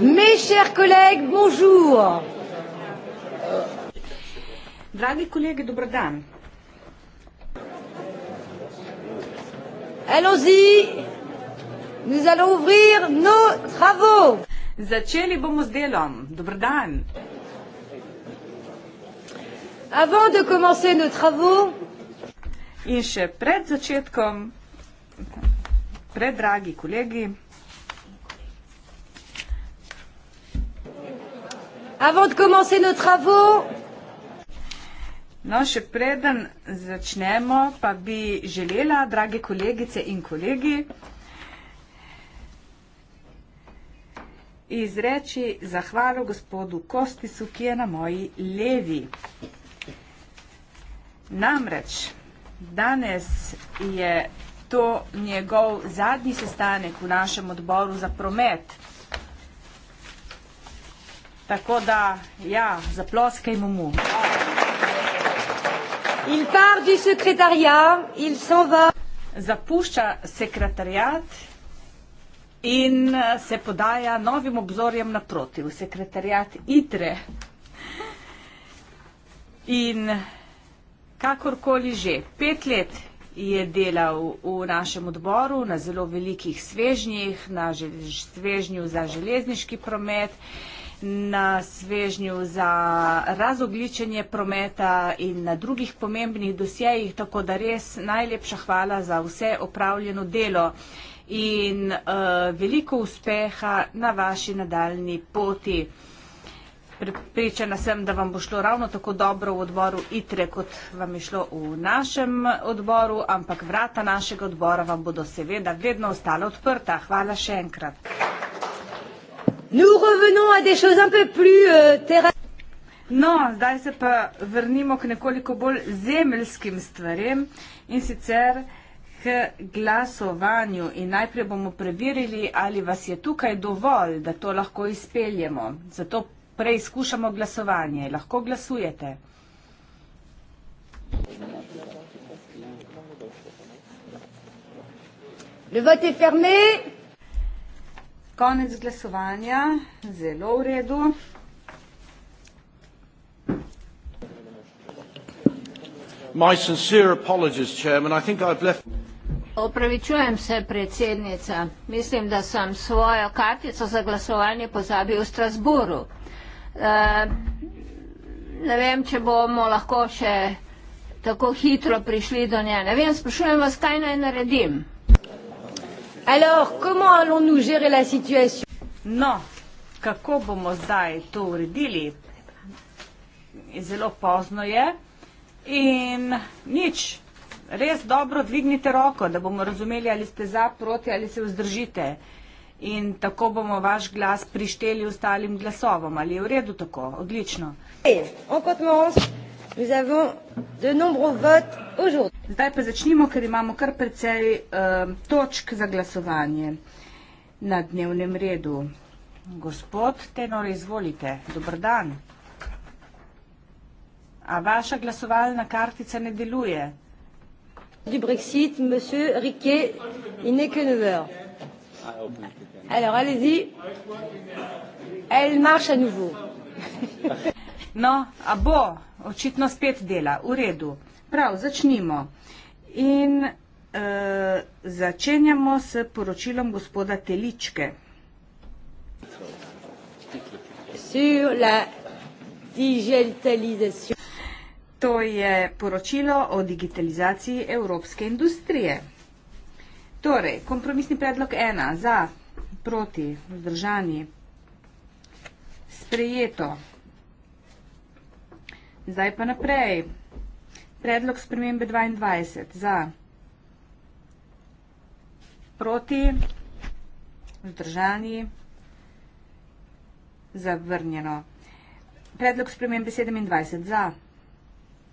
Mes chers collègues, bonjour. Dragi kolegi, dober dan. Allons-y. Nous allons ouvrir nos travaux. Začeli bomo z delom. Dober dan. Avant de commencer nos travaux, in še pred začetkom predragi kolegi. Avant de commencer nos travaux. No, še preden začnemo, pa bi želela, drage kolegice in kolegi, izreči zahvalo gospodu Kostisu, ki je na moji levi. Namreč, danes je to njegov zadnji sestanek v našem odboru za promet. Tako da, ja, zaploskajmo mu. Il part du secrétariat, il s'en va. Zapušča sekretariat in eh, se podaja novim obzorjem naproti v sekretariat ITRE. In kakorkoli že, pet let je delal v našem odboru na zelo velikih svežnjih, na svežnju za železniški promet, na svežnju za razogličenje prometa in na drugih pomembnih dosjejih, tako da res najlepša hvala za vse opravljeno delo in uh, veliko uspeha na vaši nadaljni poti. Pričana sem, da vam bo šlo ravno tako dobro v odboru ITRE, kot vam je šlo v našem odboru, ampak vrata našega odbora vam bodo seveda vedno ostala odprta. Hvala še enkrat. Euh, no, zdaj se pa vrnimo k nekoliko bolj zemljskim stvarem in sicer k glasovanju. In najprej bomo preverili, ali vas je tukaj dovolj, da to lahko izpeljemo. Zato preizkušamo glasovanje. Lahko glasujete. Konec glasovanja, zelo v redu. Opravičujem se, predsednica. Mislim, da sem svojo kartico za glasovanje pozabil v Strasburu. Eh, ne vem, če bomo lahko še tako hitro prišli do nje. Ne vem, sprašujem vas, kaj naj naredim. Alors, no, kako bomo zdaj to uredili? Zelo pozno je. In nič, res dobro dvignite roko, da bomo razumeli, ali ste za, proti ali se vzdržite in tako bomo vaš glas prišteli ostalim glasovom. Ali je v redu tako? Odlično. Zdaj pa začnimo, ker imamo kar precej uh, točk za glasovanje na dnevnem redu. Gospod Tenor, izvolite. Dobr dan. A vaša glasovalna kartica ne deluje? Du Brexit, monsieur Riquet, il n'est que 9 heures. Alors, allez-y. Elle marche à nouveau. No, a bo, očitno spet dela, v redu. Prav, začnimo. In e, začenjamo s poročilom gospoda Teličke. To je poročilo o digitalizaciji evropske industrije. Torej, kompromisni predlog ena za, proti, vzdržani, sprejeto. Zdaj pa naprej. Predlog spremembe 22 za, proti, vzdržani, zavrnjeno. Predlog spremembe 27 za,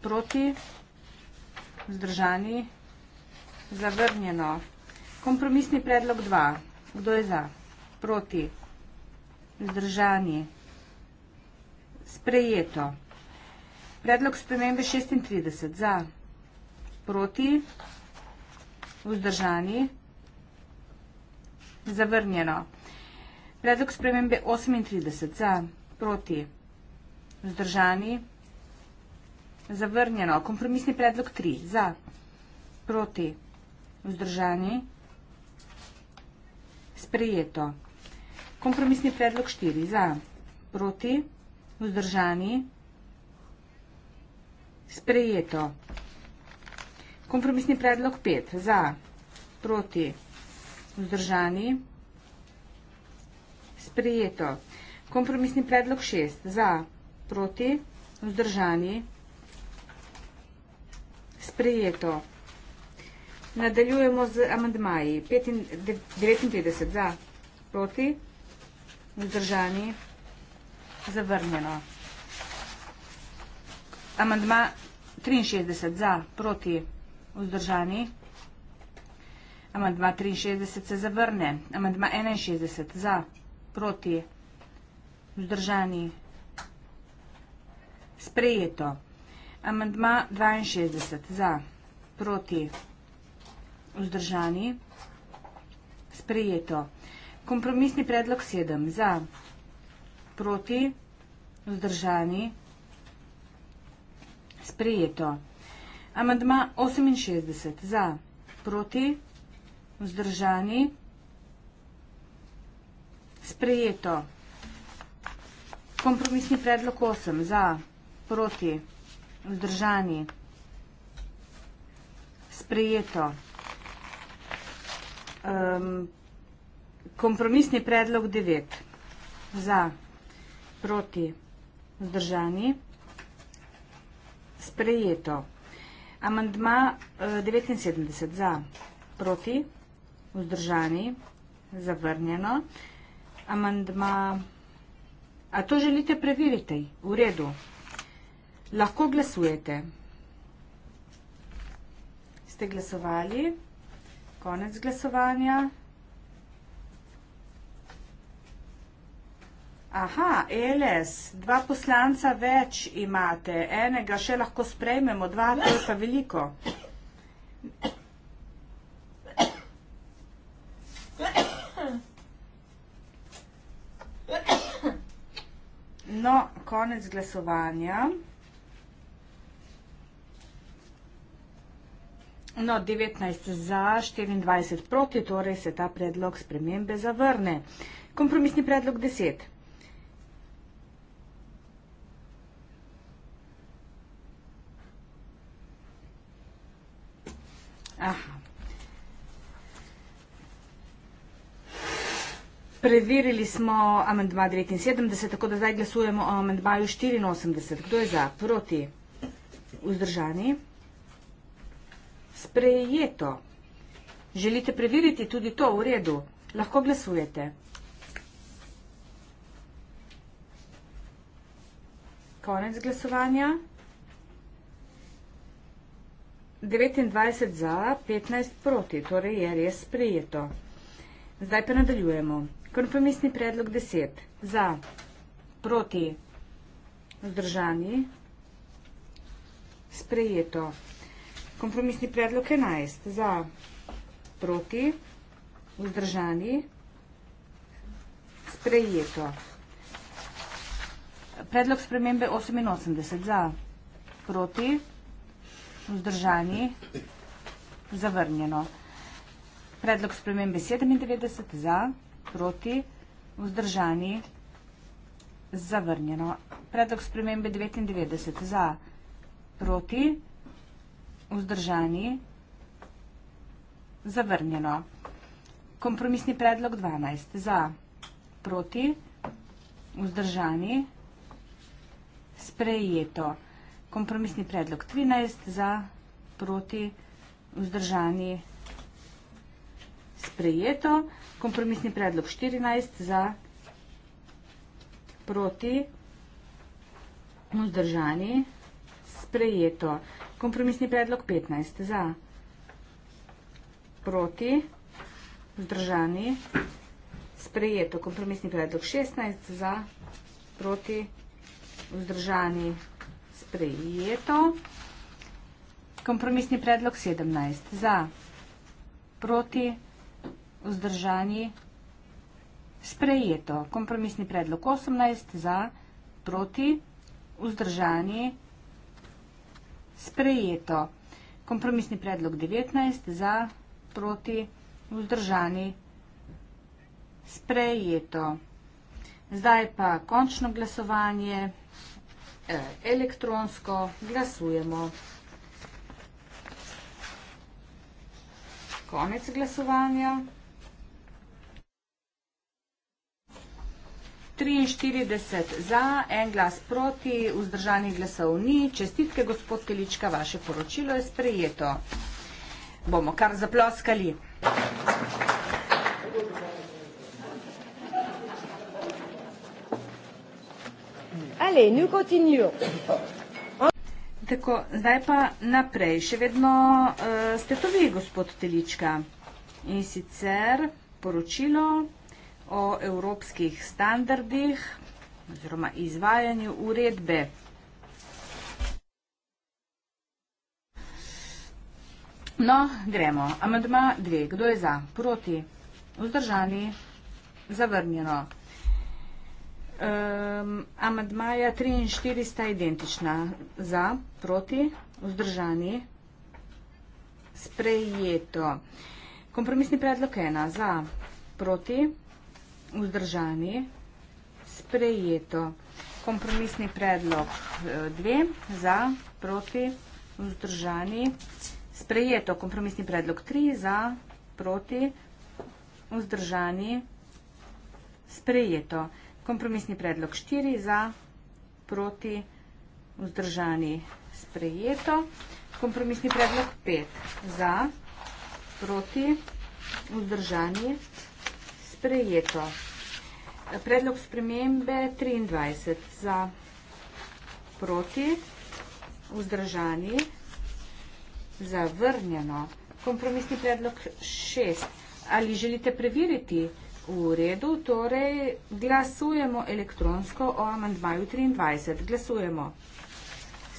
proti, vzdržani, zavrnjeno. Kompromisni predlog 2. Kdo je za? Proti? Zdržani? Sprejeto. Predlog spremembe 36. Za? Proti? Vzdržani? Zavrnjeno. Predlog spremembe 38. Za? Proti? Vzdržani? Zavrnjeno. Kompromisni predlog 3. Za? Proti? Vzdržani? Zavrnjeno sprejeto. Kompromisni predlog 4 za, proti, vzdržani, sprejeto. Kompromisni predlog 5 za, proti, vzdržani, sprejeto. Kompromisni predlog 6 za, proti, vzdržani, sprejeto. Sprejeto. Nadaljujemo z amandmaji. 59 za, proti, vzdržani, zavrnjeno. Amandma 63 za, proti, vzdržani. Amandma 63 se zavrne. Amandma 61 za, proti, vzdržani. Sprejeto. Amandma 62 za, proti, vzdržani vzdržani. Sprejeto. Kompromisni predlog sedem. Za, proti, vzdržani. Sprejeto. Amandma 68. Za, proti, vzdržani. Sprejeto. Kompromisni predlog 8. Za, proti, vzdržani. Sprejeto. Sprejeto. Um, kompromisni predlog 9. Za, proti, vzdržani. Sprejeto. Amandma 79. E, Za, proti, vzdržani. Zavrnjeno. Amandma. A to želite preveriti? V redu. Lahko glasujete. Ste glasovali? konec glasovanja. Aha, LS, dva poslanca več imate, enega še lahko sprejmemo, dva, to je pa veliko. No, konec glasovanja. No, 19 za, 24 proti, torej se ta predlog spremembe zavrne. Kompromisni predlog 10. Aha. Preverili smo amendma 79, tako da zdaj glasujemo o amendmaju 84. Kdo je za? Proti? Vzdržani? Vzdržani? sprejeto. Želite preveriti tudi to v redu? Lahko glasujete. Konec glasovanja. 29 za, 15 proti, torej je res sprejeto. Zdaj pa nadaljujemo. Konfirmistni predlog 10. Za, proti, vzdržani, sprejeto. Kompromisni predlog 11. Za, proti, vzdržani, sprejeto. Predlog spremembe 88. Za, proti, vzdržani, zavrnjeno. Predlog spremembe 97. Za, proti, vzdržani, zavrnjeno. Predlog spremembe 99. Za, proti, vzdržani vzdržani, zavrnjeno. Kompromisni predlog 12. Za, proti, vzdržani, sprejeto. Kompromisni predlog 13. Za, proti, vzdržani, sprejeto. Kompromisni predlog 14. Za, proti, vzdržani, sprejeto. Kompromisni predlog 15. Za. Proti. Vzdržani. Sprejeto. Kompromisni predlog 16. Za. Proti. Vzdržani. Sprejeto. Kompromisni predlog 17. Za. Proti. Vzdržani. Sprejeto. Kompromisni predlog 18. Za. Proti. Vzdržani. Sprejeto sprejeto. Kompromisni predlog 19 za proti vzdržani sprejeto. Zdaj pa končno glasovanje e, elektronsko glasujemo. Konec glasovanja. 43 za, en glas proti, vzdržanih glasov ni. Čestitke, gospod Kelička, vaše poročilo je sprejeto. Bomo kar zaploskali. Ale, nu continue. Tako, zdaj pa naprej. Še vedno uh, ste to vi, gospod Telička. In sicer poročilo o evropskih standardih oziroma izvajanju uredbe. No, gremo. Amandma 2. Kdo je za? Proti. Vzdržani. Zavrnjeno. Um, amandmaja 3 in 4 sta identična. Za, proti, vzdržani, sprejeto. Kompromisni predlog 1. Za, proti, vzdržani vzdržani, sprejeto. Kompromisni predlog e, dve, za, proti, vzdržani, sprejeto. Kompromisni predlog tri, za, proti, vzdržani, sprejeto. Kompromisni predlog štiri, za, proti, vzdržani, sprejeto. Kompromisni predlog pet, za, proti, vzdržani, sprejeto sprejeto. Predlog spremembe 23 za proti, vzdržani, zavrnjeno. Kompromisni predlog 6. Ali želite preveriti v redu? Torej, glasujemo elektronsko o amandmaju 23. Glasujemo.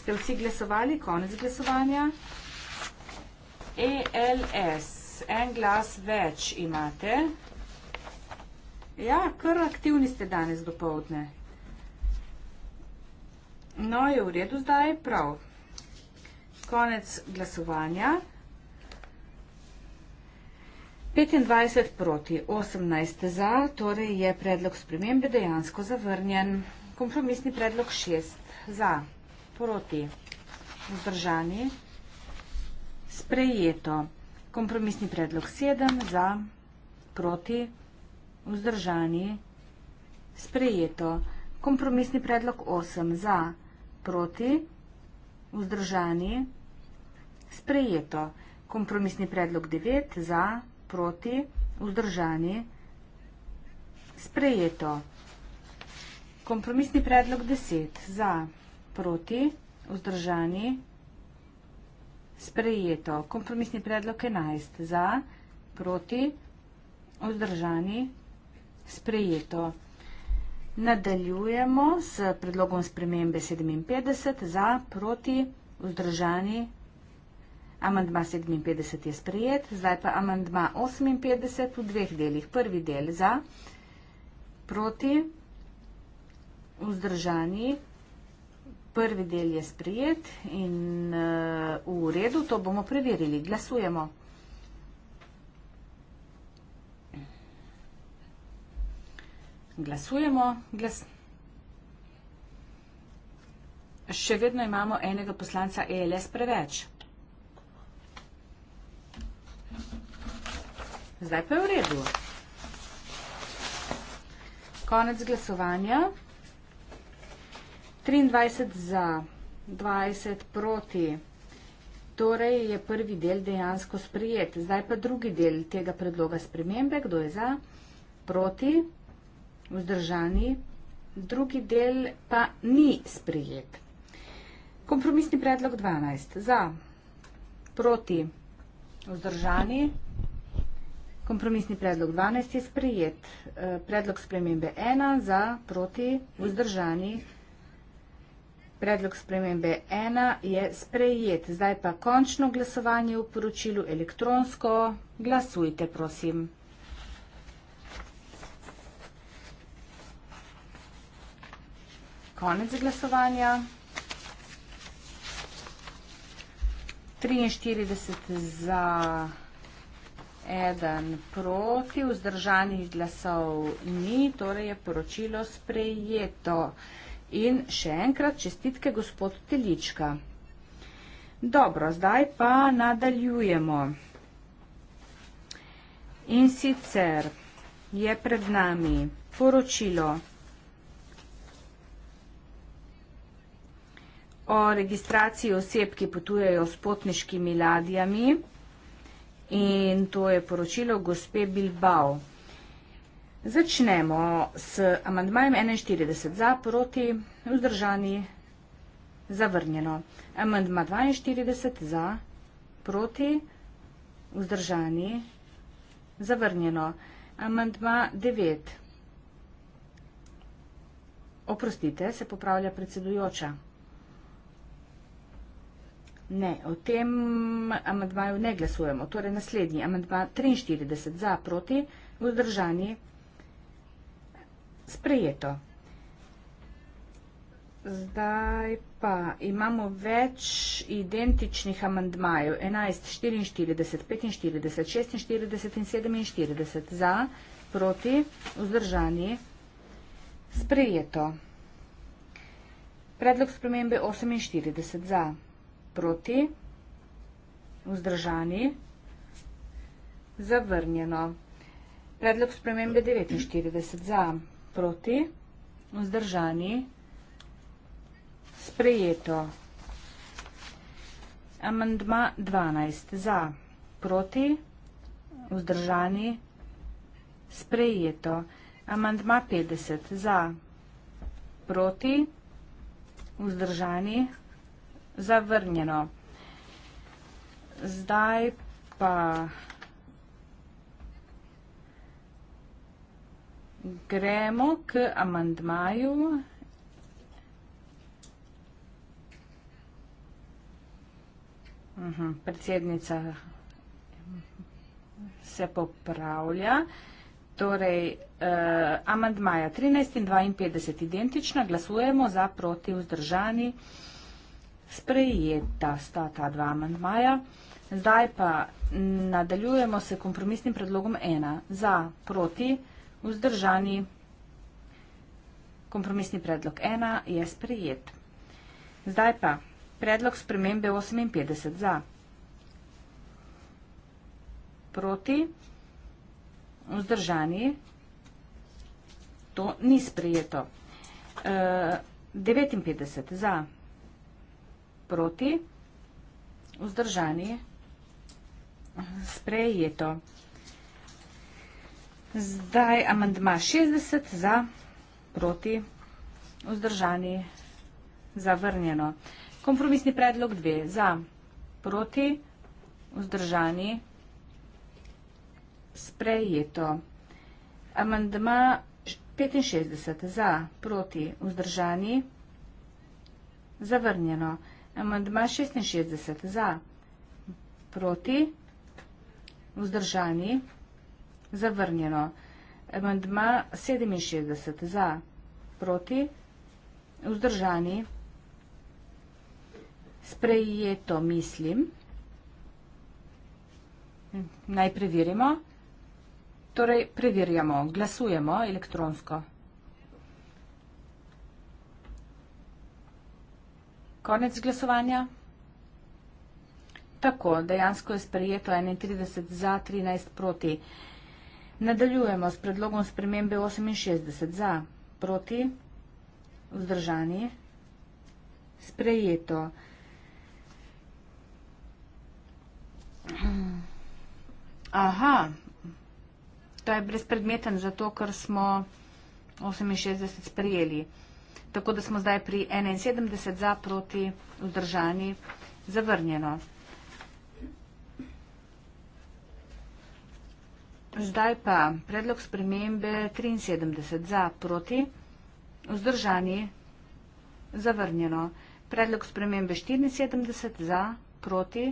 Ste vsi glasovali? Konec glasovanja. ELS. En glas več imate. Ja, kar aktivni ste danes do povdne. No, je v redu zdaj, prav. Konec glasovanja. 25 proti, 18 za, torej je predlog spremembe dejansko zavrnjen. Kompromisni predlog 6 za, proti, vzdržani, sprejeto. Kompromisni predlog 7 za, proti, vzdržani vzdržani, sprejeto. Kompromisni predlog 8 za, proti, vzdržani, sprejeto. Kompromisni predlog 9 za, proti, vzdržani, sprejeto. Kompromisni predlog 10 za, proti, vzdržani, sprejeto. Kompromisni predlog 11 za, proti, vzdržani, sprejeto sprejeto. Nadaljujemo s predlogom spremembe 57 za proti vzdržani. Amandma 57 je sprejet, zdaj pa amandma 58 v dveh delih. Prvi del za proti vzdržani. Prvi del je sprejet in uh, v redu, to bomo preverili. Glasujemo. glasujemo. Glas... Še vedno imamo enega poslanca ELS preveč. Zdaj pa je v redu. Konec glasovanja. 23 za 20 proti. Torej je prvi del dejansko sprijet. Zdaj pa drugi del tega predloga spremembe. Kdo je za? Proti vzdržani, drugi del pa ni sprejet. Kompromisni predlog 12. Za proti vzdržani. Kompromisni predlog 12 je sprejet. E, predlog spremembe 1 za proti vzdržani. Predlog spremembe 1 je sprejet. Zdaj pa končno glasovanje v poročilu elektronsko. Glasujte, prosim. konec glasovanja. 43 za, 1 proti, vzdržanih glasov ni, torej je poročilo sprejeto. In še enkrat čestitke gospod Telička. Dobro, zdaj pa nadaljujemo. In sicer je pred nami poročilo sprejeto. o registraciji oseb, ki potujejo s potniškimi ladjami. In to je poročilo gospe Bilbao. Začnemo s amandmajem 41 za, proti, vzdržani, zavrnjeno. Amandma 42 za, proti, vzdržani, zavrnjeno. Amandma 9. Oprostite, se popravlja predsedujoča. Ne, o tem amadvaju ne glasujemo. Torej, naslednji amadva 43 za proti v zdržanji sprejeto. Zdaj pa imamo več identičnih amandmajev, 11, 44, 45, 46 in 47 za, proti, vzdržani, sprejeto. Predlog spremembe 48 za proti, vzdržani, zavrnjeno. Predlog spremembe 49 za, proti, vzdržani, sprejeto. Amandma 12 za, proti, vzdržani, sprejeto. Amandma 50 za, proti, vzdržani, sprejeto zavrnjeno. Zdaj pa gremo k amandmaju. Uhum, predsednica se popravlja. Torej, eh, amandmaja 13 in 52 identična, glasujemo za proti vzdržani sprejeta sta ta dva amandmaja. Zdaj pa nadaljujemo se kompromisnim predlogom 1. Za, proti, vzdržani. Kompromisni predlog 1 je sprejet. Zdaj pa predlog spremembe 58. Za, proti, vzdržani. To ni sprejeto. 59 e, za, proti, vzdržani, sprejeto. Zdaj amandma 60 za, proti, vzdržani, zavrnjeno. Kompromisni predlog 2 za, proti, vzdržani, sprejeto. Amandma 65 za, proti, vzdržani, zavrnjeno. Zavrnjeno. Amandma 66 za, proti, vzdržani, zavrnjeno. Amandma 67 za, proti, vzdržani, sprejeto mislim. Naj preverimo. Torej, preverjamo, glasujemo elektronsko. Konec glasovanja. Tako, dejansko je sprejeto 31 za, 13 proti. Nadaljujemo s predlogom spremembe 68 za, proti, vzdržani, sprejeto. Aha, to je brezpredmeten, zato ker smo 68 sprejeli. Tako da smo zdaj pri 71 za proti vzdržani zavrnjeno. Zdaj pa predlog spremembe 73 za proti vzdržani zavrnjeno. Predlog spremembe 74 za proti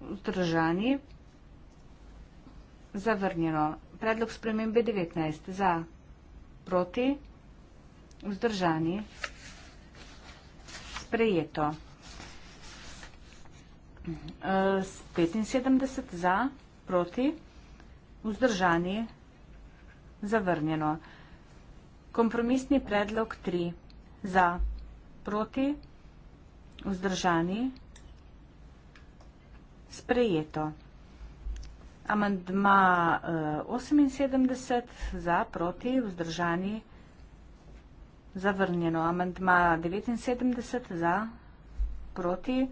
vzdržani zavrnjeno. Predlog spremembe 19 za proti vzdržani. Vzdržani. Sprejeto. E, eh, 75 za, proti. Vzdržani. Zavrnjeno. Kompromisni predlog 3. Za, proti. Vzdržani. Sprejeto. Amandma 78 eh, za, proti, vzdržani, sprejeto zavrnjeno. Amendma 79 za, proti,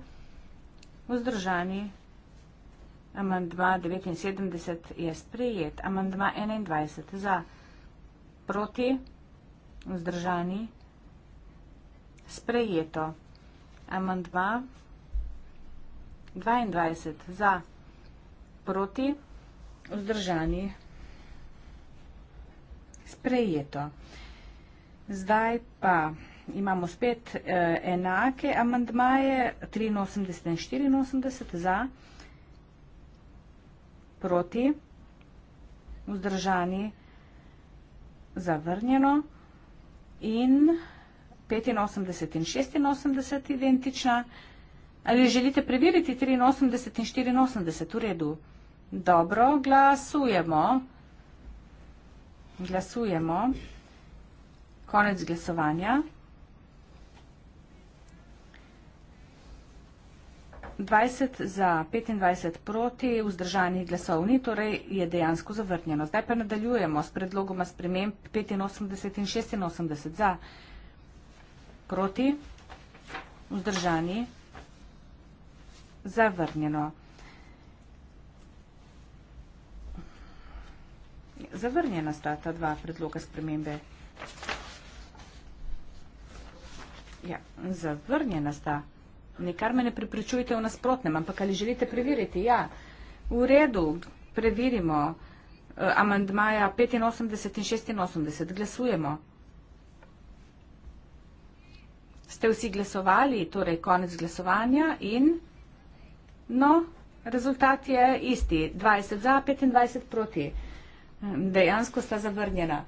vzdržani. Amendma 79 je sprejet. Amendma 21 za, proti, vzdržani, sprejeto. Amendma 22 za, proti, vzdržani, sprejeto. Amendma 22 za, proti, vzdržani, sprejeto. Zdaj pa imamo spet eh, enake amandmaje, 83 in 84 za, proti, vzdržani, zavrnjeno in 85 in 86 identična. Ali želite preveriti 83 in 84 v redu? Dobro, glasujemo. Glasujemo. Konec glasovanja. 20 za 25 proti, vzdržanih glasov ni, torej je dejansko zavrnjeno. Zdaj pa nadaljujemo s predlogoma sprememb 85 in 86 za proti, vzdržani, zavrnjeno. Zavrnjena sta ta dva predloga spremembe. Ja, zavrnjena sta. Nekar me ne pripričujte v nasprotnem, ampak ali želite preveriti? Ja, v redu, preverimo. Eh, amandmaja 85 in 86 glasujemo. Ste vsi glasovali, torej konec glasovanja in no, rezultat je isti. 20 za, 25 proti. Dejansko sta zavrnjena.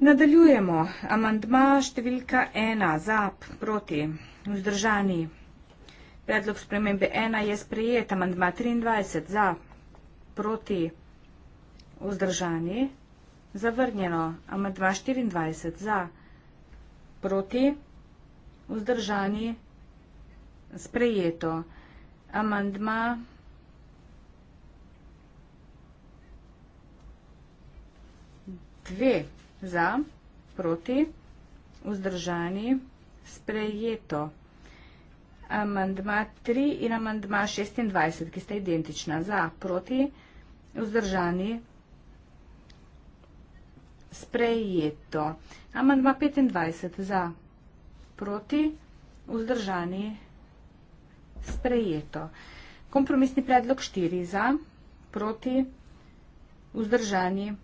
Nadaljujemo. Amandma številka ena, zap, proti, vzdržani. Predlog spremembe ena je sprejet. Amandma 23, za, proti, vzdržani. Zavrnjeno. Amandma 24, za, proti, vzdržani. Sprejeto. Amandma. Dve za, proti, vzdržani, sprejeto. Amandma 3 in amandma 26, ki sta identična, za, proti, vzdržani, sprejeto. Amandma 25, za, proti, vzdržani, sprejeto. Kompromisni predlog 4, za, proti, vzdržani, sprejeto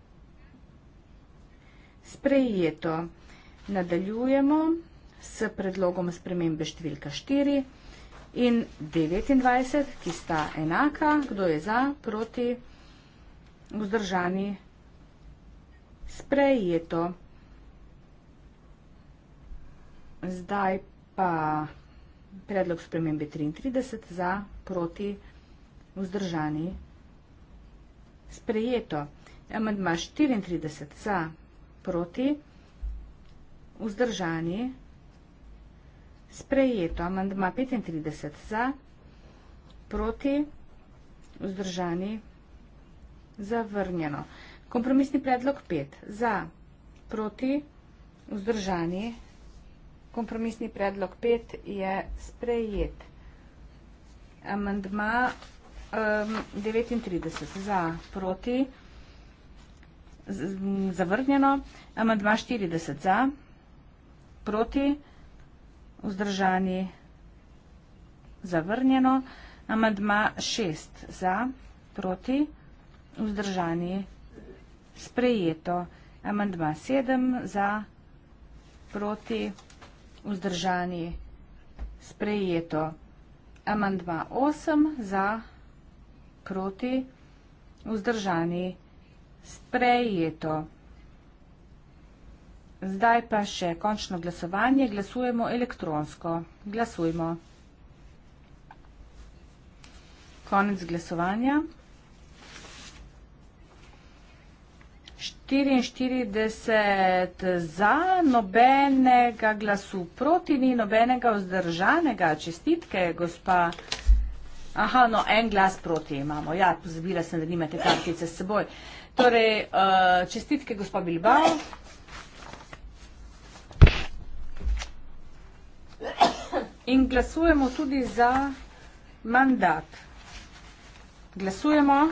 sprejeto. Nadaljujemo s predlogom spremembe številka 4 in 29, ki sta enaka, kdo je za, proti, vzdržani, sprejeto. Zdaj pa predlog spremembe 33 za, proti, vzdržani, sprejeto. Amendma 34 za, proti, vzdržani, sprejeto, amandma 35 za, proti, vzdržani, zavrnjeno. Kompromisni predlog 5 za, proti, vzdržani, kompromisni predlog 5 je sprejet. Amandma um, ehm, 39 za, proti, vzdržani zavrnjeno. Amandma 40 za, proti, vzdržani, zavrnjeno. Amandma 6 za, proti, vzdržani, sprejeto. Amandma 7 za, proti, vzdržani, sprejeto. Amandma 8 za, proti, vzdržani, sprejeto. Sprejeto. Zdaj pa še končno glasovanje. Glasujemo elektronsko. Glasujmo. Konec glasovanja. 44 za, nobenega glasu proti, ni nobenega vzdržanega. Čestitke, gospa. Aha, no, en glas proti imamo. Ja, pozabila sem, da nimate kartice s seboj. Uh, Torej, eh, čestitke gospod Bilbao. In glasujemo tudi za mandat. Glasujemo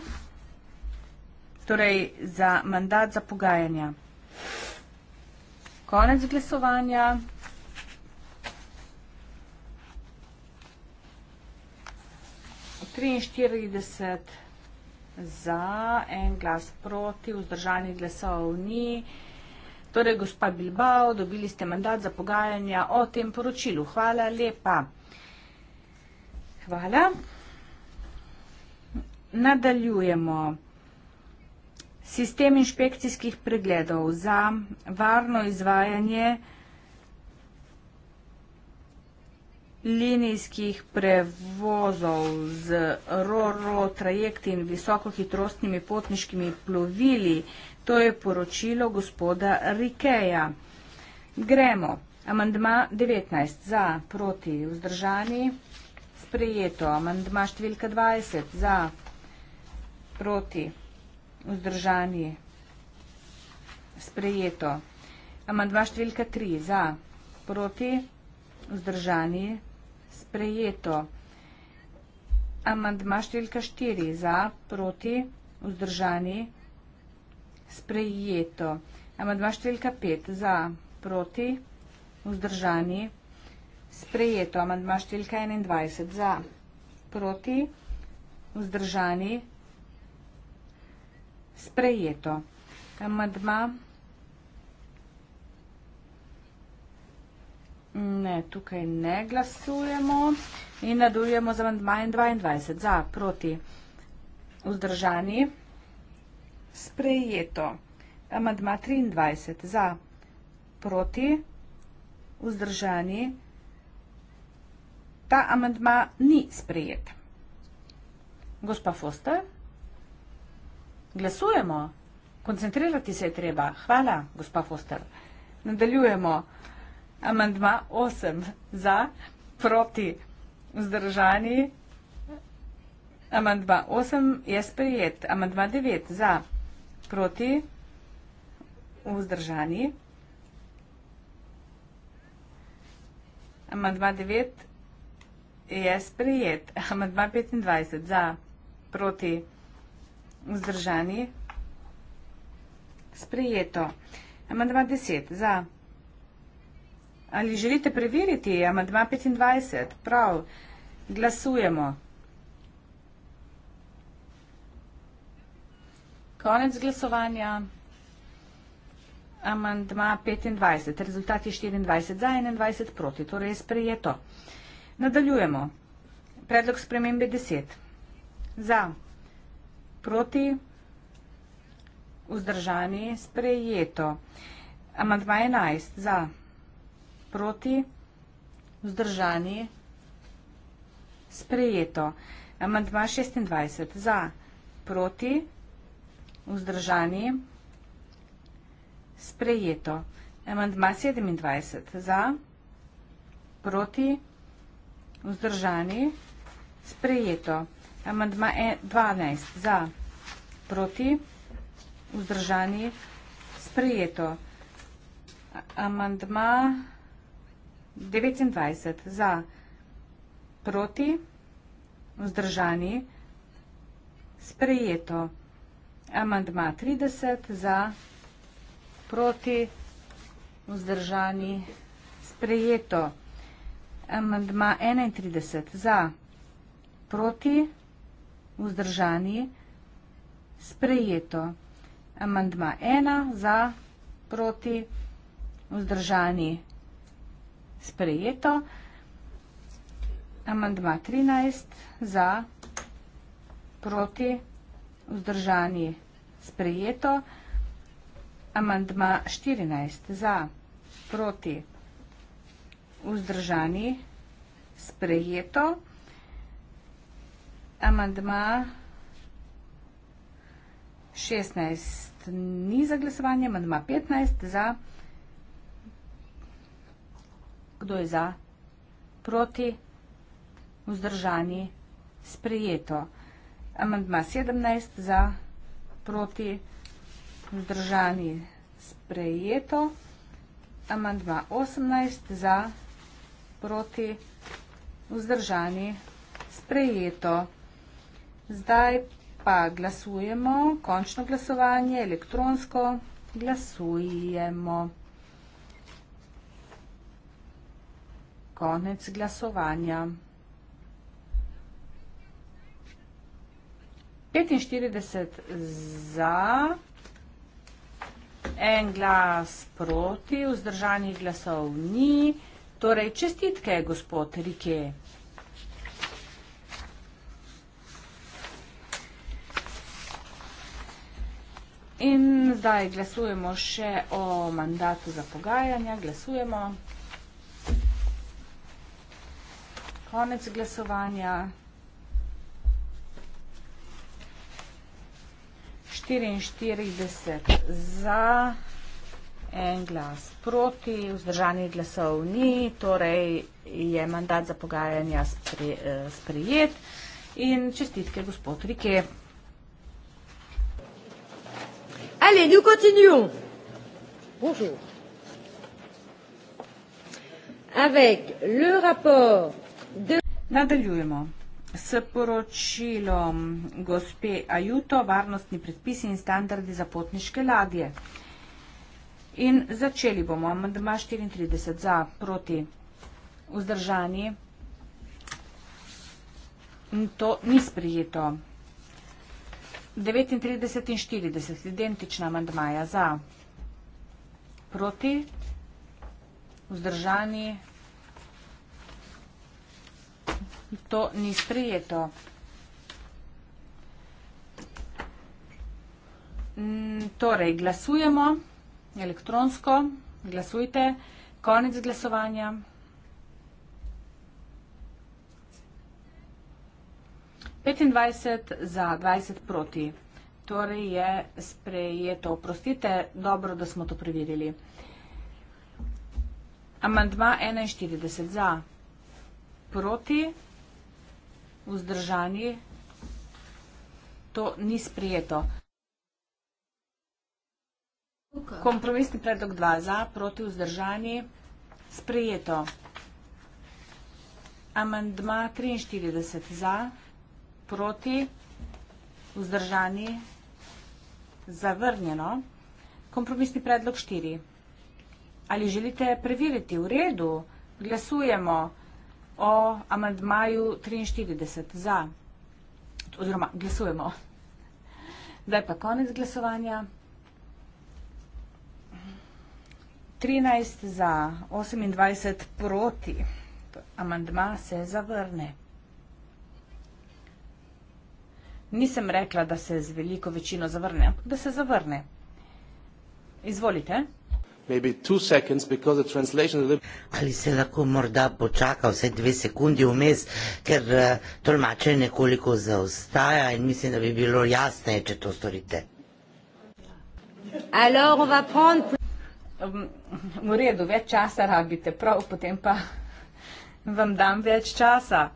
torej za mandat za pogajanja. Konec glasovanja. Triinštirideset za, en glas proti, vzdržanih glasov ni. Torej, gospa Bilbao, dobili ste mandat za pogajanja o tem poročilu. Hvala lepa. Hvala. Nadaljujemo. Sistem inšpekcijskih pregledov za varno izvajanje linijskih prevozov z RORO trajekti in visokohitrostnimi potniškimi plovili. To je poročilo gospoda Rikeja. Gremo. Amandma 19 za, proti, vzdržani, sprejeto. Amandma številka 20 za, proti, vzdržani, sprejeto. Amandma številka 3 za, proti, vzdržani, sprejeto sprejeto. Amandma številka 4 za, proti, vzdržani, sprejeto. Amandma številka 5 za, proti, vzdržani, sprejeto. Amandma številka 21 za, proti, vzdržani, sprejeto. Amandma številka 21 za, proti, vzdržani, sprejeto. Ne, tukaj ne glasujemo. In nadaljujemo z amandmajem 22. Za, proti, vzdržani. Sprejeto. Amandma 23. Za, proti, vzdržani. Ta amandma ni sprejet. Gospa Foster, glasujemo. Koncentrirati se je treba. Hvala, gospa Foster. Nadaljujemo. Amandma 8 za, proti vzdržani. Amandma 8 je sprejet. Amandma 9 za, proti vzdržani. Amandma 9 je sprejet. Amandma 25 za, proti vzdržani. Sprejeto. Amandma 10 za, proti vzdržani. Ali želite preveriti amadma 25? Prav, glasujemo. Konec glasovanja. Amandma 25. Rezultat je 24 za, 21 proti. Torej je sprejeto. Nadaljujemo. Predlog spremembe 10. Za, proti, vzdržani, sprejeto. Amandma 11. Za, proti proti, vzdržani, sprejeto. Amantma 26. Za, proti, vzdržani, sprejeto. Amantma 27. Za, proti, vzdržani, sprejeto. Amantma 12. E, za, proti, vzdržani, sprejeto. Amantma 13. 29 za, proti, vzdržani, sprejeto. Amandma 30 za, proti, vzdržani, sprejeto. Amandma 31 za, proti, vzdržani, sprejeto. Amandma 1 za, proti, vzdržani, sprejeto sprejeto. Amandma 13 za, proti, vzdržani sprejeto. Amandma 14 za, proti, vzdržani sprejeto. Amandma 16 ni za glasovanje, amandma 15 za, proti, vzdržani sprejeto. Kdo je za? Proti? Vzdržani? Sprejeto. Amandma 17 za, proti, vzdržani, sprejeto. Amandma 18 za, proti, vzdržani, sprejeto. Zdaj pa glasujemo, končno glasovanje, elektronsko glasujemo. Konec glasovanja. 45 za, en glas proti, vzdržanih glasov ni. Torej, čestitke, gospod Rike. In zdaj glasujemo še o mandatu za pogajanja. Glasujemo. Glasujemo. Konec glasovanja. 44 za, en glas proti, vzdržanih glasov ni, torej je mandat za pogajanja spri, eh, sprijet in čestitke gospod Rike. Ali, nu continu. Bonjour. Avec le rapport Nadaljujemo s poročilom gospe Ajuto, varnostni predpisi in standardi za potniške ladje. In začeli bomo. Amandma 34 za proti vzdržani. In to ni sprijeto. 39 in 40, identična amandmaja za proti vzdržani to ni sprejeto. Mm, torej, glasujemo elektronsko, glasujte, konec glasovanja. Petindvajset za dvajset proti. Torej je sprejeto. Oprostite, dobro, da smo to preverili. Amandma 41 za proti vzdržani, to ni sprijeto. Tukaj. Kompromisni predlog 2 za, proti vzdržani, sprijeto. Amandma 43 za, proti vzdržani, zavrnjeno. Kompromisni predlog 4. Ali želite preveriti v redu? Glasujemo o amandmaju 43 za, oziroma glasujemo. Zdaj pa konec glasovanja. 13 za, 28 proti. Amandma se zavrne. Nisem rekla, da se z veliko večino zavrne, ampak da se zavrne. Izvolite. Ali se lahko morda počaka vse dve sekundi vmes, ker eh, tolmače nekoliko zaostaja in mislim, da bi bilo jasneje, če to storite. V redu, več časa rabite, prav, potem pa vam dam več časa.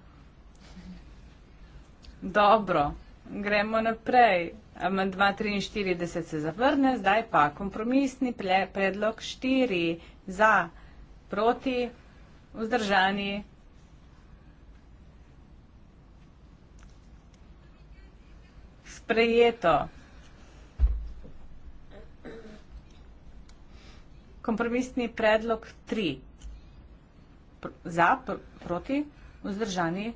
Dobro, gremo naprej. Amandma 43 se zavrne, zdaj pa kompromisni predlog 4 za, proti, vzdržani. Sprejeto. Kompromisni predlog 3 za, proti, vzdržani.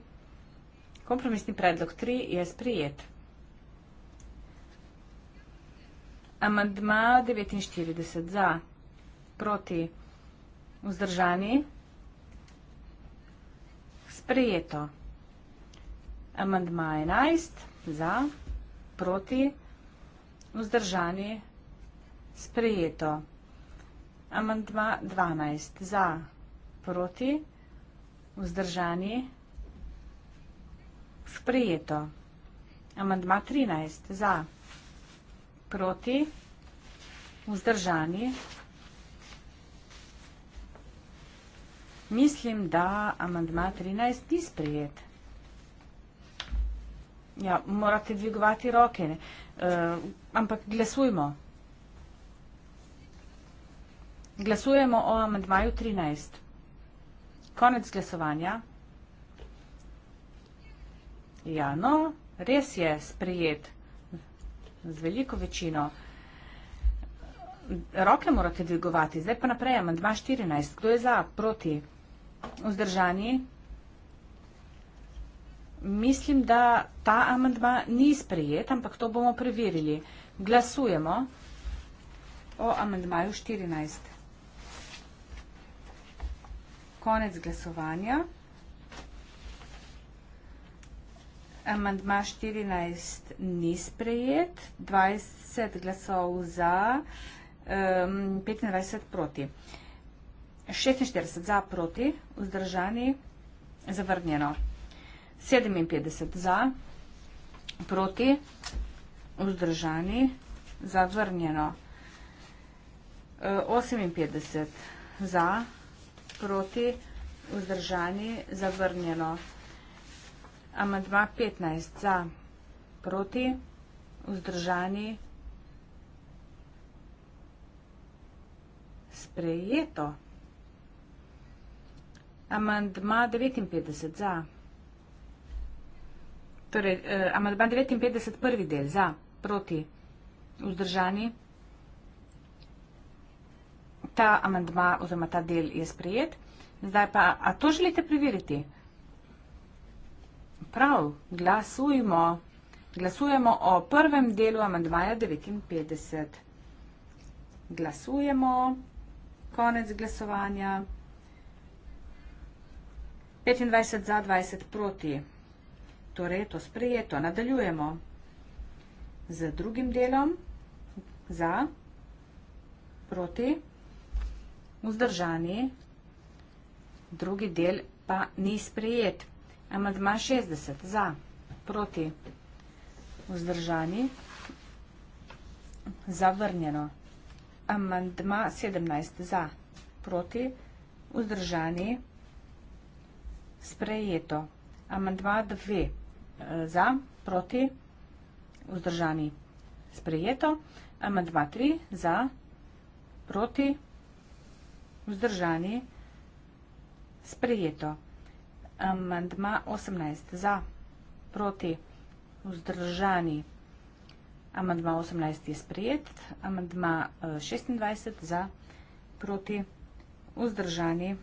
Kompromisni predlog 3 je sprejet. Amandma 49 za, proti vzdržani. Sprejeto. Amandma 11 za, proti vzdržani. Sprejeto. Amandma 12 za, proti vzdržani. Sprejeto. Amandma 13 za, proti vzdržani proti, vzdržani. Mislim, da amandma 13 ni sprejet. Ja, morate dvigovati roke, ne? E, ampak glasujmo. Glasujemo o amandmaju 13. Konec glasovanja. Ja, no, res je sprejet z veliko večino. Roke morate dvigovati. Zdaj pa naprej, amandma 14. Kdo je za, proti, vzdržani? Mislim, da ta amandma ni sprejet, ampak to bomo preverili. Glasujemo o amandmaju 14. Konec glasovanja. Amandma 14 ni sprejet, 20 glasov za, 25 proti. 46 za proti, vzdržani, zavrnjeno. 57 za proti, vzdržani, zavrnjeno. 58 za proti, vzdržani, zavrnjeno. Amandma 15 za, proti, vzdržani, sprejeto. Amandma 59 za, torej eh, amandma 59 prvi del za, proti, vzdržani. Ta amandma oziroma ta del je sprejet. Zdaj pa, a to želite preveriti? Prav, glasujmo. Glasujemo o prvem delu amandmaja 59. Glasujemo. Konec glasovanja. 25 za, 20 proti. Torej je to sprejeto. Nadaljujemo. Z drugim delom. Za. Proti. Vzdržani. Drugi del pa ni sprejet. Amadma 60 za, proti, vzdržani, zavrnjeno. Amadma 17 za, proti, vzdržani, sprejeto. Amadma 2 za, proti, vzdržani, sprejeto. Amadma 3 za, proti, vzdržani, sprejeto. Amadma 3 za, proti, vzdržani, sprejeto amandma 18 za, proti vzdržani. Amandma 18 je sprejet, amandma 26 e, za, proti vzdržani.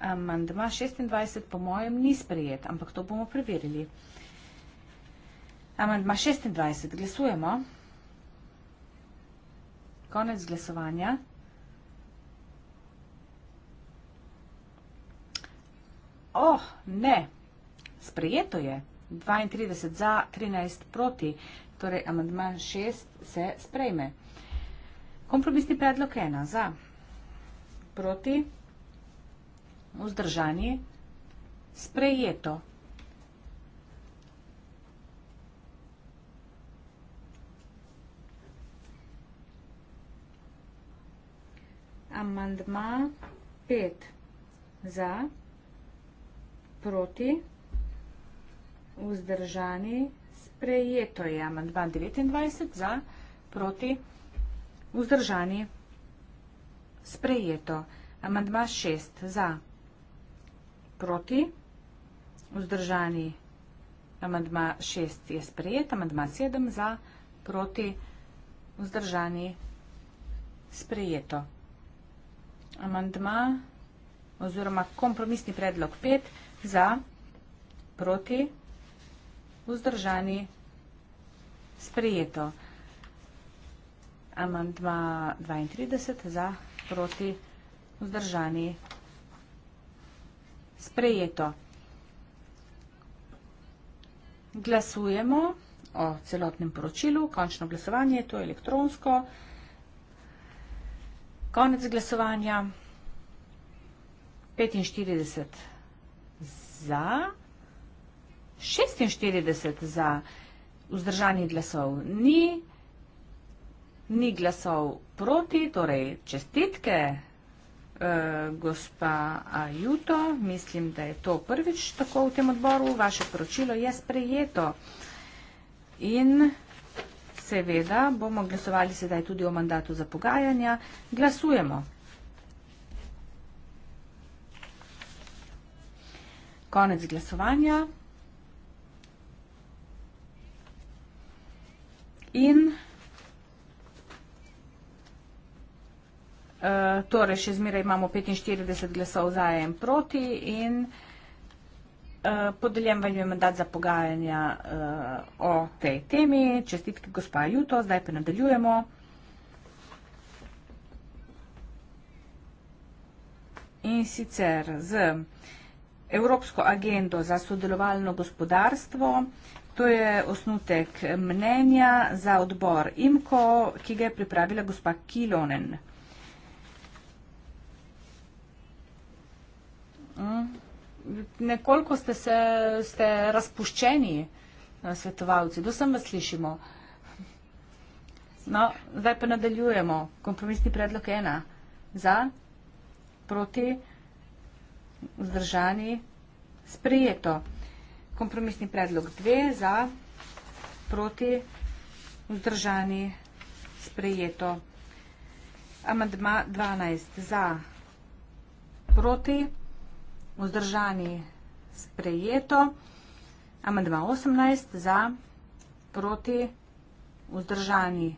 Amandma 26 po mojem ni sprejet, ampak to bomo preverili. Amandma 26, glasujemo. Konec glasovanja. Oh, ne. Sprejeto je. 32 za, 13 proti. Torej, amandman 6 se sprejme. Kompromisni predlog 1 za, proti, vzdržani, sprejeto. Amandma 5 za, proti, vzdržani, sprejeto proti, vzdržani, sprejeto je amandma 29 za, proti, vzdržani, sprejeto. Amandma 6 za, proti, vzdržani, amandma 6 je sprejet, amandma 7 za, proti, vzdržani, sprejeto. Amandma oziroma kompromisni predlog 5 za, za, proti, vzdržani, sprejeto. Amandma 32 za, proti, vzdržani, sprejeto. Glasujemo o celotnem poročilu. Končno glasovanje, to je elektronsko. Konec glasovanja. 45 za, 46 za vzdržanje glasov ni, ni glasov proti, torej čestitke, eh, gospa Ajuto, mislim, da je to prvič tako v tem odboru, vaše poročilo je sprejeto in seveda bomo glasovali sedaj tudi o mandatu za pogajanja, glasujemo. Konec glasovanja. In uh, torej še zmeraj imamo 45 glasov za en proti in uh, podeljem vam je mandat za pogajanja uh, o tej temi. Čestitke gospa Juto, zdaj pa nadaljujemo. In sicer z uh, Evropsko agendo za sodelovalno gospodarstvo. To je osnutek mnenja za odbor IMKO, ki ga je pripravila gospa Kilonen. Mm. Nekoliko ste, se, ste razpuščeni, eh, svetovalci, do sem vas slišimo. No, zdaj pa nadaljujemo. Kompromisni predlog ena. Za? Proti? vzdržani, sprejeto. Kompromisni predlog dve za, proti, vzdržani, sprejeto. Amandma 12 za, proti, vzdržani, sprejeto. Amandma 18 za, proti, vzdržani,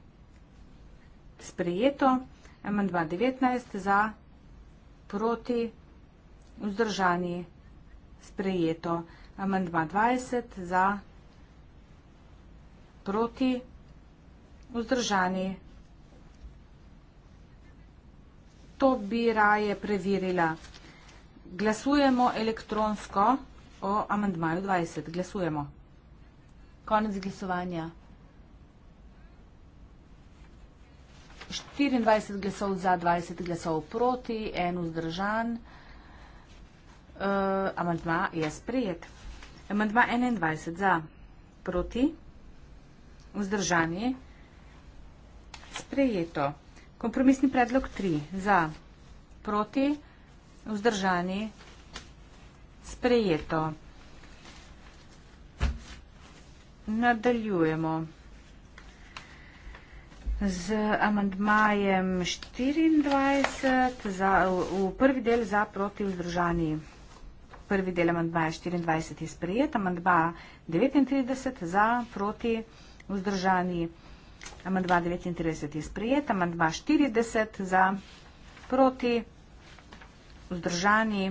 sprejeto. Amandma 19 za, proti, vzdržani, sprejeto vzdržani. Sprejeto. Amandma 20 za proti vzdržani. To bi raje preverila. Glasujemo elektronsko o amandmaju 20. Glasujemo. Konec glasovanja. 24 glasov za, 20 glasov proti, en vzdržan. Uh, amandma je sprejet. Amandma 21 za, proti, vzdržanje, sprejeto. Kompromisni predlog 3 za, proti, vzdržanje, sprejeto. Nadaljujemo z amandmajem 24 za, v, v prvi del za proti vzdržanje prvi del amandmaja 24 je sprejet, amandma 39 za, proti, vzdržani, amandma 39 je sprejet, amandma 40 za, proti, vzdržani,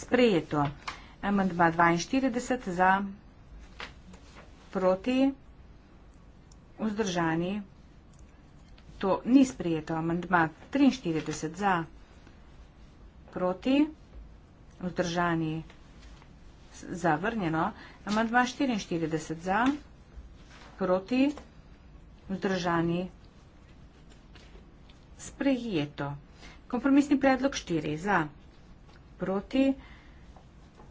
sprejeto, amandma 42 za, proti, vzdržani, to ni sprejeto, amandma 43 za, proti, vzdržani, vzdržani zavrnjeno. Amandma 44 za, proti, vzdržani sprejeto. Kompromisni predlog 4 za, proti,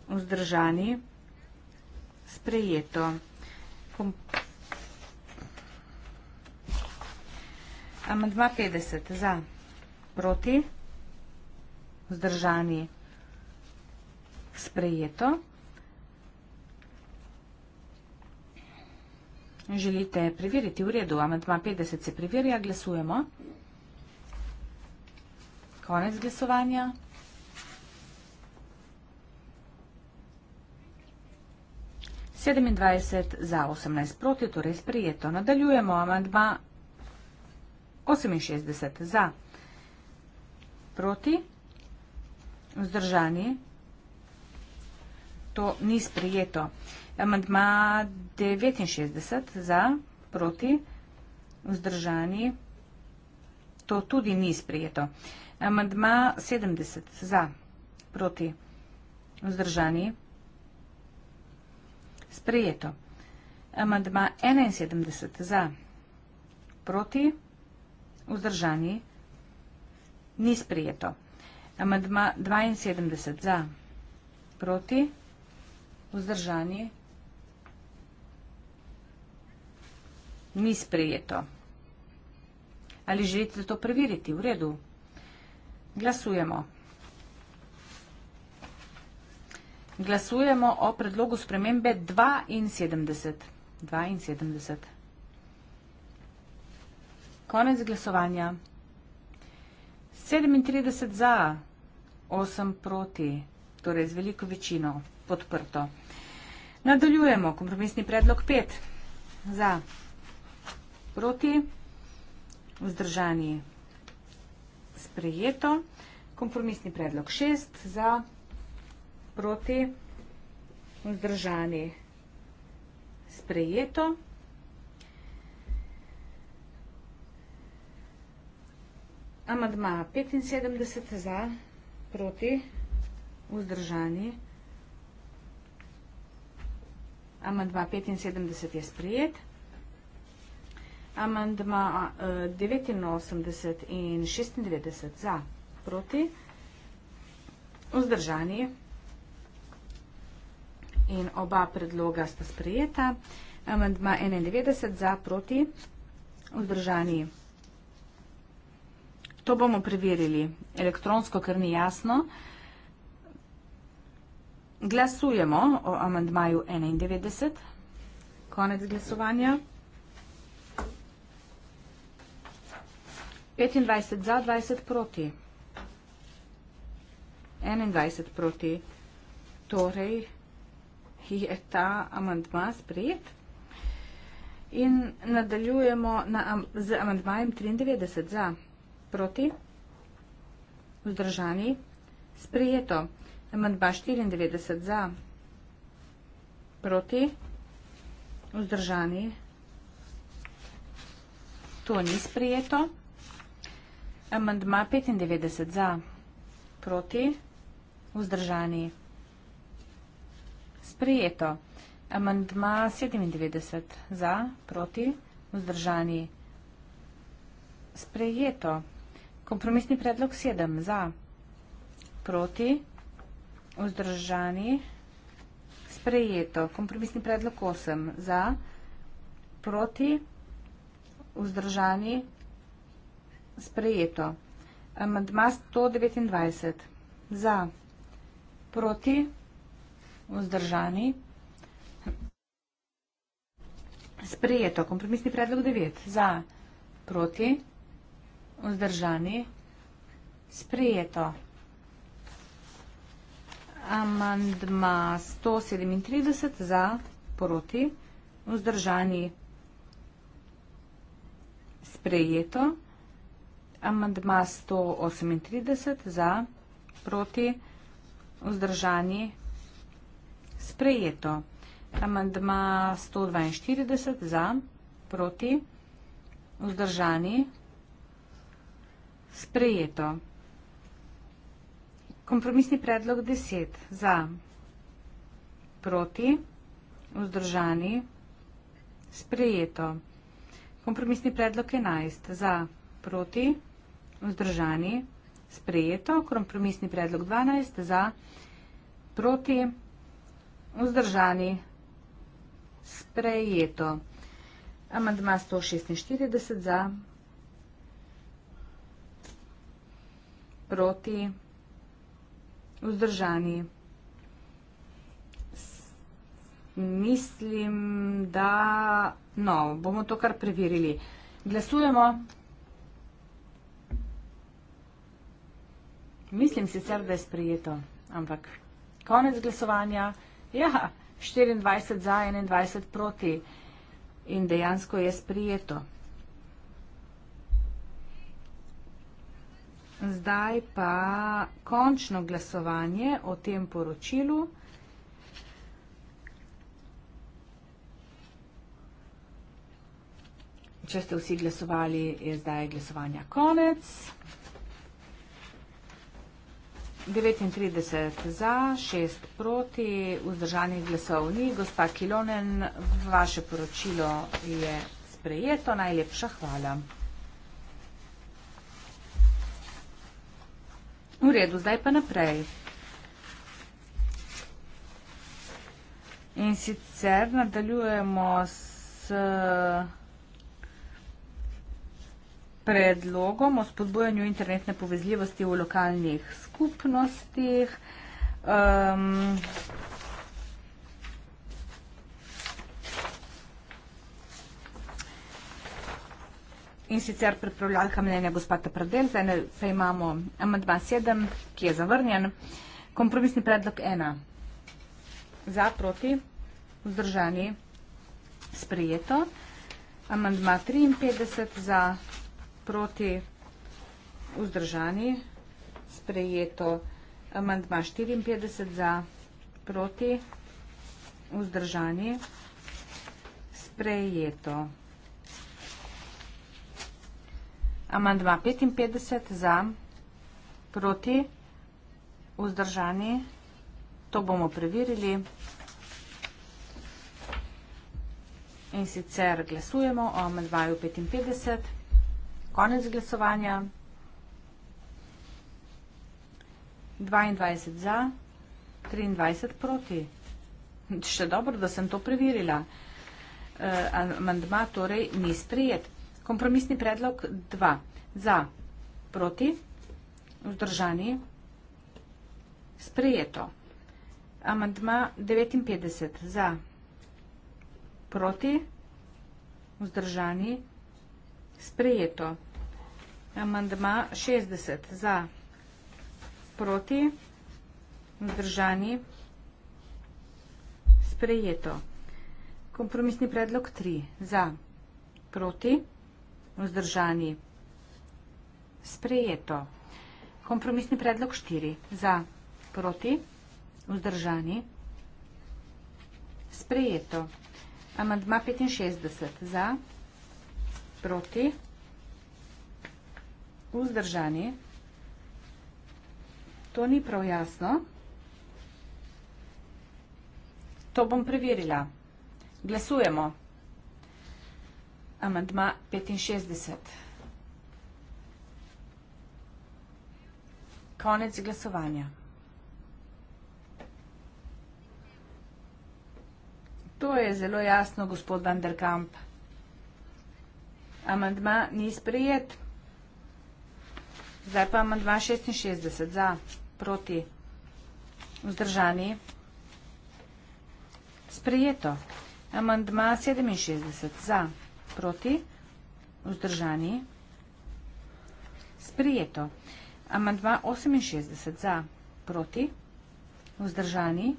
vzdržani sprejeto. Amandma 50 za, proti, vzdržani sprejeto sprejeto. Želite preveriti v redu, amantma 50 se preverja, glasujemo. Konec glasovanja. Sedemindvajset za osemnaest proti, torej sprejeto. Nadaljujemo amantma oseminšestdeset za proti, vzdržanje to ni sprejeto. Amandma 69 za, proti, vzdržani, to tudi ni sprejeto. Amandma 70 za, proti, vzdržani, sprejeto. Amandma 71 za, proti, vzdržani, ni sprejeto. Amandma 72 za, proti, vzdržani, vzdržani. Ni sprejeto. Ali želite to preveriti? V redu. Glasujemo. Glasujemo o predlogu spremembe 72. 72. Konec glasovanja. 37 za, 8 proti, torej z veliko večino podprto. Nadaljujemo. Kompromisni predlog 5. Za. Proti. Vzdržani. Sprejeto. Kompromisni predlog 6. Za. Proti. Vzdržani. Sprejeto. Amadma 75 za, proti, vzdržani, sprejeto. Amandma 75 je sprejet. Amandma 89 eh, in 96 za, proti, vzdržani. In oba predloga sta sprejeta. Amandma 91 za, proti, vzdržani. To bomo preverili elektronsko, ker ni jasno. Amandma 91 za, proti, vzdržani. Glasujemo o amandmaju 91. Konec glasovanja. 25 za, 20 proti. 21 proti. Torej je ta amandma sprejet. In nadaljujemo na, z amandmajem 93 za, proti, vzdržani, sprejeto. Amandma 94 za, proti, vzdržani. To ni sprejeto. Amandma 95 za, proti, vzdržani. Sprejeto. Amandma 97 za, proti, vzdržani. Sprejeto. Kompromisni predlog 7 za, proti, vzdržani vzdržani. Sprejeto. Kompromisni predlog 8. Za, proti, vzdržani. Sprejeto. Amandma 129. Za, proti, vzdržani. Sprejeto. Kompromisni predlog 9. Za, proti, vzdržani. Sprejeto amandma 137 za proti vzdržani sprejeto, amandma 138 za proti vzdržani sprejeto, amandma 142 za proti vzdržani sprejeto. Kompromisni predlog 10 za proti, vzdržani, sprejeto. Kompromisni predlog 11 za proti, vzdržani, sprejeto. Kompromisni predlog 12 za proti, vzdržani, sprejeto. Amandma 146 za proti, vzdržani, sprejeto vzdržani. Mislim, da... No, bomo to kar preverili. Glasujemo. Mislim sicer, da je sprejeto, ampak konec glasovanja. Ja, 24 za, 21 proti. In dejansko je sprijeto. Zdaj pa končno glasovanje o tem poročilu. Če ste vsi glasovali, je zdaj glasovanja konec. 39 za, 6 proti, vzdržanih glasov ni. Gospa Kilonen, vaše poročilo je sprejeto. Najlepša hvala. V redu, zdaj pa naprej. In sicer nadaljujemo s predlogom o spodbojanju internetne povezljivosti v lokalnih skupnostih. Um, In sicer predpravljalka mnenja gospod Tepradel, zdaj pa imamo amadba 7, ki je zavrnjen. Kompromisni predlog 1. Za, proti, vzdržani, sprejeto. Amandma 53 za, proti, vzdržani, sprejeto. Amandma 54 za, proti, vzdržani, sprejeto. Amandma 55 za, proti, vzdržani. To bomo preverili. In sicer glasujemo o amandmaju 55. Konec glasovanja. 22 za, 23 proti. Še dobro, da sem to preverila. Eh, amandma torej ni sprejet. Kompromisni predlog 2. Za, proti, vzdržani, sprejeto. Amandma 59. Za, proti, vzdržani, sprejeto. Amandma 60. Za, proti, vzdržani, sprejeto. Kompromisni predlog 3. Za, proti, vzdržani, sprejeto. Vzdržani. Sprejeto. Kompromisni predlog štiri. Za. Proti. Vzdržani. Sprejeto. Amandma 65. Za. Proti. Vzdržani. To ni prav jasno. To bom preverila. Glasujemo. Glasujemo amandma petinšestdeset. Konec glasovanja. To je zelo jasno, gospod Van der Kamp. Amandma ni sprejet. Zdaj pa amandma 66 za, proti, vzdržani. Sprejeto. Amandma 67 za proti, vzdržani, sprijeto. Amandma 68 za, proti, vzdržani,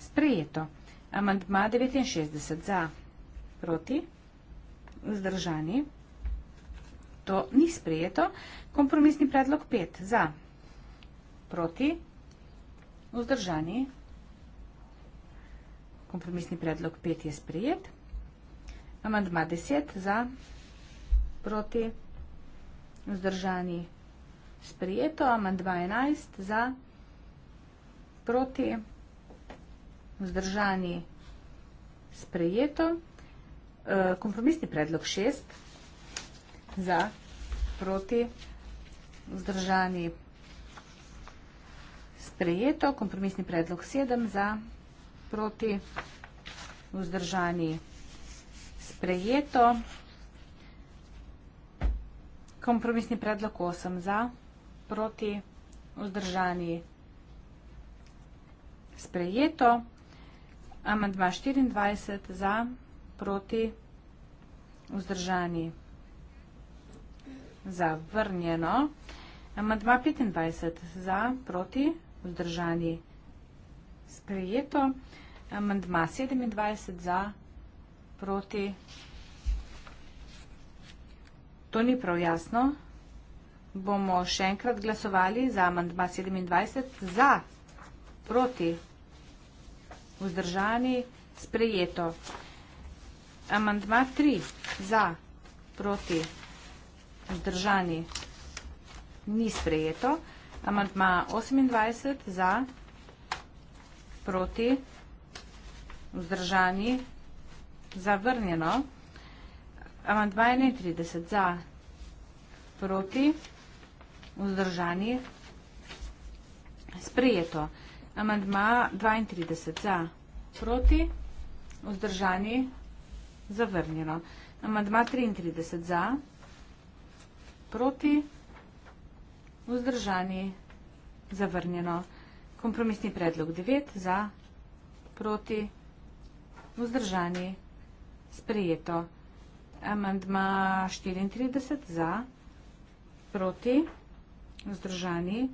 sprijeto. Amandma 69 za, proti, vzdržani, to ni sprijeto. Kompromisni predlog 5 za, proti, vzdržani, kompromisni predlog 5 je sprijeto. Amandma 10 za, proti, vzdržani, sprijeto. Amandma 11 za, proti, vzdržani, sprijeto. E, kompromisni predlog 6 za, proti, vzdržani, sprijeto. Kompromisni predlog 7 za, proti, vzdržani, sprijeto sprejeto. Kompromisni predlog 8 za, proti vzdržani sprejeto. Amandma 24 za, proti vzdržani zavrnjeno. Amandma 25 za, proti vzdržani sprejeto. Amandma 27 za, proti vzdržani sprejeto proti. To ni prav jasno. Bomo še enkrat glasovali za amandma 27, za, proti, vzdržani, sprejeto. Amandma 3, za, proti, vzdržani, ni sprejeto. Amandma 28, za, proti, vzdržani, Zavrnjeno. Amandma 31 za. Proti. Vzdržani. Sprejeto. Amandma 32 za. Proti. Vzdržani. Zavrnjeno. Amandma 33 za. Proti. Vzdržani. Zavrnjeno. Kompromisni predlog 9 za. Proti. Vzdržani. Zavrnjeno. Sprejeto. Amandma 34 za, proti, vzdržani,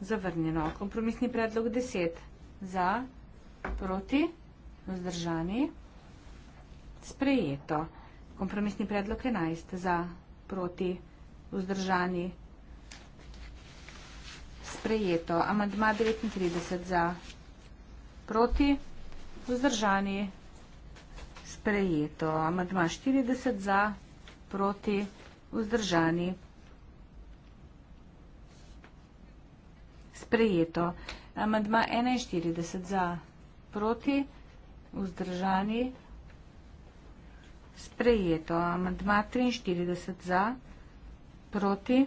zavrnjeno. Kompromisni predlog 10 za, proti, vzdržani, sprejeto. Kompromisni predlog 11 za, proti, vzdržani, sprejeto. Amandma 39 za, proti, vzdržani, sprejeto sprejeto. Amadma 40 za, proti vzdržani. Sprejeto. Amadma 41 za, proti vzdržani. Sprejeto. Amadma 43 za, proti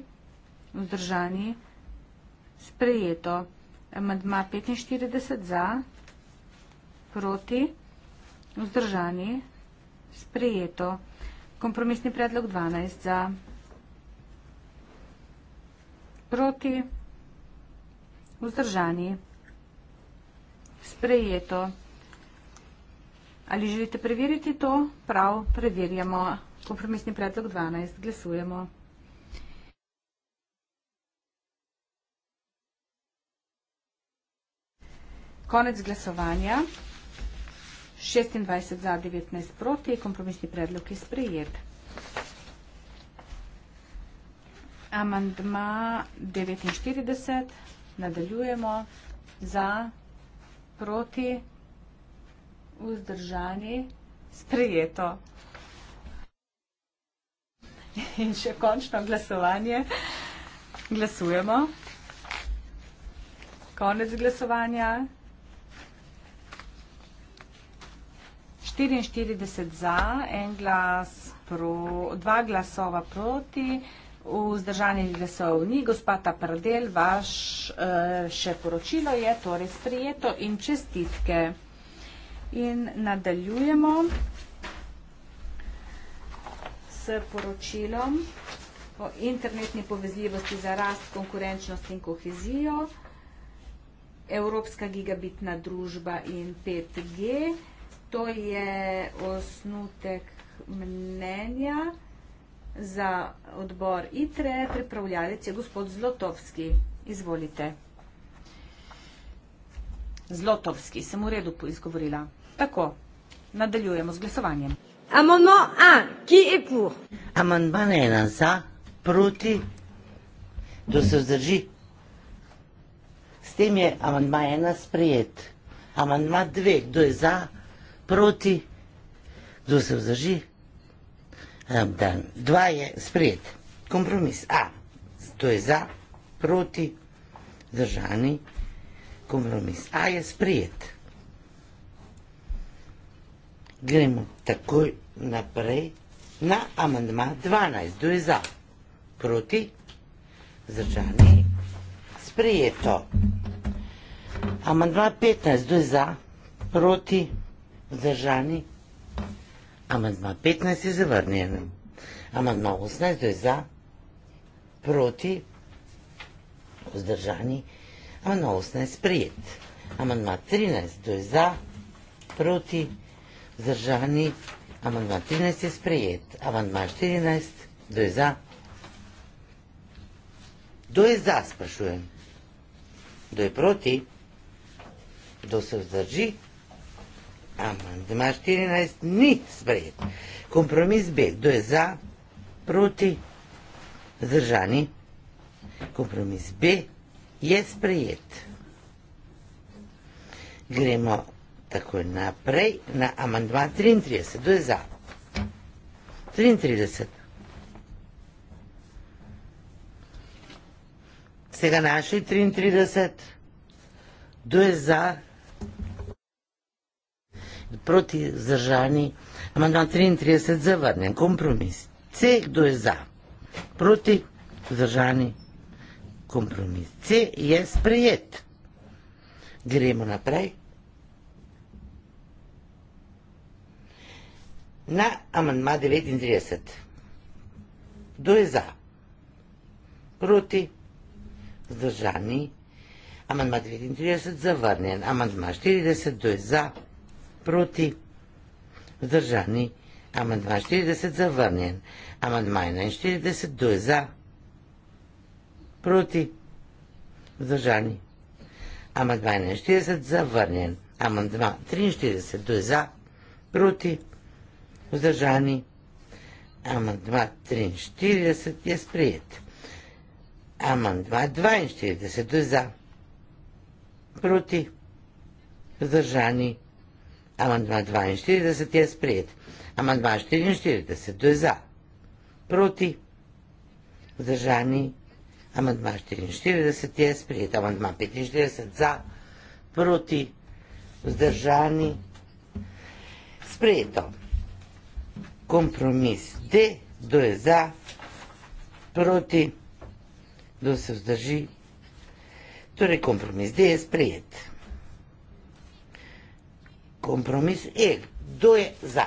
vzdržani. Sprejeto. Amadma 45 za, proti vzdržani. Vzdržani? Sprejeto. Kompromisni predlog 12 za. Proti? Vzdržani? Sprejeto. Ali želite preveriti to? Prav, preverjamo. Kompromisni predlog 12. Glesujemo. Konec glasovanja. 26 za, 19 proti. Kompromisni predlog je sprejet. Amandma 49. Nadaljujemo. Za, proti, vzdržani, sprejeto. In še končno glasovanje. Glasujemo. Konec glasovanja. 44 za, en glas pro, dva glasova proti, vzdržanih glasov ni. Gospa Tapardel, vaš eh, še poročilo je torej sprijeto in čestitke. In nadaljujemo s poročilom o internetni povezljivosti za rast, konkurenčnost in kohezijo, Evropska gigabitna družba in 5G to je osnutek mnenja za odbor ITRE. Pripravljalec je gospod Zlotovski. Izvolite. Zlotovski, sem v redu izgovorila. Tako, nadaljujemo z glasovanjem. Amano A, ki je pur? Amanban je ena za, proti, to se vzdrži. S tem je amandma ena sprejet. Amandma dve, kdo je za, proti, kdo se vzdrži, abdan. Dva je sprejet, kompromis. A, to je za, proti, držani, kompromis. A je sprejet. Gremo takoj naprej na amandma 12. Kdo je za, proti, držani, sprejeto. Amandma 15. Kdo je za, proti, držani, sprejeto. Задържани. Амандма 15 е завърнен. Амандма 18 е за. Проти. Задържани. Амандма 18 е прият. Амандма 13 е за. Проти. Задържани. Амандма 13 е прият. Амандма 14 е за. До е за, спрашуем. До е проти. До се задържи amandma 14 ni sprejet. Kompromis B, kdo je za, proti, zdržani. Kompromis B je sprejet. Gremo takoj naprej na amandma 33, kdo je za. 33. Ste ga našli 33? Kdo je za 33? proti zdržani, amandma 33 zavrnjen, kompromis. C, kdo je za? Proti zdržani, kompromis. C je sprejet. Gremo naprej. Na amandma 39. Kdo je za? Proti zdržani, amandma 39 zavrnjen, amandma 40, kdo je za? Proti zdržani, kompromis proti. Vzdržani. Amandma 40 zavrnjen. Amandma 41, kdo je za? Proti. Vzdržani. Amandma 41 zavrnjen. Amandma 43, kdo je za? Proti. Vzdržani. Amandma 43 je sprejet. Amandma 42, kdo je za? Proti. Vzdržani. Amandma 43 je sprejet. Amandma 42 je sprejet. Amandma 44, to je za. Proti. Vzdržani. Amandma 44 je sprejet. Amandma 45 za. Proti. Vzdržani. Sprejeto. Kompromis D, kdo je za, proti, kdo se vzdrži. Torej, kompromis D je sprejet kompromis E. Kdo je za?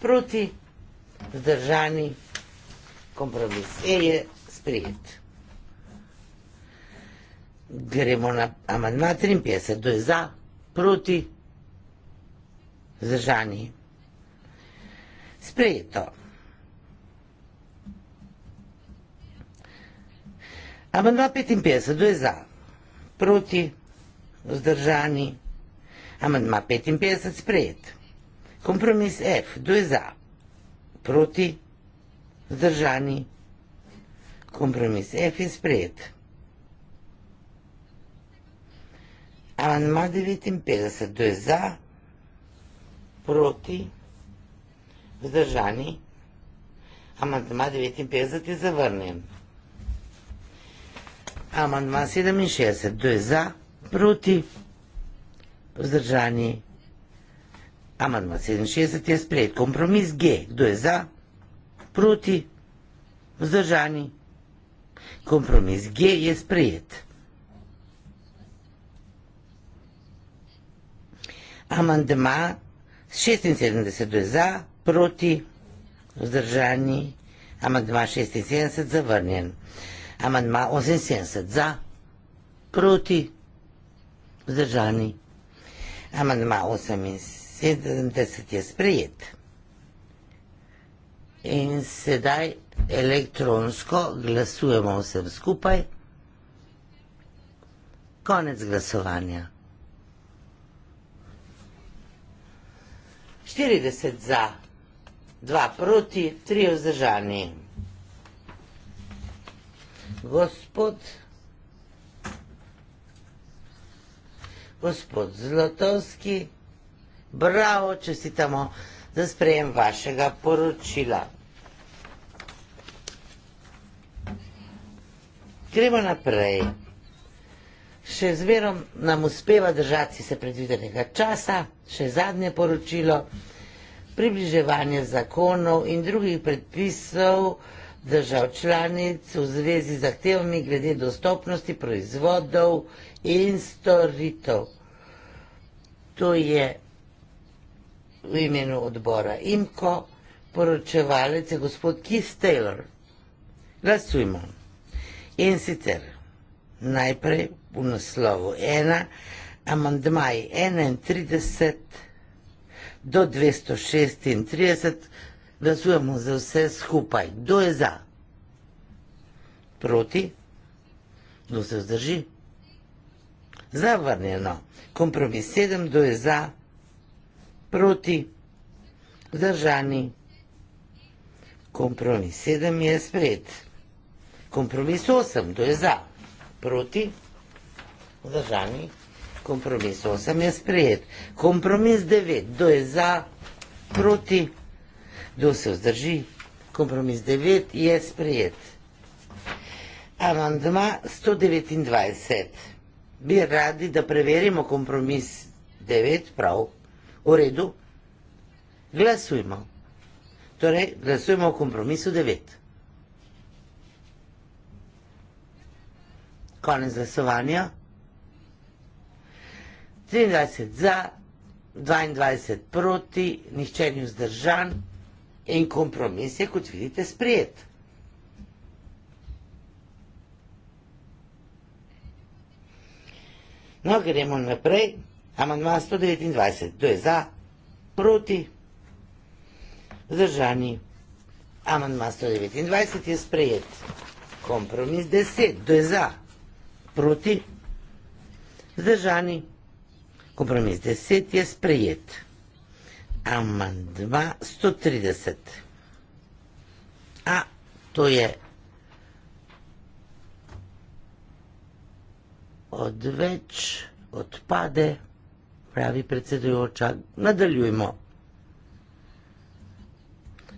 Proti vzdržani kompromis E je sprijet. Gremo na amandma 53. Kdo je za? Proti vzdržani. Sprejeto. Amandma 55. Kdo je za? Proti vzdržani kompromis E. Amandma 55 sprejet. Kompromis F. Kdo je za? Proti? Zdržani? Kompromis F je sprejet. Amandma 59. Kdo je za? Proti? Zdržani? Amandma 59 je zavrnjen. Amandma 67. Kdo je za? Proti? Zdržani? Vzdržani. Amandma 67 je sprejet. Kompromis G. Kdo je za? Proti? Vzdržani. Kompromis G je sprejet. Amandma 76 je za, proti, vzdržani. Amandma 76 je zavrnjen. Amandma 78 je za, proti, vzdržani amandma 78 je sprejet. In sedaj elektronsko glasujemo vsem skupaj. Konec glasovanja. 40 za, 2 proti, 3 vzdržani. Gospod. gospod Zlotovski. Bravo, čestitamo za sprejem vašega poročila. Gremo naprej. Še z verom nam uspeva držati se predvidenega časa, še zadnje poročilo, približevanje zakonov in drugih predpisov držav članic v zvezi z zahtevami glede dostopnosti proizvodov in storitev to je v imenu odbora IMKO, poročevalec je gospod Keith Taylor. Glasujmo. In sicer najprej v naslovu 1, amandmaj 31 do 236, glasujemo za vse skupaj. Kdo je za? Proti? Kdo se vzdrži? zavrnjeno. Kompromis 7, kdo je za, proti, vzdržani. Kompromis 7 je spred. Kompromis 8, kdo je za, proti, vzdržani. Kompromis 8 je spred. Kompromis 9, kdo je za, proti, kdo se vzdrži. Kompromis 9 je spred. Amandma 129 bi radi, da preverimo kompromis 9, prav, v redu, glasujmo. Torej, glasujmo o kompromisu 9. Konec glasovanja. 23 za, 22 proti, nihče ni vzdržan in kompromis je, kot vidite, sprijet. No, gremo naprej. Amandma 129. Kdo je za? Proti? Zdržani. Amandma 129 je sprejet. Kompromis 10. Kdo je za? Proti? Zdržani. Kompromis 10 je sprejet. Amandma 130. A, to je odveč odpade, pravi predsedujoča. Nadaljujmo.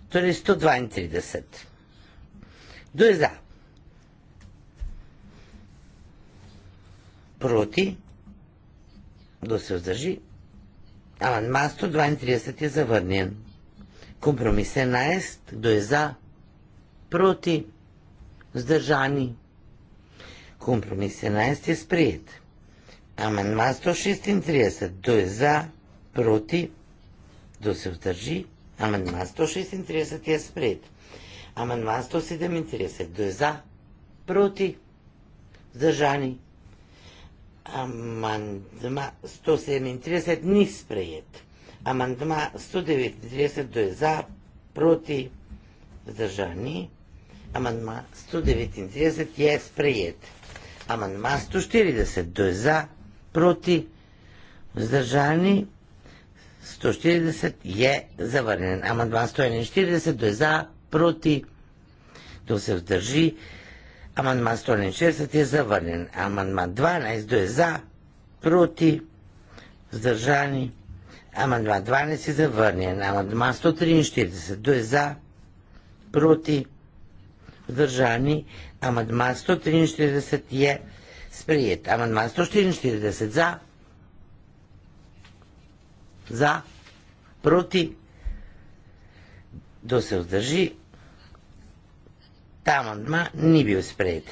Torej 132. Kdo je za? Proti? Kdo se vzdrži? Amandma 132 je zavrnjen. Kompromis 11. Kdo je za? Proti? Vzdržani? Proti? Компромис 17 е сприет. Аменма 136. Дой за, проти, до се вдържи. Аменма 136 е сприет. Аменма 137. Дой за, проти, вдържани. Амандма 137 ни сприет. Амандма 190 до за, проти, вдържани. Амандма 190 е сприет. Amandman 140, kdo je za, proti, vzdržani, 140 je zavrnjen. Amandman 141, kdo je za, proti, kdo se vzdrži, amandman 160 je zavrnjen. Amandman 12, kdo je za, proti, vzdržani, amandman 12 je zavrnjen. Amandman 143, kdo je za, proti, vzdržani vzdržani. Amadma 143 je sprejet. Amadma 144 za. Za. Proti. Do se vzdrži. Ta amadma ni bil sprejet.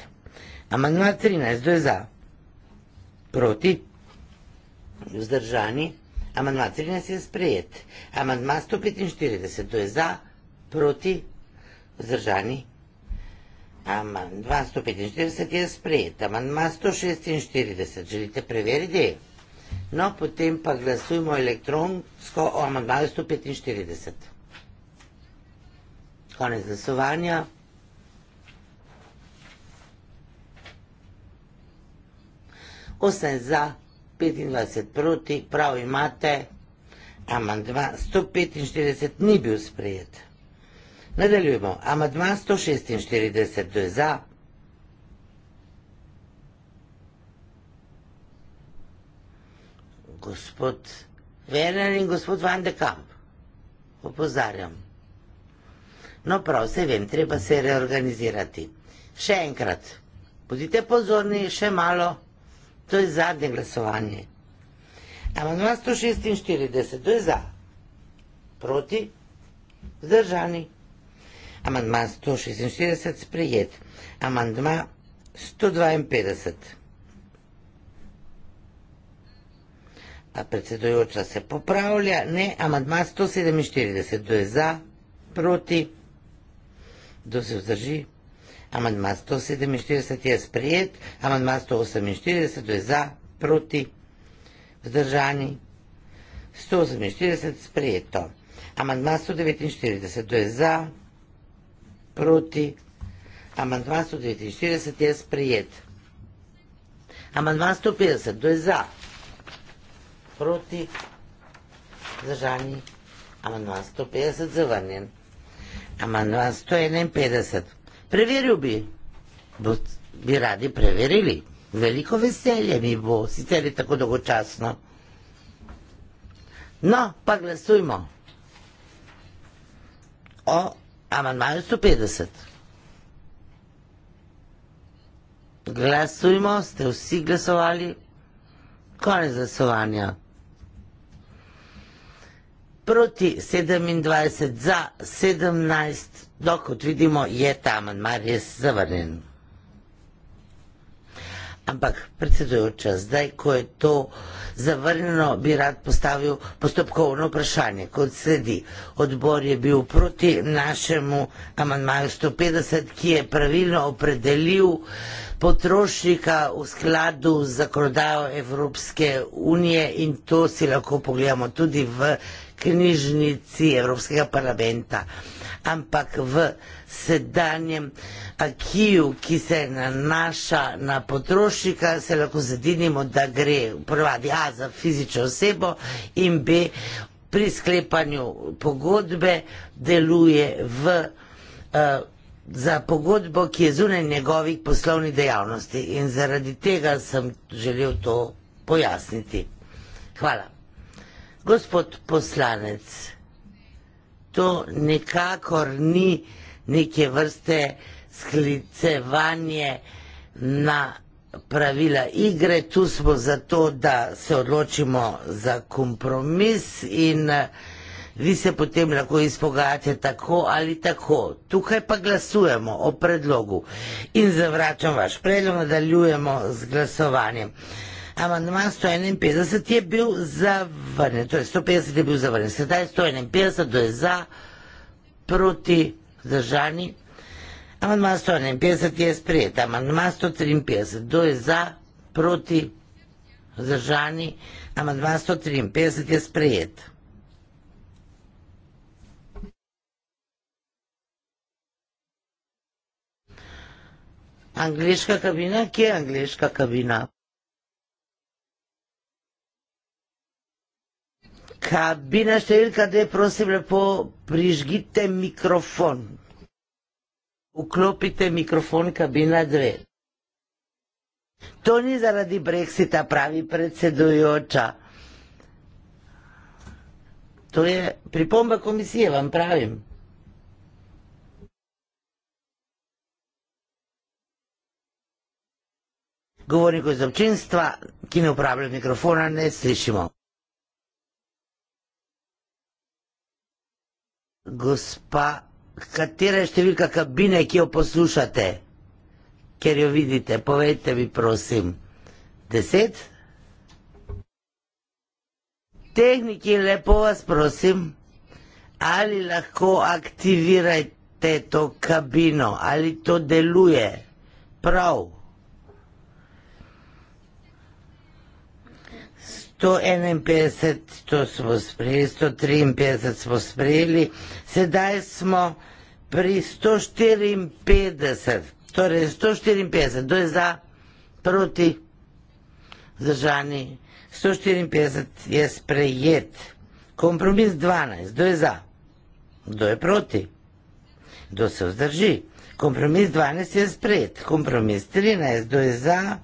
Amadma 13 do je za. Proti. Vzdržani. Amadma 13 je sprejet. Amadma 145 do je za. Proti. Vzdržani. Vzdržani. Amandma 145 je sprejet, amandma 146, želite preveriti? No, potem pa glasujmo elektronsko o amandmaju 145. Konec glasovanja. Osem za, 25 proti, prav imate, amandma 145 ni bil sprejet. Nadaljujemo. Amadma 146, to je za. Gospod Werner in gospod Van de Kamp. Opozarjam. No prav, se vem, treba se reorganizirati. Še enkrat, bodite pozorni, še malo, to je zadnje glasovanje. Amandma 146, to je za. Proti? Zdržani? Amandma 146 sprejet. Amandma 152. A predsedujoča se popravlja. Ne, amandma 147. Kdo je za? Proti? Kdo se vzdrži? Amandma 147 je sprejet. Amandma 148. Kdo je za? Proti? Vzdržani? 148 sprejeto. Amandma 149. Kdo je za? Proti? proti. Amandma 149 je sprejet. Amandma 150, kdo je za? Proti. Zažani. Amandma 150, zavrnjen. Amandma 151. Preveril bi. Bo, bi radi preverili. Veliko veselje mi bo, sicer je tako dolgočasno. No, pa glasujmo. O Amandmaje 150. Glasujmo, ste vsi glasovali. Konec glasovanja. Proti 27 za 17, dokot no, vidimo, je ta amandmaj res zavrnjen. Ampak, predsedujoča, zdaj, ko je to zavrnjeno, bi rad postavil postopkovno vprašanje, kot sledi. Odbor je bil proti našemu amantmaju 150, ki je pravilno opredelil potrošnika v skladu z zakonodajo Evropske unije in to si lahko pogledamo tudi v knjižnici Evropskega parlamenta ampak v sedanjem akiju, ki se nanaša na potrošnika, se lahko zadinimo, da gre prvadi A za fizično osebo in B pri sklepanju pogodbe deluje v, uh, za pogodbo, ki je zunaj njegovih poslovnih dejavnosti. In zaradi tega sem želel to pojasniti. Hvala. Gospod poslanec to nekakor ni neke vrste sklicevanje na pravila igre. Tu smo zato, da se odločimo za kompromis in eh, vi se potem lahko izpogajate tako ali tako. Tukaj pa glasujemo o predlogu in zavračam vaš predlog, nadaljujemo z glasovanjem. Amandman 151 je bil zavrnjen, torej 150 je bil zavrnjen. Sedaj 151, kdo je za, proti, zdržani. Amandman 151 je sprejet. Amandman 153, kdo je za, proti, zdržani. Amandman 153 je sprejet. Angliška kabina, kje je angliška kabina? Kabina številka D, prosim lepo, prižgite mikrofon. Vklopite mikrofon kabina 2. To ni zaradi brexita, pravi predsedujoča. To je pripomba komisije, vam pravim. Govorniku iz občinstva, ki ne uporablja mikrofona, ne slišimo. Gospa, katera je številka kabine, ki jo poslušate, ker jo vidite? Povejte mi, prosim. Deset? Tehniki, lepo vas prosim, ali lahko aktivirajte to kabino, ali to deluje prav? 151 to smo sprejeli, 153 smo sprejeli, sedaj smo pri 154. Torej, 154, kdo je za, proti, zdržani. 154 je sprejet. Kompromis 12, kdo je za, kdo je proti, kdo se vzdrži. Kompromis 12 je sprejet. Kompromis 13, kdo je za,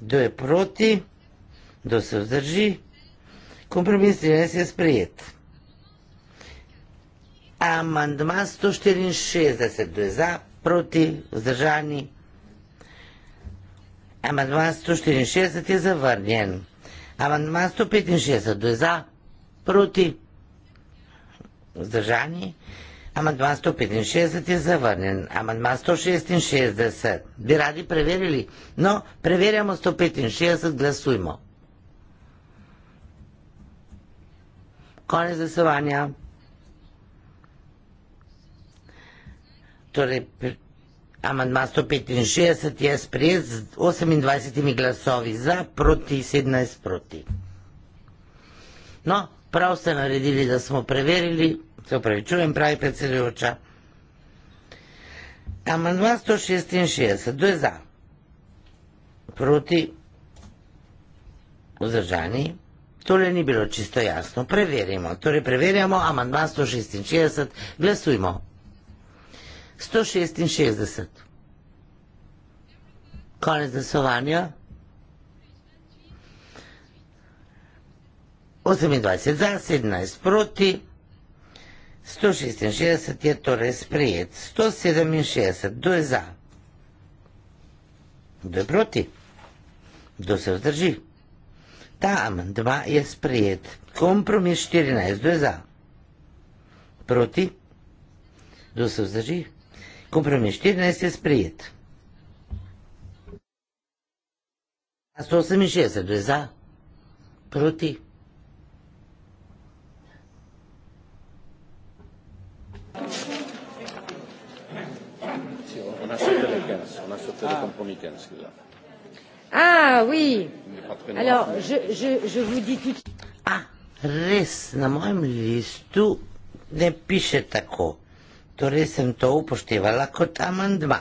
kdo je proti. Kdo se vzdrži? Kompromis 13 je sprejet. Amandma 164, kdo je za, proti, vzdržani. Amandma 164 je zavrnjen. Amandma 165, kdo je za, proti, vzdržani. Amandma 165 je zavrnjen. Amandma 166, bi radi preverili? No, preverjamo 165, glasujmo. Konec glasovanja. Torej, amandma 165 je sprejet z 28 glasovi za, proti 17 proti. No, prav ste naredili, da smo preverili, se upravičujem, pravi predsedujoča. Amandma 166, kdo je za? Proti? Vzdržani? Tole ni bilo čisto jasno. Preverimo. Torej, preverjamo amandma 166. Glasujmo. 166. Konec glasovanja. 28 za, 17 proti. 166 je torej sprejet. 167. Kdo je za? Kdo je proti? Kdo se vzdrži? ta amandma je sprejet. Kompromis 14, kdo je za? Proti? Kdo se vzdrži? Kompromis 14 je sprejet. 168, kdo je za? Proti? Ah, oui. Alors, je, je, je vous dis tout Ah, res, na mojem listu ne piše tako. Torej sem to upoštevala kot amandma.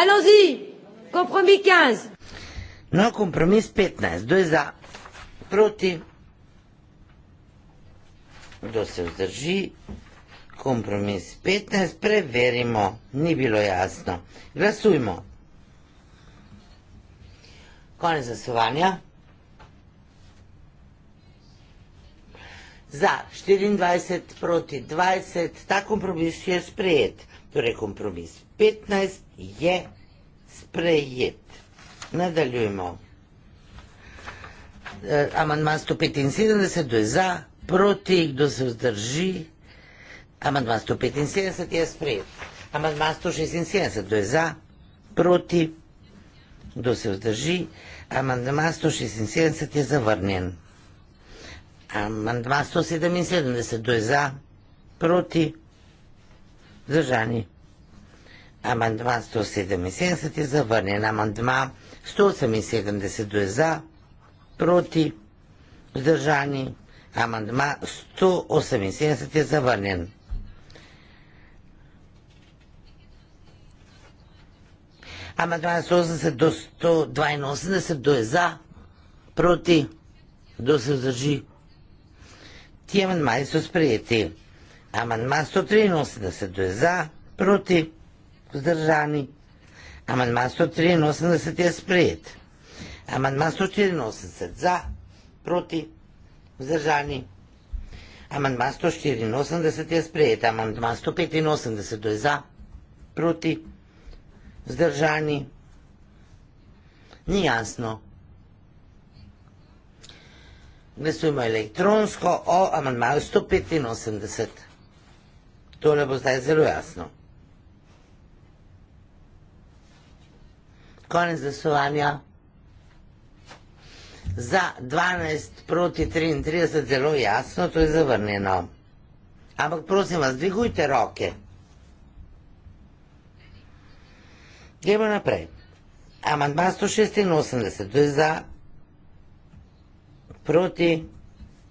Allons-y! Kompromis 15! No, kompromis 15. Kdo je za? Proti? Kdo se vzdrži? Kompromis 15. Preverimo. Ni bilo jasno. Glasujmo. Konec glasovanja. Za 24 proti 20, ta kompromis je sprejet. Torej, kompromis 15 je sprejet. Nadaljujemo. E, Amandman 175, kdo je za, proti, kdo se vzdrži. Amandman 175 je sprejet. Amandman 176, kdo je za, proti, kdo je za. Kdo se vzdrži? Amandma 176 je zavrnjen. Amandma 177, kdo je za? Proti? Zdržani. Amandma 177 je zavrnjen. Amandma 178, kdo je za? Proti? Zdržani. Amandma 178 je zavrnjen. Amandman 180 do 182, kdo je za, proti, kdo se vzdrži? Ti amandmani so sprejeti. Amandman 183, kdo je za, proti, vzdržani. Amandman 183 je sprejet. Amandman 184, za, proti, vzdržani. Amandman 184 je sprejet. Amandman 185, kdo je za, proti, vzdržani vzdržani. Ni jasno. Glasujemo elektronsko o amandmaju 185. Tole bo zdaj zelo jasno. Konec glasovanja. Za 12 proti 33 zelo jasno, to je zavrnjeno. Ampak prosim vas, dvigujte roke. Gremo naprej. Amandma 186, to je za, proti,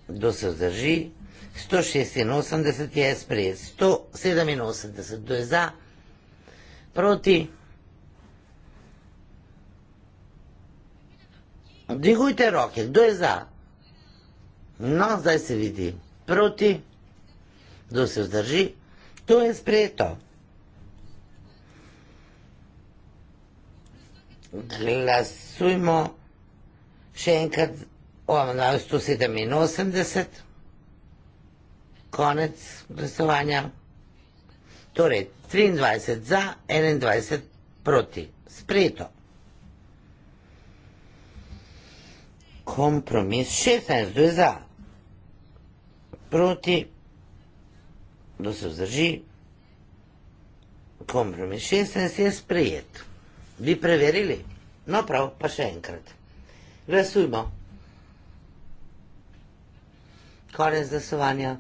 kdo se vzdrži, 186 je sprejet, 187, kdo je za, proti, dvigujte roke, kdo je za, no, zdaj se vidi, proti, kdo se vzdrži, to je sprejeto. glasujmo še enkrat o amandaju 187. Konec glasovanja. Torej, 23 za, 21 proti. Sprejeto. Kompromis 16, 2 za, proti, da se vzdrži. Kompromis 16 je sprejeto. Bi preverili? No, prav, pa še enkrat. Glasujmo. Konec glasovanja.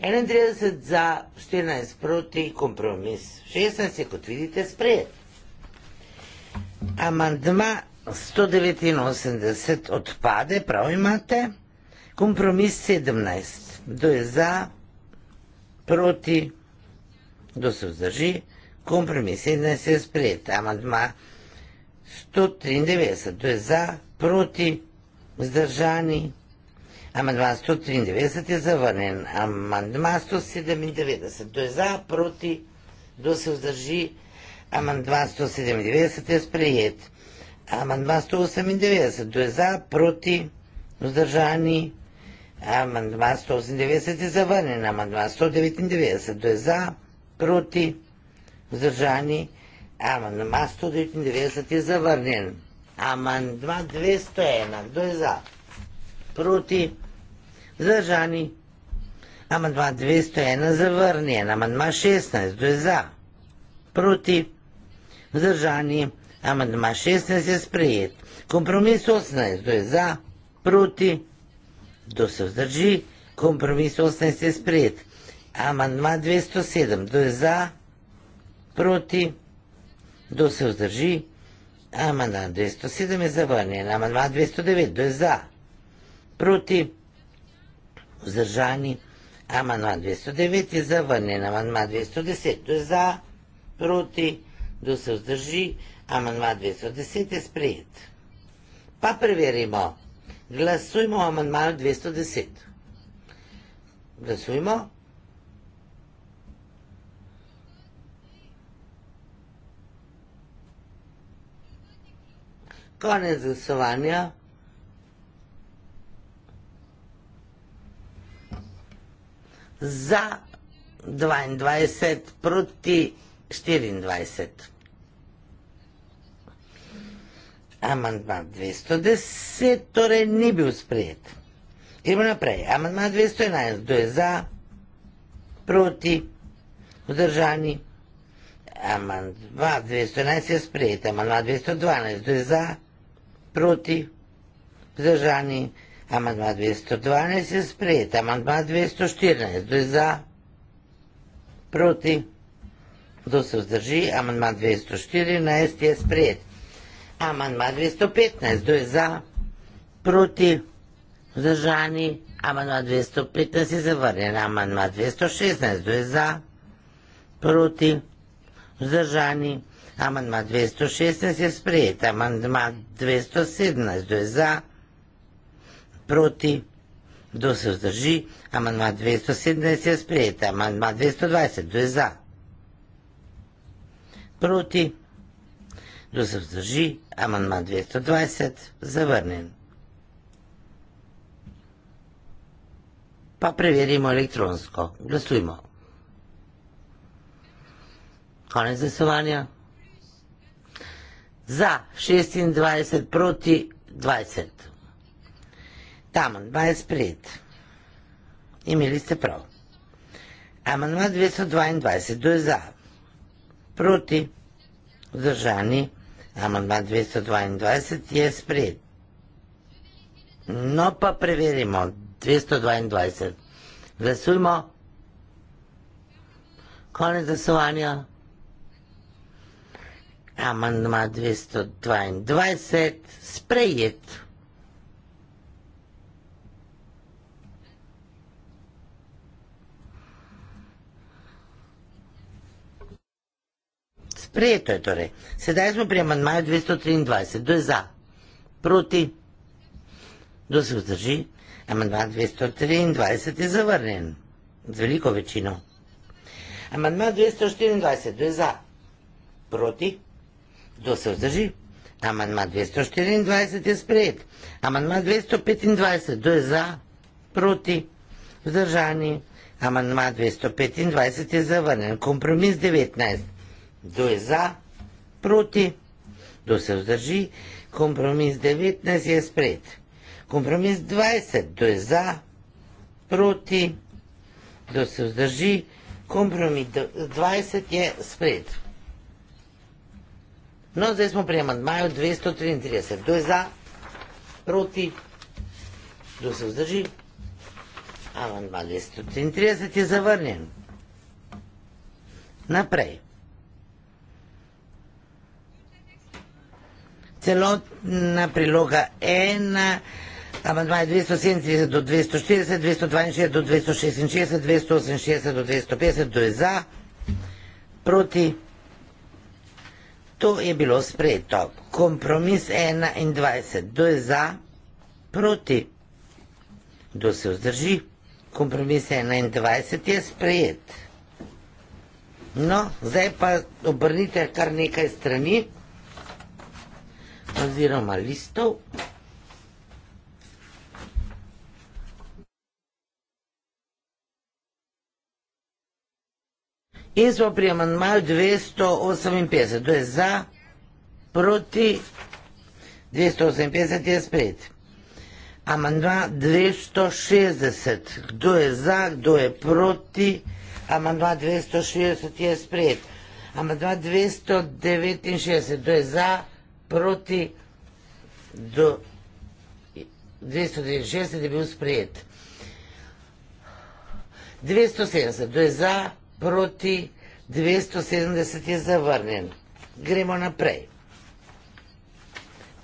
31 za, 14 proti, kompromis. 16 je, kot vidite, sprejet. Amandma 189 odpade, prav imate. Kompromis 17. Kdo je za, proti, kdo se vzdrži? kompromis 17 je sprejet, amadma 193, to je za, proti, vzdržani, amadma 193 je zavrnen, amadma 197, to je za, proti, do se vzdrži, amadma 197 je sprejet, amadma 198, to je za, proti, vzdržani, amadma 198 je zavrnen, amadma 199, to je za, proti, vzdržani, vzdržani, amandma 199 je zavrnjen. Amandma 201, kdo je za? Proti, vzdržani. Amandma 201 zavrnjen, amandma 16, kdo je za? Proti, vzdržani. Amandma 16 je sprejet. Kompromis 18, kdo je za? Proti, kdo se vzdrži? Kompromis 18 je sprejet. Amandma 207, kdo je za? Proti proti, kdo se vzdrži, amandma 207 je zavrnjen, amandma 209, kdo je za, proti, vzdržani, amandma 209 je zavrnjen, amandma 210, kdo je za, proti, kdo se vzdrži, amandma 210 je sprejet. Pa preverimo, glasujmo o amandmaju 210. Glasujmo. Glasujmo. konec glasovanja. Za 22 proti 24. Amandma 210 torej ni bil sprejet. Gremo naprej. Amandma 211. Kdo je za? Proti? Vzdržani? Amandma 211 je sprejet. Amandma 212. Kdo je za? Proti? proti vzdržani. Amandma 212 je sprejet, amandma 214 je za, proti, kdo se vzdrži, amandma 214 je sprejet. Amandma 215, kdo je za, proti, vzdržani, amandma 215 je zavrnjen, amandma 216, kdo je za, proti, vzdržani, amandma 215 je zavrnjen. Amandma 216 je sprejet, amandma 217 je za, proti, do se vzdrži, amandma 217 je sprejet, amandma 220 je za, proti, do se vzdrži, amandma 220 je zavrnen. Pa preverimo elektronsko. Glasujmo. Konec zasovanja za 26 proti 20. Taman 20 sprejet. Imeli ste prav. Amandma 222. Kdo je za? Proti. Vzdržani. Amandma 222 je sprejet. No pa preverimo. 222. Glasujmo. Konec glasovanja. Amandma 222 sprejet. Sprejeto je torej. Sedaj smo pri amandmaju 223. Kdo je za? Proti? Kdo se vzdrži? Amandma 223 je zavrnjen. Z veliko večino. Amandma 224. Kdo je za? Proti? Proti? Kdo se vzdrži? Amandma 224 je sprejet. Amandma 225, kdo je za, proti, vzdržani? Amandma 225 je zavrnen. Kompromis 19, kdo je za, proti, kdo se vzdrži? Kompromis 19 je sprejet. Kompromis 20, kdo je za, proti, kdo se vzdrži? Kompromis 20 je sprejet. No, zdaj smo pri amantmaju 233. Kdo je za? Proti? Kdo se vzdrži? Amantma 233 je zavrnjen. Naprej. Celotna priloga 1, amantma je 237 do 240, 262 do 266, 268 do 250, kdo je za? Proti? To je bilo sprejeto. Kompromis 21, kdo je za, proti, kdo se vzdrži. Kompromis 21 je sprejet. No, zdaj pa obrnite kar nekaj strani oziroma listov. In smo pri amantmaju 258, to je za, proti 258 je sprejet. Amantma 260, kdo je za, kdo je proti, amantma 260 je sprejet. Amantma 269, kdo je za, proti, do 260 je bil sprejet. 270, kdo je za, proti proti 270 je zavrnjen. Gremo naprej.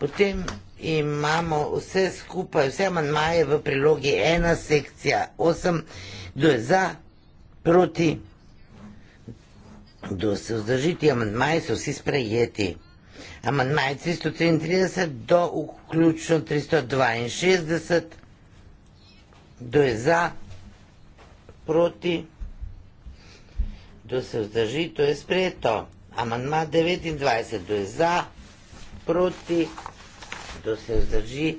Potem imamo vse skupaj, vse manjmaje v prilogi ena sekcija, osem, kdo je za, proti, kdo se vzdržiti, manjmaje so vsi sprejeti. Amandmaje 333 do vključno 362, kdo je za, proti, kdo je za, kdo se vzdrži, to je sprejeto. Amandma 29, kdo je za, proti, kdo se vzdrži,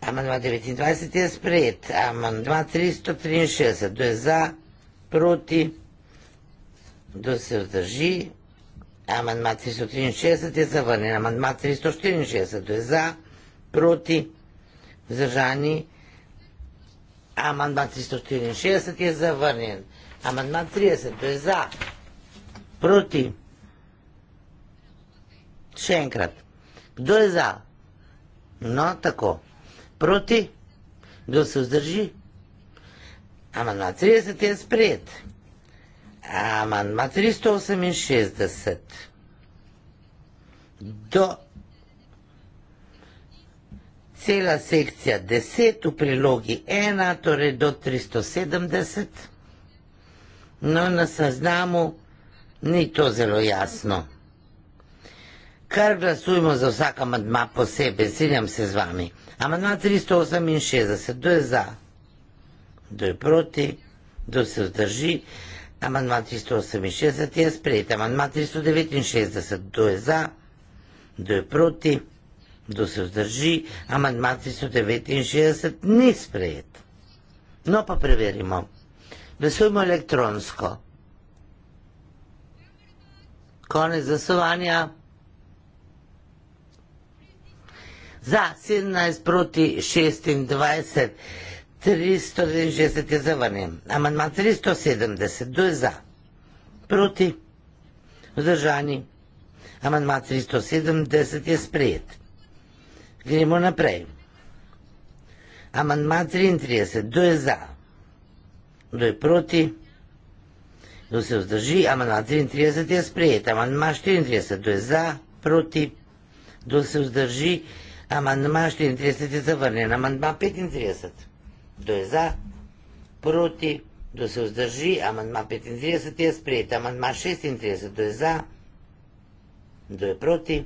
amandma 29 je sprejet. Amandma 363, kdo je za, proti, kdo se vzdrži, amandma 363 je zavrnjen. Amandma 364, kdo je za, proti, vzdržani, amandma 364 je zavrnjen. Amandman 30, za, proti. Še enkrat. Kdo je za? No, tako. Proti. Kdo se vzdrži? Amandman 30 je sprejet. Amandman 368. Do cela sekcija 10 v prilogi 1, torej do 370 no na seznamu ni to zelo jasno. Kar glasujemo za vsak amadma posebej, ciljam se z vami. Amadma 368, kdo je za, kdo je proti, kdo se vzdrži. Amadma 368 je sprejet, amadma 369, kdo je za, kdo je proti, kdo se vzdrži. Amadma 369 ni sprejet. No pa preverimo. Glasujmo elektronsko. Konec glasovanja. Za 17 proti 26, 363 je zavrnjen. Amandma 370, kdo je za? Proti, vzdržani. Amandma 370 je sprejet. Gremo naprej. Amandma 33, kdo je za? Proti kdo je proti, kdo se vzdrži, amandma 33 je sprejet, amandma 34, kdo je za, proti, kdo se vzdrži, amandma 34 je zavrnjen, amandma 35, kdo je za, proti, kdo se vzdrži, amandma 35 je sprejet, amandma 36, kdo je za, kdo je proti,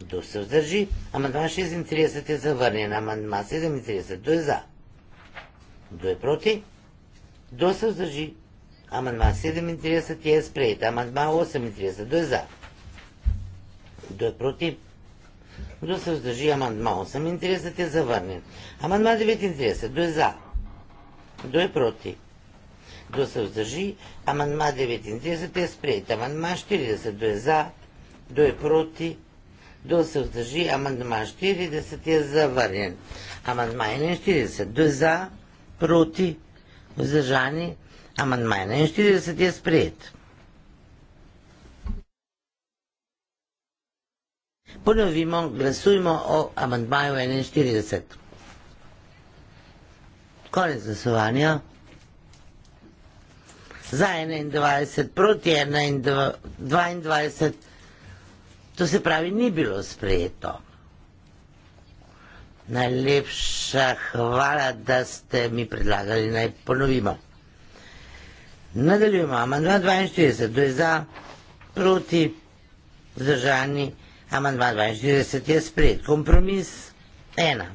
kdo se vzdrži, amandma 36 je zavrnjen, amandma 37, kdo je za, kdo je proti, kdo je proti, Kdo se vzdrži? Amandma 37 je sprejet, amandma 38, kdo je za? Kdo je proti? Kdo se vzdrži? Amandma 38 je zavrnjen. Amandma 39, kdo je za? Kdo je proti? Kdo se vzdrži? Amandma 39 je sprejet, amandma 40, kdo je za? Kdo je proti? Kdo se vzdrži? Amandma 40 je zavrnjen. Amandma 41, kdo je za? Proti? Kdo je proti? vzdržani, amandmaj 41 je sprejet. Ponovimo, glasujmo o amandmaju 41. Konec glasovanja. Za 21, proti 21, 22. To se pravi, ni bilo sprejeto. Najlepša hvala, da ste mi predlagali, naj ponovimo. Nadaljujemo, amandma 42, kdo je za, proti, zdržani, amandma 42 je sprejet. Kompromis ena.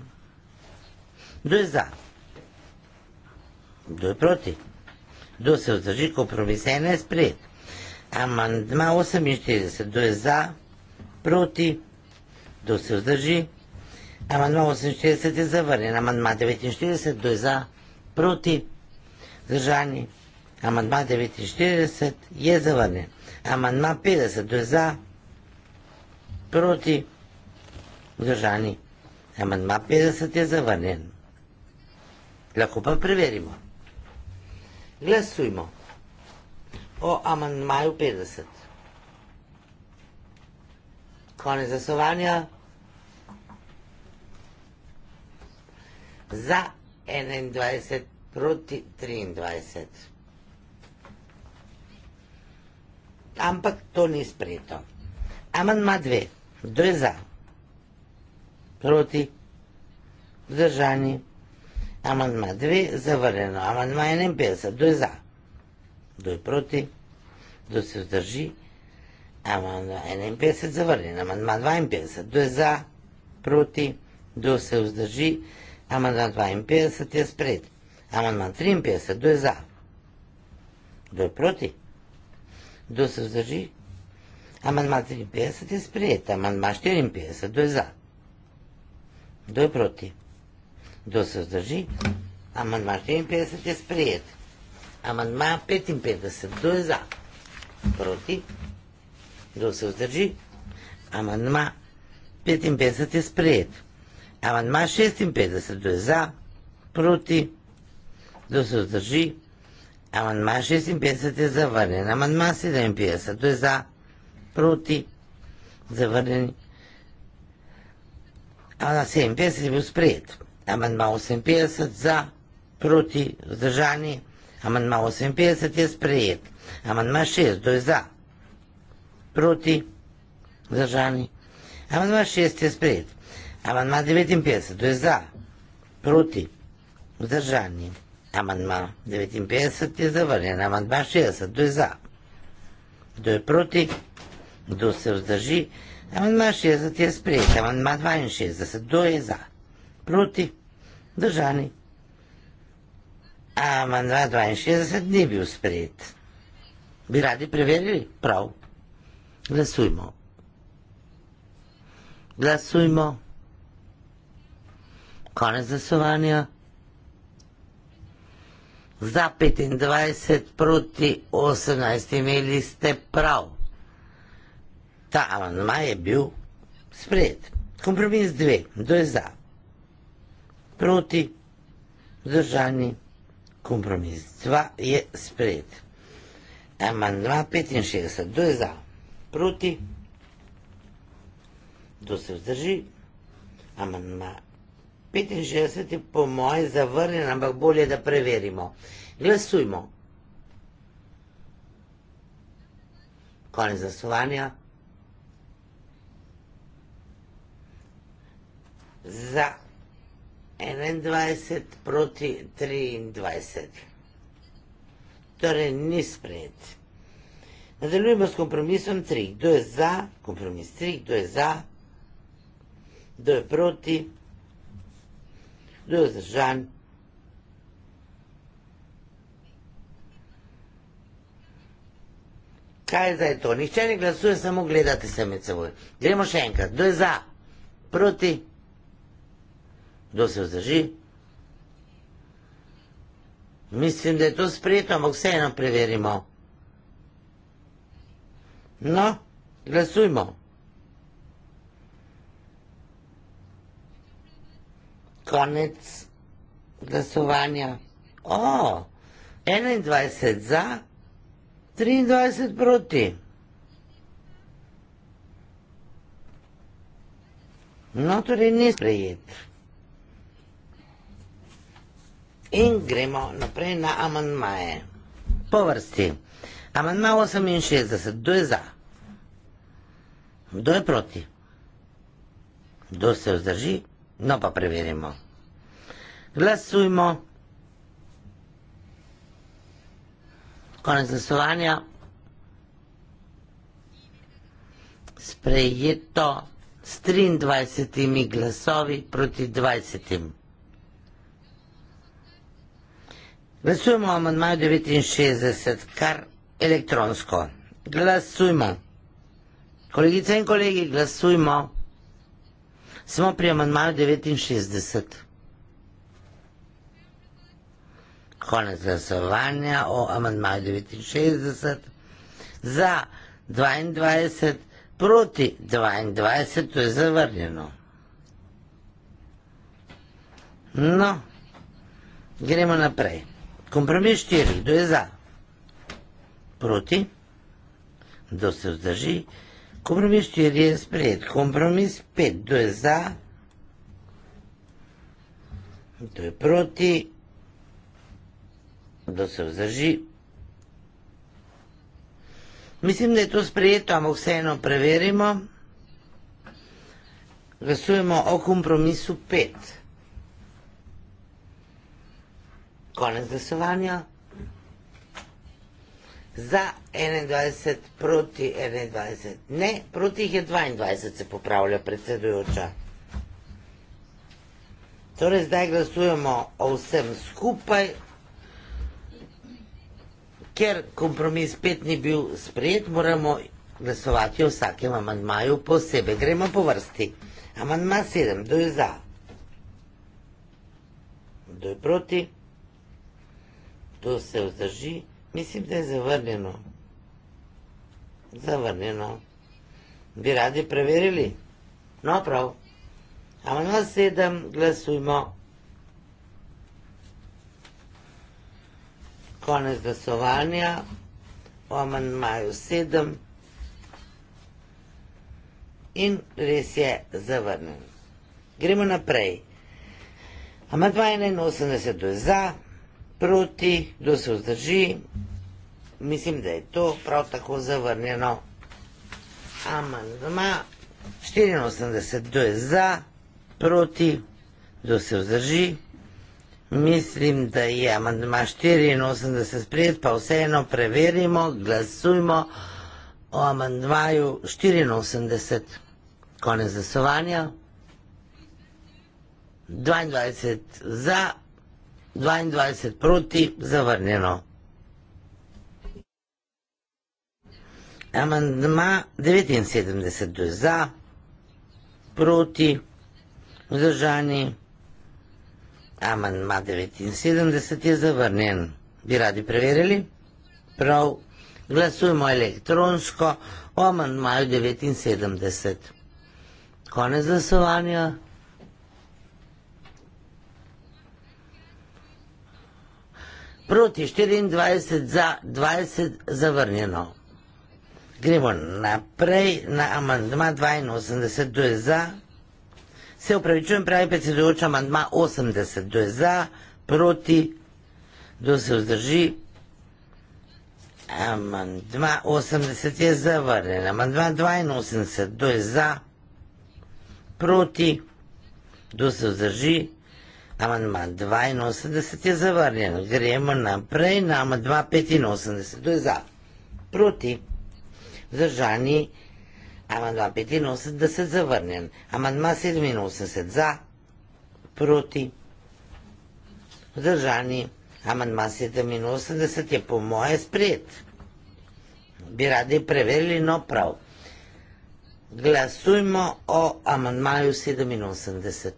Kdo je za? Kdo je proti? Kdo se vzdrži? Kompromis ena je sprejet. Amandma 48, kdo je za, proti, kdo se vzdrži? Amandma 48 je zavrnjen, amandma 49, kdo je za, proti, zdržani. Amandma 49 je zavrnjen. Amandma 50, kdo je za, proti, vzdržani. Amandma 50 je zavrnjen. Lahko pa preverimo. Glasujmo o amandmaju 50. Konec zasovanja. za 21 proti 23. Ampak to ni sprejeto. Amandma 2. Kdo je za? Proti? Vzdržani? Amandma 2. Zavrljeno. Amandma 51. Kdo je za? Kdo je proti? Kdo se vzdrži? Amandma 51. Zavrljeno. Amandma 52. Kdo je za? Proti? Kdo se vzdrži? Amandma 52. Amandma 52 je sprejet. Amandma 53, kdo je za? Kdo je proti? Kdo se vzdrži? Amandma 53 je sprejet. Amandma 54, kdo je za? Kdo je proti? Kdo se vzdrži? Amandma 54 je sprejet. Amandma 55, kdo je za? Proti? Kdo se vzdrži? Amandma 55 je sprejet. Amandma 56 je za, proti, da se vzdrži. Amandma 56 je zavrnjen. Amandma 57 je za, proti, zavrnjen. Amandma 57 je bil sprejet. Amandma 58 za, proti, vzdržani. Amandma 58 je sprejet. Amandma 6 je za, proti, vzdržani. Amandma 6 je sprejet. Amandma 59, to je za, proti, vzdržani. Amandma 59 je zavrnjen. Amandma 60, to je za, kdo je proti, kdo se vzdrži. Amandma 60 je sprejet. Amandma 62, kdo je za, proti, vzdržani. Amandma 62 ni bil sprejet. Bi radi preverili? Prav. Glasujmo. Glasujmo. Glasujmo. Konec glasovanja. Za 25 proti 18 imeli ste prav. Ta amandma je bil sprejet. Kompromis 2. Kdo je za? Proti. Zdržani. Kompromis 2 je sprejet. Amandma 65. Kdo je za? Proti. Kdo se vzdrži? Amandma 65 je po moje zavrnjen, ampak bolje, da preverimo. Glasujmo. Konec glasovanja. Za 21 proti 23. Torej, ni sprejet. Nadaljujemo s kompromisom 3. Kdo je za? Kompromis 3. Kdo je za? Kdo je proti? Kdo je proti? 热的山，kaj je zdaj to? Nihče ne glasuje, samo gledate se med seboj. Gremo še enkrat. Kdo je za? Proti? Kdo se vzdrži? Mislim, da je to sprejeto, ampak vseeno preverimo. No, glasujmo. konec glasovanja. O, 21 za, 23 proti. No, torej ni sprejet. In gremo naprej na amandmaje. Po vrsti. Amandma 68, kdo je za? Kdo je proti? Kdo se vzdrži? No pa preverimo. Glasujmo. Konec glasovanja. Sprejeto s 23 glasovi proti 20. Glasujmo o amandmaju 69, kar elektronsko. Glasujmo. Kolegice in kolegi, glasujmo. Smo pri amandmaju 69. konec glasovanja o amandmaju 69 za 22 proti 22, to je zavrnjeno. No, gremo naprej. Kompromis 4, kdo je za? Proti? Kdo se vzdrži? Kompromis 4 je sprejet. Kompromis 5, kdo je za? Kdo je proti? Kdo je proti? da se vzdrži. Mislim, da je to sprejeto, ampak vseeno preverimo. Glasujemo o kompromisu 5. Konec glasovanja. Za 21, proti 21. Ne, proti jih je 22, se popravlja predsedujoča. Torej, zdaj glasujemo o vsem skupaj. Ker kompromis spet ni bil sprejet, moramo glasovati o vsakem amandmaju posebej. Gremo po vrsti. Amandma 7. Kdo je za? Kdo je proti? Kdo se vzdrži? Mislim, da je zavrnjeno. Zavrnjeno. Bi radi preverili? No, prav. Amandma 7. Glasujmo. Glasujmo. konec glasovanja o amandmaju 7 in res je zavrnen. Gremo naprej. Amandma 81 je za, proti, kdo se vzdrži, mislim, da je to prav tako zavrnjeno. Amandma 84 je za, proti, kdo se vzdrži. Mislim, da je amandma 84 sprejet, pa vseeno preverimo, glasujmo o amandmaju 84. Konec zasovanja. 22 za, 22 proti, zavrnjeno. Amandma 79 za, proti, vzdržani. Amandma 79 je zavrnjen. Bi radi preverili? Prav. Glasujemo elektronsko o amandmaju 79. Konec glasovanja. Proti 24 za 20 zavrnjeno. Gremo naprej na amandma 82, kdo je za, Se upravičujem, pravi predsedujoča, amandma 80, kdo je za, proti, kdo se vzdrži. Amandma 80 je zavrnjen, amandma 82, kdo je za, proti, kdo se vzdrži. Amandma 82 je zavrnjen, gremo naprej na amandma 85, kdo je za, proti, vzdržani amandma 85 да се завърне. Амандма 87 за, проти, въздържани. Амандма 87 е по моя сприет. Би ради преверили, но прав. Гласуємо о амандмаю 87.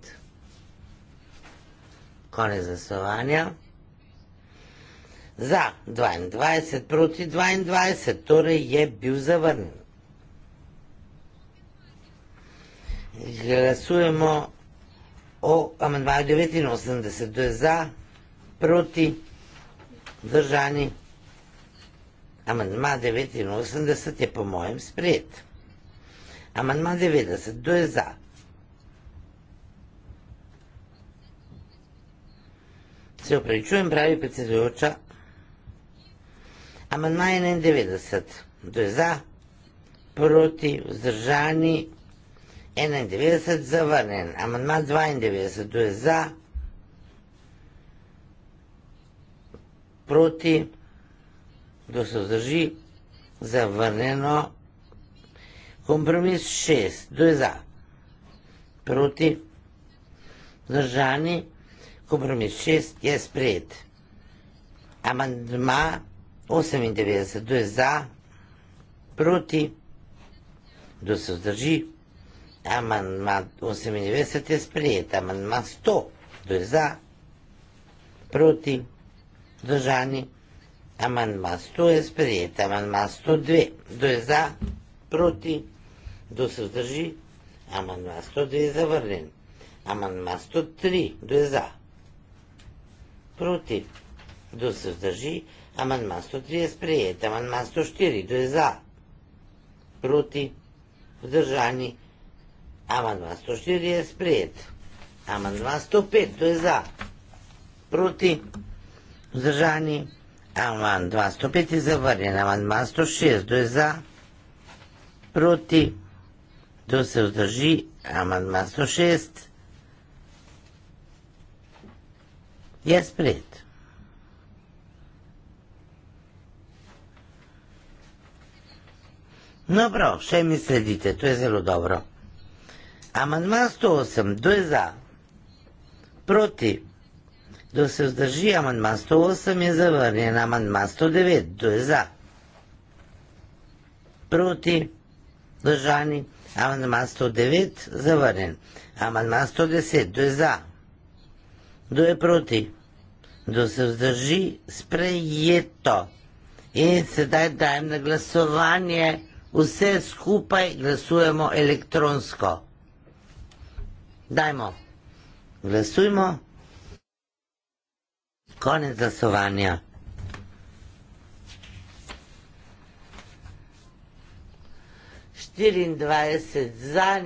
Коне за слования. За 22, проти 22, торе е бил завърнен. Glasujemo o amandmaju 89. To je za, proti, držani. Amandma 89 je po mojem sprejet. Amandma 90. To je za. Se upravičujem, pravi predsedujoča. Amandma 91. To je za, proti, vzdržani. 91 zavrnjen. Amandma 92, tu je za, proti, kdo se vzdrži, zavrnjeno. Kompromis 6, kdo je za, proti, vzdržani. Kompromis 6 je sprejet. Amandma 98, kdo je za, proti, kdo se vzdrži, zavrnjeno amandma 98 je sprejet, amandma 100, to je za, proti, držani, amandma 100 je sprejet, amandma 102, to je za, proti, kdo se vzdrži, amandma 102 je zavrnen, amandma 103, kdo je za, proti, kdo se vzdrži, amandma 103 je sprejet, amandma 104, kdo je za, proti, vzdržani, amandma 104, Amandma 104 je sprejet. Amandma 105, to je za. Proti. Vzdržani. Amandma 105 je zavrnjen. Amandma 106, to je za. Proti. To se vzdrži. Amandma 106 je sprejet. No prav, še mi sledite, to je zelo dobro. Amandman 108, kdo je za? Proti. Kdo se vzdrži? Amandman 108 je zavrnjen. Amandman 109, kdo je za? Proti. Držani. Amandman 109, zavrnjen. Amandman 110, kdo je za? Kdo je proti? Kdo se vzdrži? Sprejeto. In sedaj dajem na glasovanje. Vse skupaj glasujemo elektronsko dajmo, glasujmo. Konec glasovanja. Štiriindvajset za,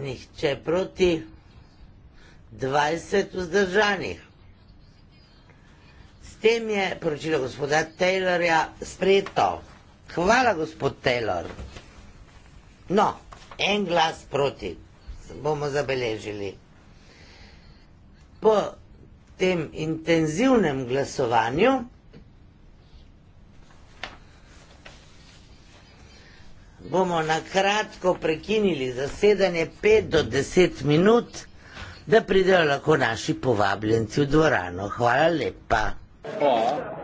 nihče proti, dvajset vzdržanih. S tem je poročilo gospoda Taylorja sprejeto. Hvala, gospod Taylor. No, en glas proti bomo zabeležili. Po tem intenzivnem glasovanju bomo na kratko prekinili zasedanje 5 do 10 minut, da pridejo lahko naši povabljenci v dvorano. Hvala lepa. Hvala.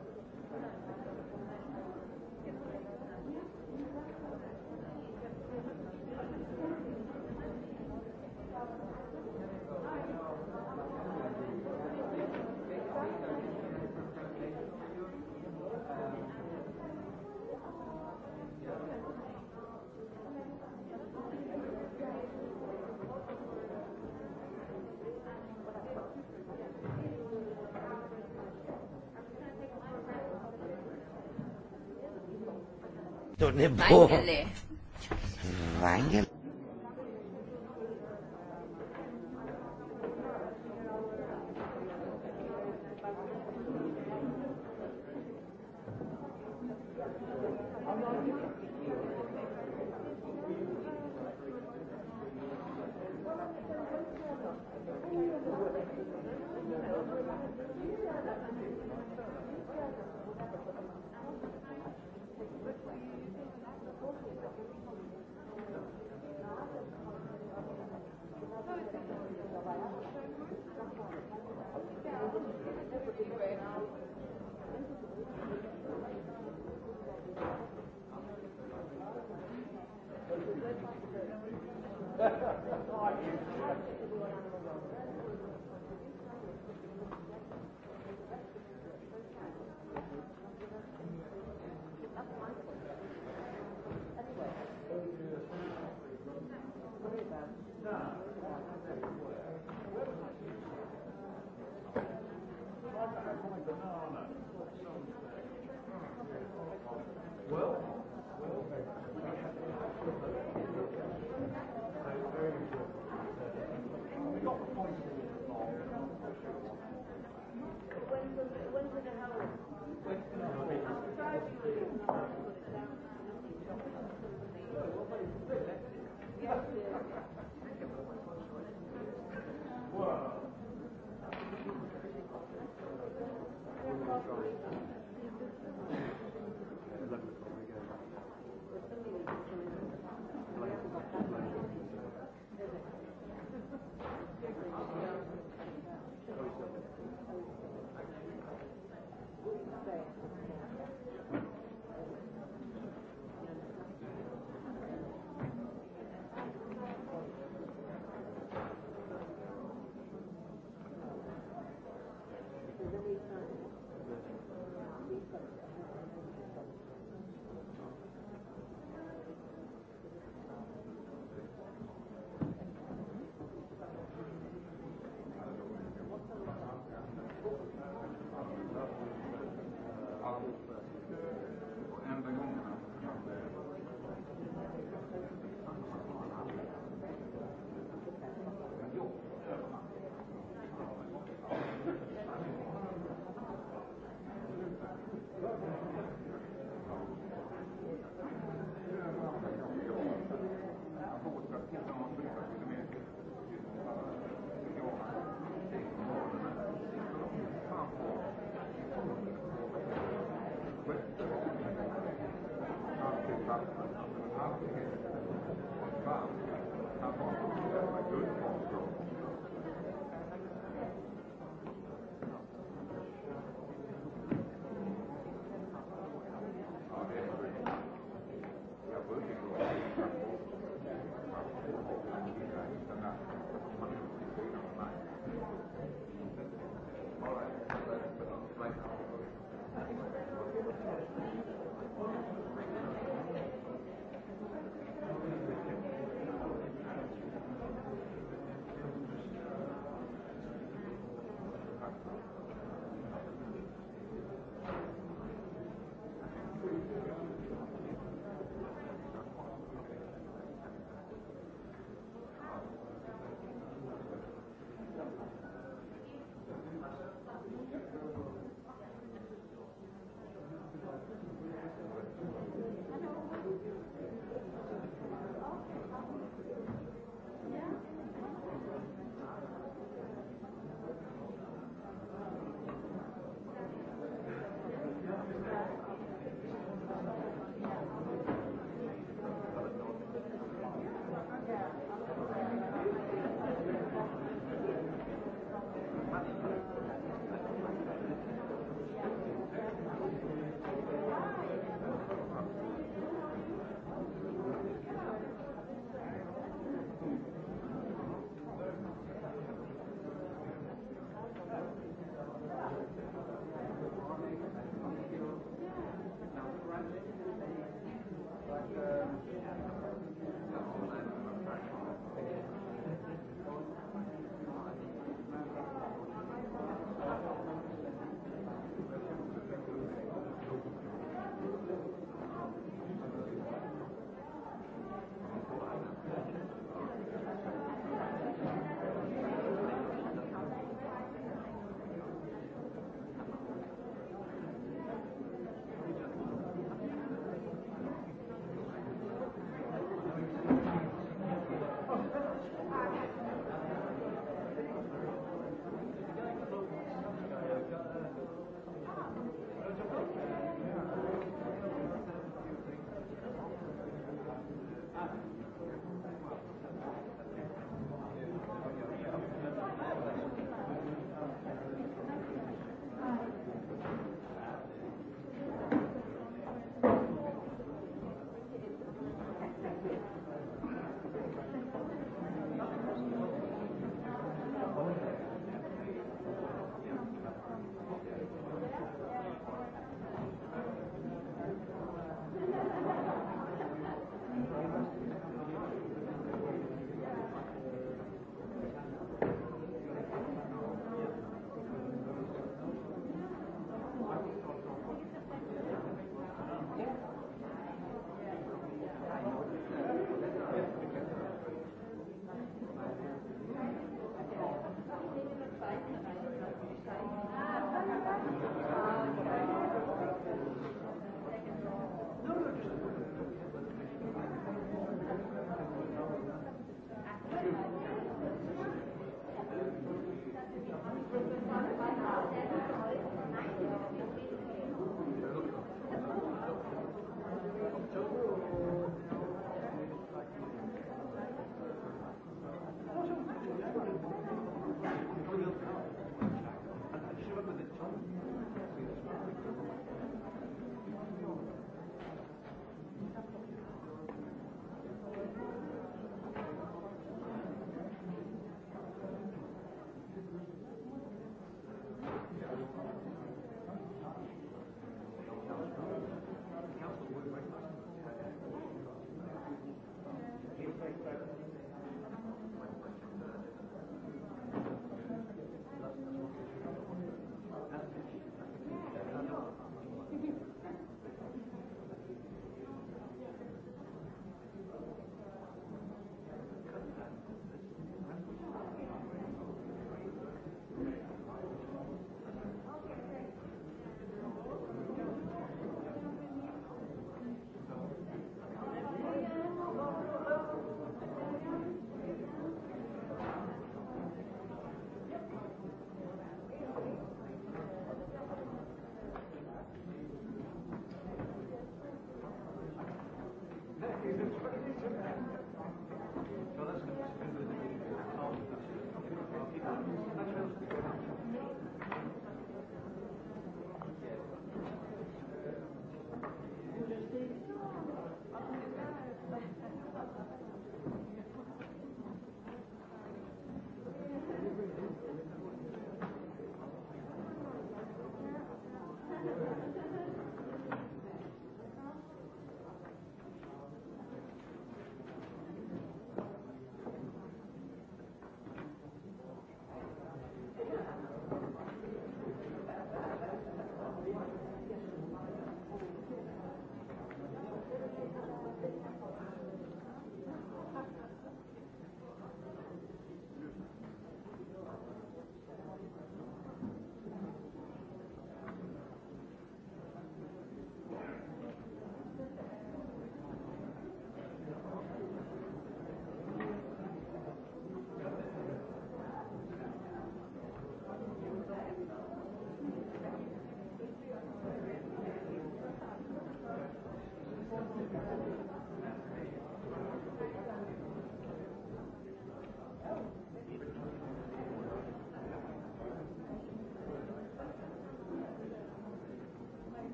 to ne bo. Vangele. Vangele.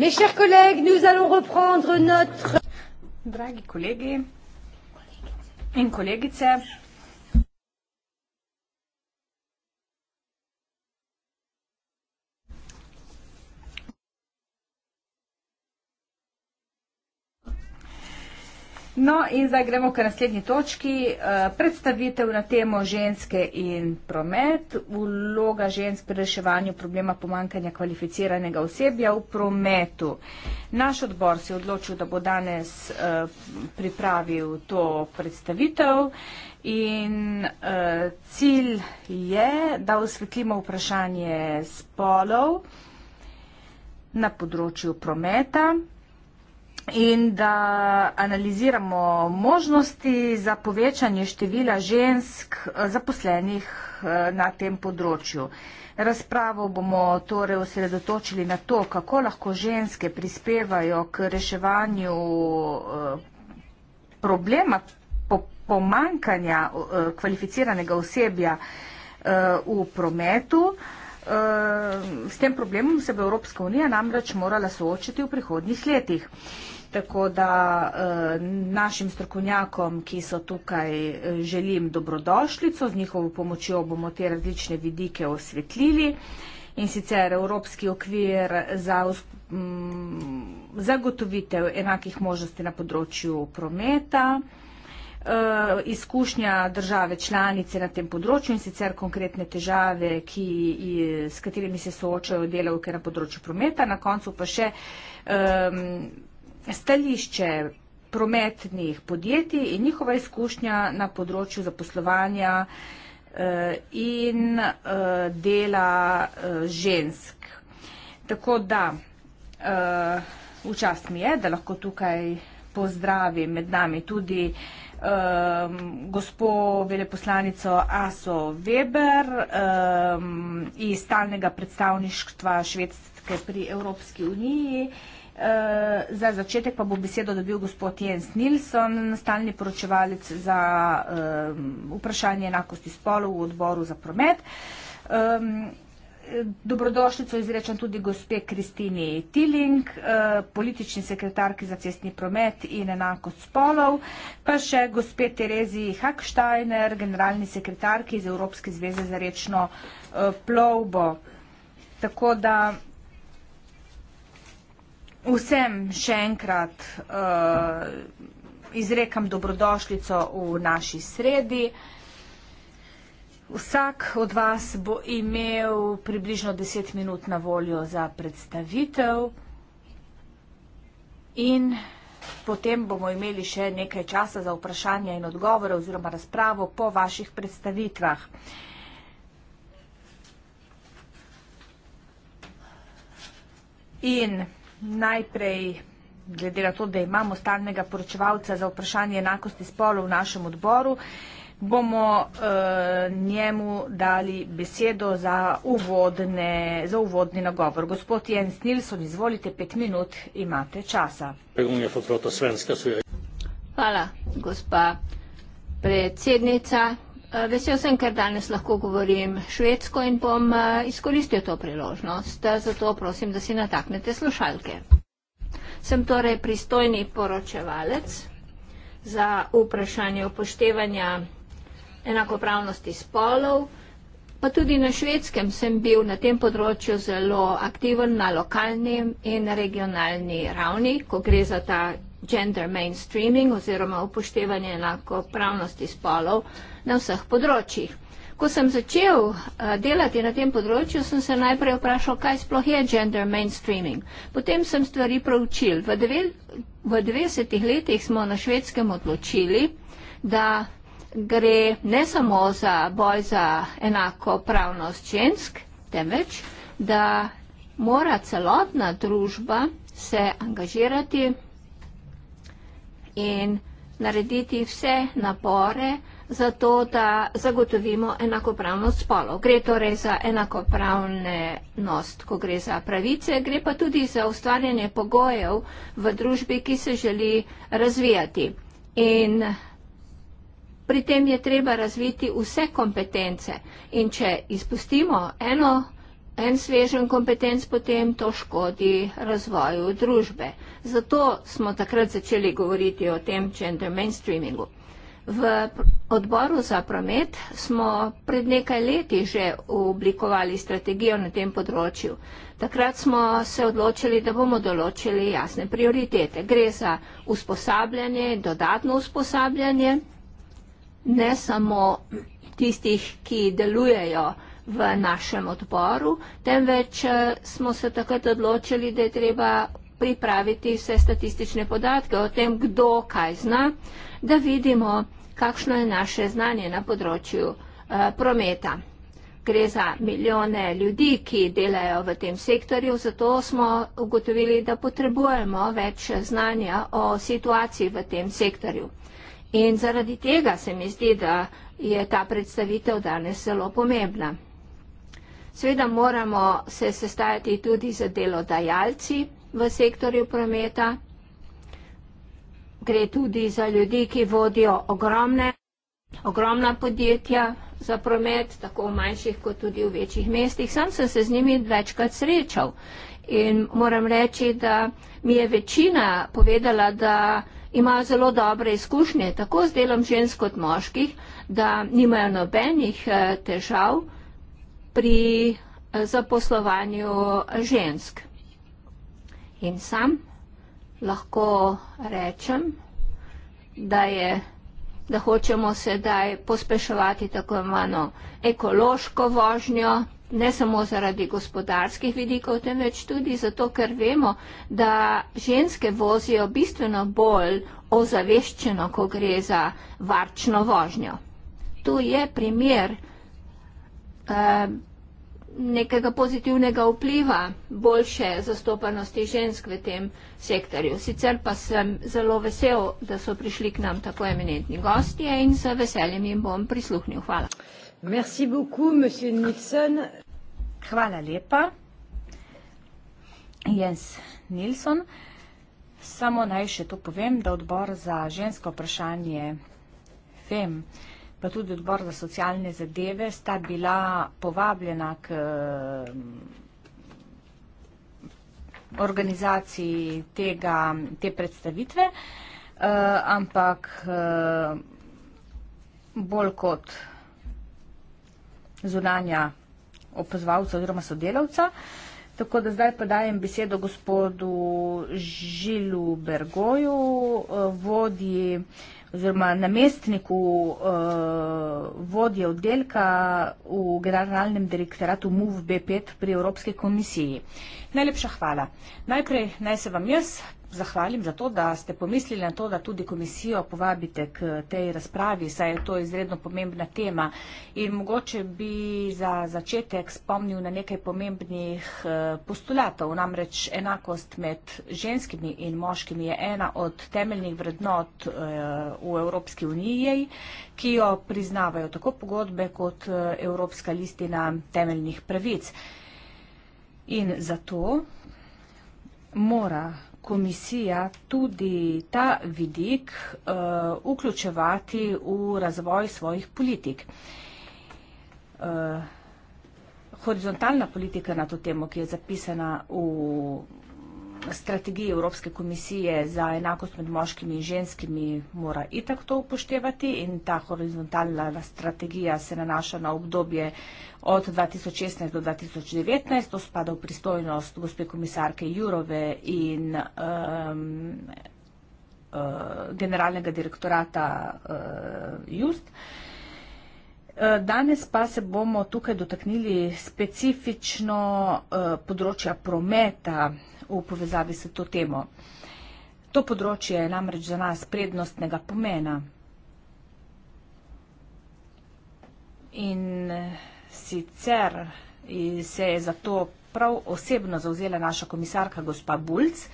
Mes chers collègues, nous allons reprendre notre... Dragi kolegi in kolegice, in zdaj gremo k naslednji točki. Eh, predstavitev na temo ženske in promet. Vloga žensk pri reševanju problema pomankanja kvalificiranega osebja v prometu. Naš odbor se je odločil, da bo danes eh, pripravil to predstavitev in eh, cilj je, da osvetlimo vprašanje spolov na področju prometa in da analiziramo možnosti za povečanje števila žensk eh, zaposlenih eh, na tem področju. Razpravo bomo torej osredotočili na to, kako lahko ženske prispevajo k reševanju eh, problema pomankanja kvalificiranega osebja v prometu. Eh, s tem problemom se bo Evropska unija namreč morala soočiti v prihodnjih letih. Tako da eh, našim strokovnjakom, ki so tukaj, eh, želim dobrodošlico, z njihovo pomočjo bomo te različne vidike osvetlili. In sicer Evropski okvir za mm, zagotovitev enakih možnosti na področju prometa, Eh, izkušnja države članice na tem področju in sicer konkretne težave, ki, s katerimi se soočajo delavke na področju prometa. Na koncu pa še um, stališče prometnih podjetij in njihova izkušnja na področju zaposlovanja uh, in uh, dela uh, žensk. Tako da uh, včas mi je, da lahko tukaj pozdravim med nami tudi uh, um, gospo veleposlanico Aso Weber um, iz stalnega predstavništva Švedske pri Evropski uniji. Uh, za začetek pa bo besedo dobil gospod Jens Nilsson, stalni poročevalec za um, vprašanje enakosti spolov v odboru za promet. Um, dobrodošlico izrečem tudi gospe Kristini Tiling, eh, politični sekretarki za cestni promet in enakost spolov, pa še gospe Terezi Haksteiner, generalni sekretarki iz Evropske zveze za rečno eh, plovbo. Tako da vsem še enkrat eh, izrekam dobrodošlico v naši sredi. Vsak od vas bo imel približno 10 minut na voljo za predstavitev in potem bomo imeli še nekaj časa za vprašanja in odgovore oziroma razpravo po vaših predstavitvah. In najprej, glede na to, da imamo stalnega poročevalca za vprašanje enakosti spolov v našem odboru, bomo uh, njemu dali besedo za, uvodne, za uvodni nagovor. Gospod Jens Nilsson, izvolite, pet minut imate časa. Hvala, gospa predsednica. Eh, vesel sem, ker danes lahko govorim švedsko in bom eh, izkoristil to priložnost. Zato prosim, da si nataknete slušalke. Sem torej pristojni poročevalec za vprašanje upoštevanja enakopravnosti spolov, pa tudi na švedskem sem bil na tem področju zelo aktiven na lokalnem in regionalni ravni, ko gre za ta gender mainstreaming oziroma upoštevanje enakopravnosti spolov na vseh področjih. Ko sem začel eh, delati na tem področju, sem se najprej vprašal, kaj sploh je gender mainstreaming. Potem sem stvari proučil. V 90-ih letih smo na švedskem odločili, da gre ne samo za boj za enako pravnost žensk, temveč, da mora celotna družba se angažirati in narediti vse napore za to, da zagotovimo enakopravnost spolov. Gre torej za enakopravnost, ko gre za pravice, gre pa tudi za ustvarjanje pogojev v družbi, ki se želi razvijati. In Pri tem je treba razviti vse kompetence in če izpustimo eno, en svežen kompetenc, potem to škodi razvoju družbe. Zato smo takrat začeli govoriti o tem gender mainstreamingu. V odboru za promet smo pred nekaj leti že oblikovali strategijo na tem področju. Takrat smo se odločili, da bomo določili jasne prioritete. Gre za usposabljanje, dodatno usposabljanje ne samo tistih, ki delujejo v našem odboru, temveč eh, smo se takrat odločili, da je treba pripraviti vse statistične podatke o tem, kdo kaj zna, da vidimo, kakšno je naše znanje na področju eh, prometa. Gre za milijone ljudi, ki delajo v tem sektorju, zato smo ugotovili, da potrebujemo več znanja o situaciji v tem sektorju. In zaradi tega se mi zdi, da je ta predstavitev danes zelo pomembna. Sveda moramo se sestajati tudi z delodajalci v sektorju prometa. Gre tudi za ljudi, ki vodijo ogromne, ogromna podjetja za promet, tako v manjših kot tudi v večjih mestih. Sam sem se z njimi večkrat srečal in moram reči, da mi je večina povedala, da imajo zelo dobre izkušnje tako z delom žensk kot moških, da nimajo nobenih eh, težav pri eh, zaposlovanju žensk. In sam lahko rečem, da, je, da hočemo sedaj pospeševati tako imenovano ekološko vožnjo ne samo zaradi gospodarskih vidikov, temveč tudi zato, ker vemo, da ženske vozijo bistveno bolj ozaveščeno, ko gre za varčno vožnjo. Tu je primer eh, nekega pozitivnega vpliva boljše zastopanosti žensk v tem sektorju. Sicer pa sem zelo vesel, da so prišli k nam tako eminentni gostje in se veseljem jim bom prisluhnil. Hvala. Merci beaucoup, monsieur Nilsson. Hvala lepa. Jens Nilsson. Samo naj še to povem, da odbor za žensko vprašanje FEM, pa tudi odbor za socialne zadeve, sta bila povabljena k mm, organizaciji tega, te predstavitve, eh, ampak eh, bolj kot zunanja opozvalca oziroma sodelavca. Tako da zdaj podajem besedo gospodu Žilu Bergoju, eh, vodji oziroma namestniku eh, vodje oddelka v generalnem direktoratu MUV B5 pri Evropski komisiji. Najlepša hvala. Najprej naj se vam jaz zahvalim za to, da ste pomislili na to, da tudi komisijo povabite k tej razpravi, saj je to izredno pomembna tema. In mogoče bi za začetek spomnil na nekaj pomembnih eh, postulatov. Namreč enakost med ženskimi in moškimi je ena od temeljnih vrednot eh, v Evropski uniji, ki jo priznavajo tako pogodbe kot eh, Evropska listina temeljnih pravic. In zato mora komisija tudi ta vidik uh, vključevati v razvoj svojih politik. Uh, horizontalna politika na to temo, ki je zapisana v strategiji Evropske komisije za enakost med moškimi in ženskimi mora itak to upoštevati in ta horizontalna strategija se nanaša na obdobje od 2016 do 2019. To spada v pristojnost gospe komisarke Jurove in um, uh, generalnega direktorata uh, Just. Uh, danes pa se bomo tukaj dotaknili specifično uh, področja prometa, uh, v povezavi s to temo. To področje je namreč za nas prednostnega pomena. In sicer se je za to prav osebno zauzela naša komisarka gospa Bulc,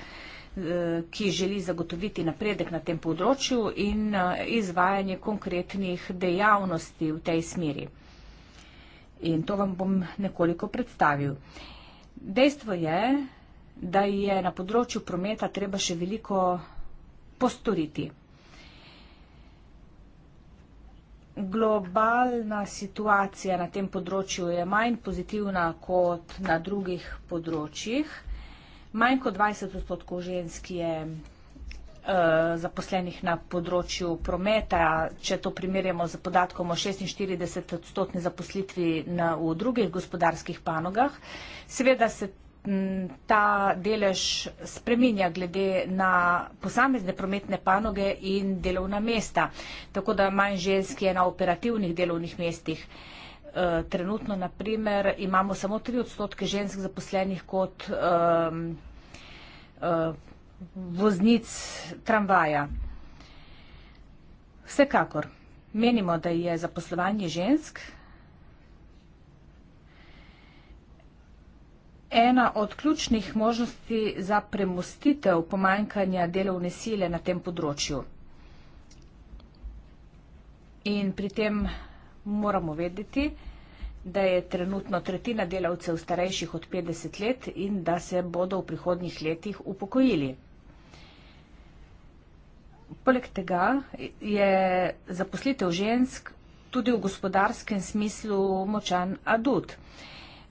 ki želi zagotoviti napredek na tem področju in izvajanje konkretnih dejavnosti v tej smeri. In to vam bom nekoliko predstavil. Dejstvo je, da je na področju prometa treba še veliko postoriti. Globalna situacija na tem področju je manj pozitivna kot na drugih področjih. Manj kot 20 odstotkov žensk je eh, zaposlenih na področju prometa, če to primerjamo z podatkom o 46 odstotni zaposlitvi na, v drugih gospodarskih panogah. Seveda se ta delež spreminja glede na posamezne prometne panoge in delovna mesta. Tako da manj žensk je na operativnih delovnih mestih. E, trenutno, na primer, imamo samo tri odstotke žensk zaposlenih kot um, uh, voznic tramvaja. Vsekakor, menimo, da je zaposlovanje žensk ena od ključnih možnosti za premustitev pomanjkanja delovne sile na tem področju. In pri tem moramo vedeti, da je trenutno tretjina delavcev starejših od 50 let in da se bodo v prihodnjih letih upokojili. Poleg tega je zaposlitev žensk tudi v gospodarskem smislu močan adut.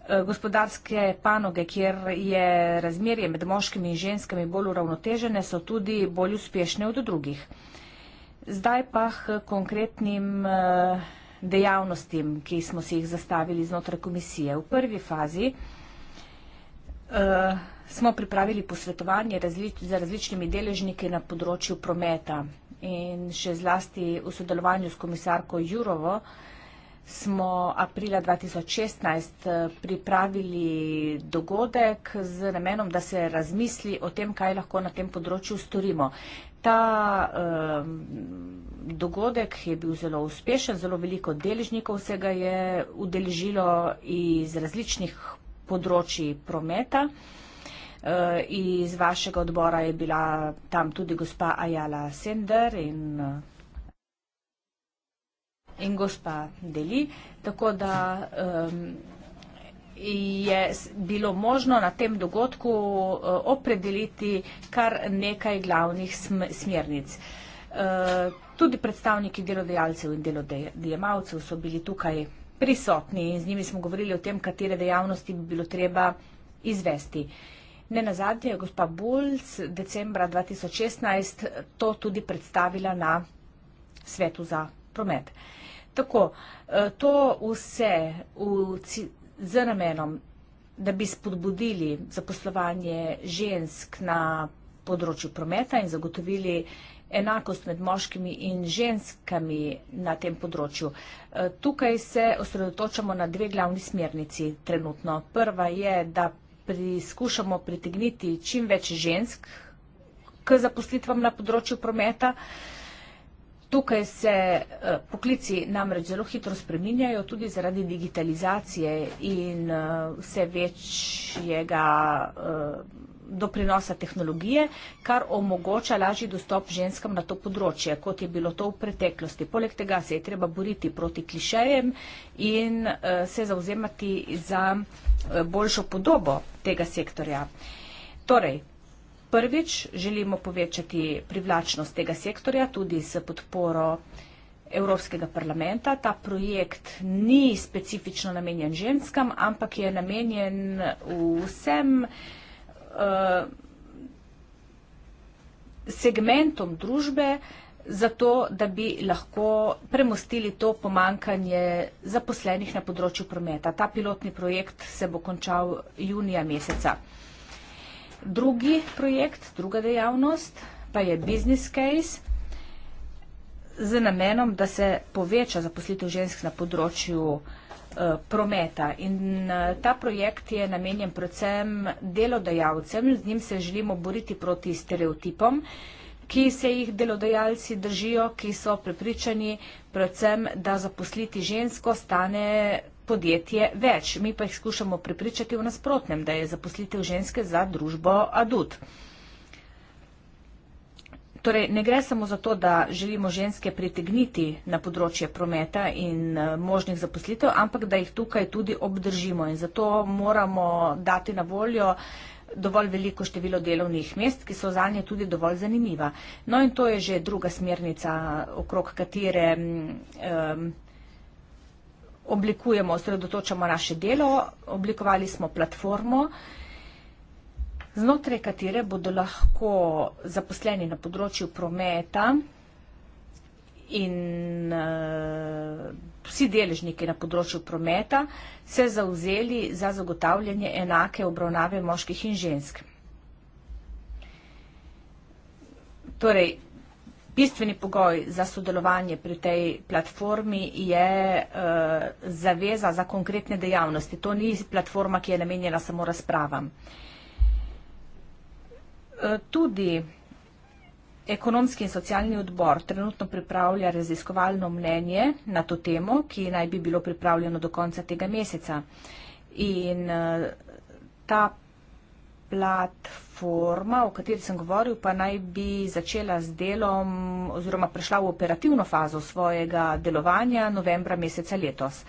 Eh, gospodarske panoge, kjer je razmerje med moškimi in ženskami bolj uravnotežene, so tudi bolj uspešne od drugih. Zdaj pa k konkretnim eh, dejavnostim, ki smo si jih zastavili znotraj komisije. V prvi fazi uh, smo pripravili posvetovanje razli za različnimi deležniki na področju prometa in še zlasti v sodelovanju s komisarko Jurovo uh, smo aprila 2016 eh, pripravili dogodek z namenom, da se razmisli o tem, kaj lahko na tem področju storimo. Ta eh, dogodek je bil zelo uspešen, zelo veliko deležnikov se ga je udeležilo iz različnih področji prometa. Eh, iz vašega odbora je bila tam tudi gospa Ajala Sender in eh, in gospa deli, tako da um, je bilo možno na tem dogodku e, opredeliti kar nekaj glavnih sm smernic. E, tudi predstavniki delodajalcev in delodajemalcev so bili tukaj prisotni in z njimi smo govorili o tem, katere dejavnosti bi bilo treba izvesti. Ne nazadnje je gospa Bulc decembra 2016 to tudi predstavila na svetu za promet. Uh, Tako, eh, to vse v, z namenom, da bi spodbudili zaposlovanje žensk na področju prometa in zagotovili enakost med moškimi in ženskami na tem področju. Eh, tukaj se osredotočamo na dve glavni smernici trenutno. Prva je, da priskušamo pritegniti čim več žensk k zaposlitvam na področju prometa. Uh, Tukaj se eh, poklici namreč zelo hitro spreminjajo, tudi zaradi digitalizacije in eh, vse večjega eh, doprinosa tehnologije, kar omogoča lažji dostop ženskam na to področje, kot je bilo to v preteklosti. Poleg tega se je treba boriti proti klišejem in se zauzemati za boljšo podobo tega sektorja. Torej, prvič želimo povečati privlačnost tega sektorja tudi s podporo Evropskega parlamenta. Ta projekt ni specifično namenjen ženskam, ampak je namenjen vsem uh, segmentom družbe, zato da bi lahko premostili to pomankanje zaposlenih na področju prometa. Ta pilotni projekt se bo končal junija meseca. Drugi projekt, druga dejavnost pa je business case z namenom, da se poveča zaposlitev žensk na področju eh, prometa. In eh, ta projekt je namenjen predvsem delodajalcem, z njim se želimo boriti proti stereotipom, ki se jih delodajalci držijo, ki so prepričani predvsem, da zaposliti žensko stane podjetje več. Mi pa jih skušamo prepričati v nasprotnem, da je zaposlitev ženske za družbo adut. Torej, ne gre samo za to, da želimo ženske pritegniti na področje prometa in eh, možnih zaposlitev, ampak da jih tukaj tudi obdržimo. In zato moramo dati na voljo dovolj veliko število delovnih mest, ki so zanje tudi dovolj zanimiva. No in to je že druga smernica, okrog katere. Um, oblikujemo, osredotočamo naše delo, oblikovali smo platformo, znotraj katere bodo lahko zaposleni na področju prometa in uh, vsi deležniki na področju prometa se zauzeli za zagotavljanje enake obravnave moških in žensk. Torej, Bistveni pogoj za sodelovanje pri tej platformi je uh, zaveza za konkretne dejavnosti. To ni platforma, ki je namenjena samo razpravam. Eh, tudi ekonomski in socialni odbor trenutno pripravlja raziskovalno mnenje na to temo, ki naj bi bilo pripravljeno do konca tega meseca. In eh, ta platforma, o kateri sem govoril, pa naj bi začela z delom oziroma prešla v operativno fazo svojega delovanja novembra meseca letos.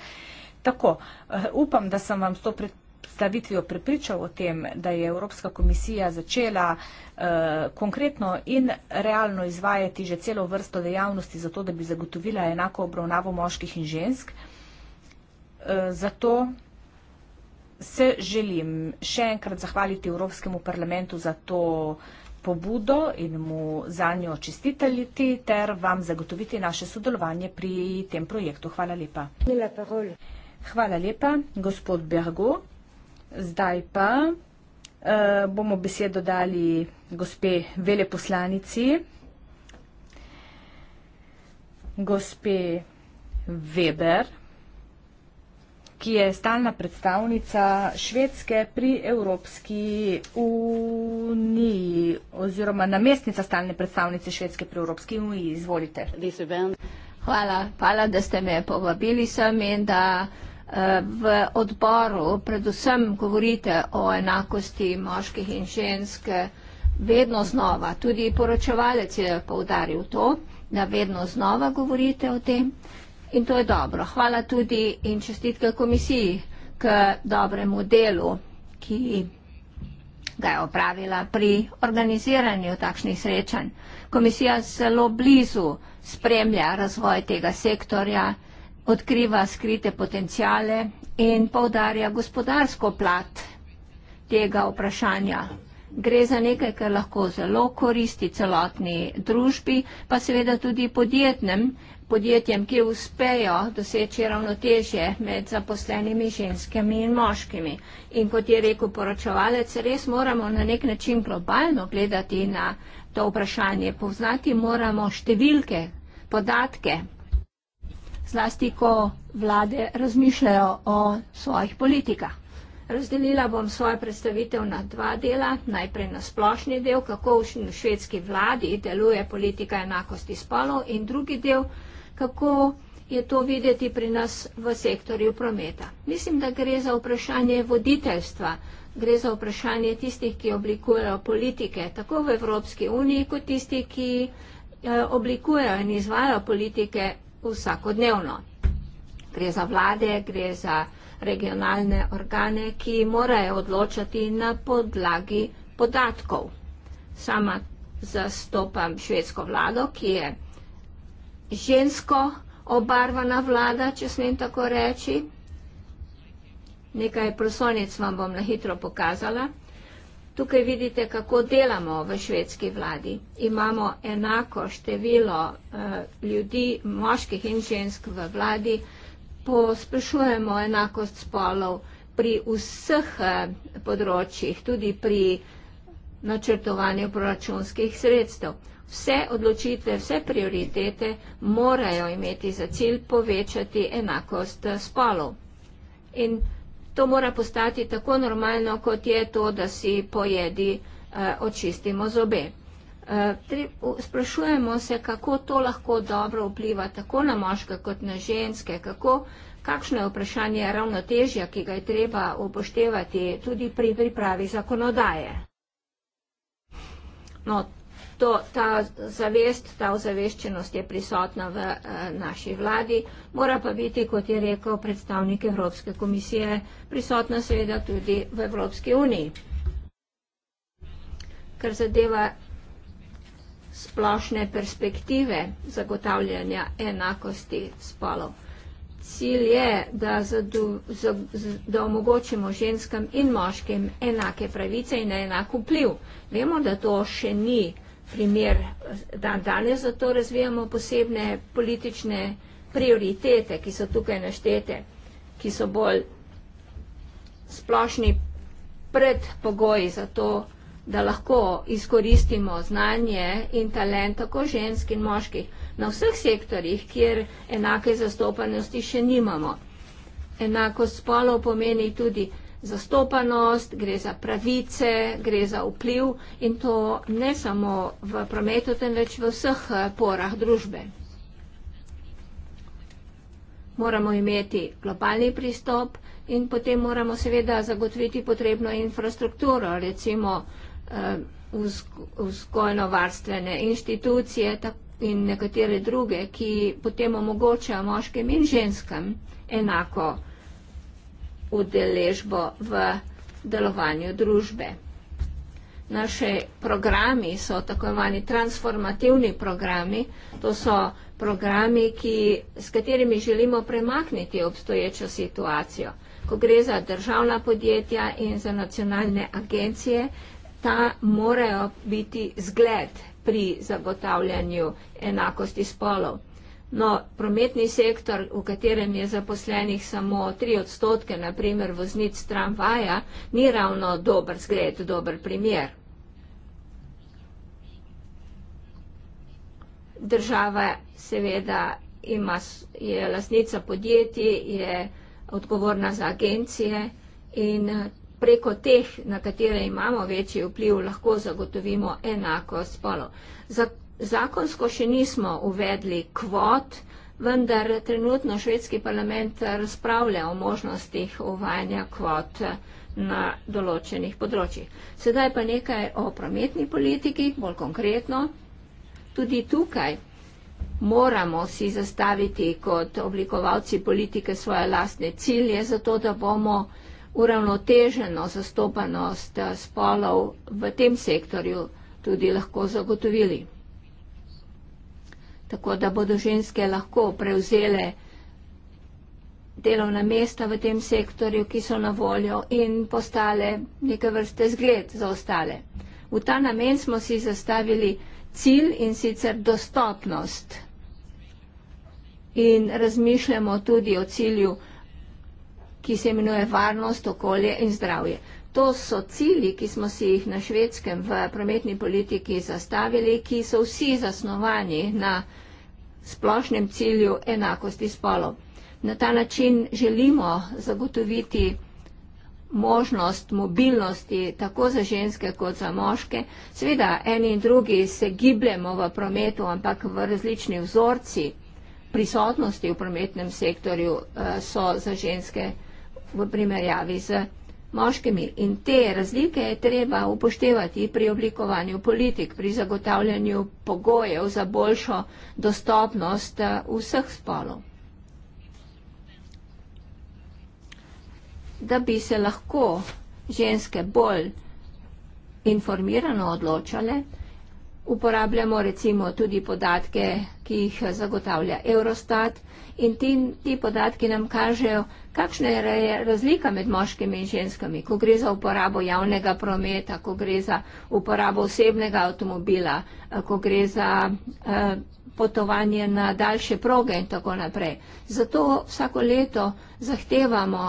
Tako, eh, upam, da sem vam s to predstavitvijo prepričal o tem, da je Evropska komisija začela eh, konkretno in realno izvajati že celo vrsto dejavnosti za to, da bi zagotovila enako obravnavo moških in žensk. Eh, zato se želim še enkrat zahvaliti Evropskemu parlamentu za to pobudo in mu za njo čestitaliti ter vam zagotoviti naše sodelovanje pri tem projektu. Hvala lepa. Hvala lepa, gospod Bergo. Zdaj pa eh, bomo besedo dali gospe veleposlanici, gospe Weber ki je stalna predstavnica Švedske pri Evropski uniji oziroma namestnica stalne predstavnice Švedske pri Evropski uniji. Izvolite. Hvala, hvala, da ste me povabili sem in da eh, v odboru predvsem govorite o enakosti moških in žensk vedno znova. Tudi poročevalec je poudaril to, da vedno znova govorite o tem. In to je dobro. Hvala tudi in čestitke komisiji k dobremu delu, ki ga je opravila pri organiziranju takšnih srečanj. Komisija zelo blizu spremlja razvoj tega sektorja, odkriva skrite potencijale in povdarja gospodarsko plat tega vprašanja. Gre za nekaj, kar lahko zelo koristi celotni družbi, pa seveda tudi podjetnem podjetjem, ki uspejo doseči ravnotežje med zaposlenimi ženskami in moškimi. In kot je rekel poročevalec, res moramo na nek način globalno gledati na to vprašanje. Poznati moramo številke, podatke, zlasti ko vlade razmišljajo o svojih politikah. Razdelila bom svojo predstavitev na dva dela. Najprej na splošni del, kako v švedski vladi deluje politika enakosti spolov in drugi del, kako je to videti pri nas v sektorju prometa. Mislim, da gre za vprašanje voditeljstva, gre za vprašanje tistih, ki oblikujejo politike, tako v Evropski uniji, kot tistih, ki eh, oblikujejo in izvajo politike vsakodnevno. Gre za vlade, gre za regionalne organe, ki morajo odločati na podlagi podatkov. Sama zastopam švedsko vlado, ki je žensko obarvana vlada, če smem tako reči. Nekaj prosonic vam bom na hitro pokazala. Tukaj vidite, kako delamo v švedski vladi. Imamo enako število eh, ljudi, moških in žensk v vladi, posprašujemo enakost spolov pri vseh eh, področjih, tudi pri načrtovanju proračunskih sredstev. Vse odločitve, vse prioritete morajo imeti za cilj povečati enakost spolov. In to mora postati tako normalno, kot je to, da si pojedi, eh, očistimo zobe. Eh, sprašujemo se, kako to lahko dobro vpliva tako na moške kot na ženske, kako, kakšno je vprašanje ravnotežja, ki ga je treba upoštevati tudi pri pripravi zakonodaje. No, to, ta zavest, ta ozaveščenost je prisotna v eh, naši vladi, mora pa biti, kot je rekel predstavnik Evropske komisije, prisotna seveda tudi v Evropski uniji. Kar zadeva splošne perspektive zagotavljanja enakosti spolov. Cilj je, da, zadu, za, da omogočimo ženskam in moškim enake pravice in enak vpliv. Vemo, da to še ni primer eh, dan danes, zato razvijamo posebne politične prioritete, ki so tukaj naštete, ki so bolj splošni predpogoji za to, da lahko izkoristimo znanje in talent tako žensk in moških na vseh sektorjih, kjer enake zastopanosti še nimamo. Enakost spolov pomeni tudi zastopanost, gre za pravice, gre za vpliv in to ne samo v prometu, temveč v vseh eh, porah družbe. Moramo imeti globalni pristop in potem moramo seveda zagotoviti potrebno infrastrukturo, recimo eh, vzgojno-varstvene inštitucije in nekatere druge, ki potem omogočajo moškem in ženskem enako vsega udeležbo v delovanju družbe. Naše programi so tako imenovani transformativni programi. To so programi, ki, s katerimi želimo premakniti obstoječo situacijo. Ko gre za državna podjetja in za nacionalne agencije, ta morajo biti zgled pri zagotavljanju enakosti spolov. No, prometni sektor, v katerem je zaposlenih samo tri odstotke, naprimer voznic tramvaja, ni ravno dober zgled, dober primer. Država seveda ima, je lasnica podjetij, je odgovorna za agencije in preko teh, na katere imamo večji vpliv, lahko zagotovimo enakost spolov. Zakonsko še nismo uvedli kvot, vendar trenutno švedski parlament razpravlja o možnostih uvajanja kvot na določenih področjih. Sedaj pa nekaj o prometni politiki, bolj konkretno. Tudi tukaj moramo si zastaviti kot oblikovalci politike svoje lastne cilje, zato da bomo uravnoteženo zastopanost spolov v tem sektorju tudi lahko zagotovili tako da bodo ženske lahko prevzele delovna mesta v tem sektorju, ki so na voljo in postale neke vrste zgled za ostale. V ta namen smo si zastavili cilj in sicer dostopnost. In razmišljamo tudi o cilju, ki se imenuje varnost, okolje in zdravje. To so cilji, ki smo si jih na švedskem v prometni politiki zastavili, ki so vsi zasnovani na splošnem cilju enakosti spolov. Na ta način želimo zagotoviti možnost mobilnosti tako za ženske kot za moške. Sveda, eni in drugi se gibljemo v prometu, ampak v različni vzorci prisotnosti v prometnem sektorju eh, so za ženske v primerjavi z moškimi. In te razlike je treba upoštevati pri oblikovanju politik, pri zagotavljanju pogojev za boljšo dostopnost eh, vseh spolov. Da bi se lahko ženske bolj informirano odločale, uporabljamo recimo tudi podatke, ki jih zagotavlja Eurostat in ti, ti podatki nam kažejo, kakšna je razlika med moškimi in ženskami, ko gre za uporabo javnega prometa, ko gre za uporabo osebnega avtomobila, eh, ko gre za eh, potovanje na daljše proge in tako naprej. Zato vsako leto zahtevamo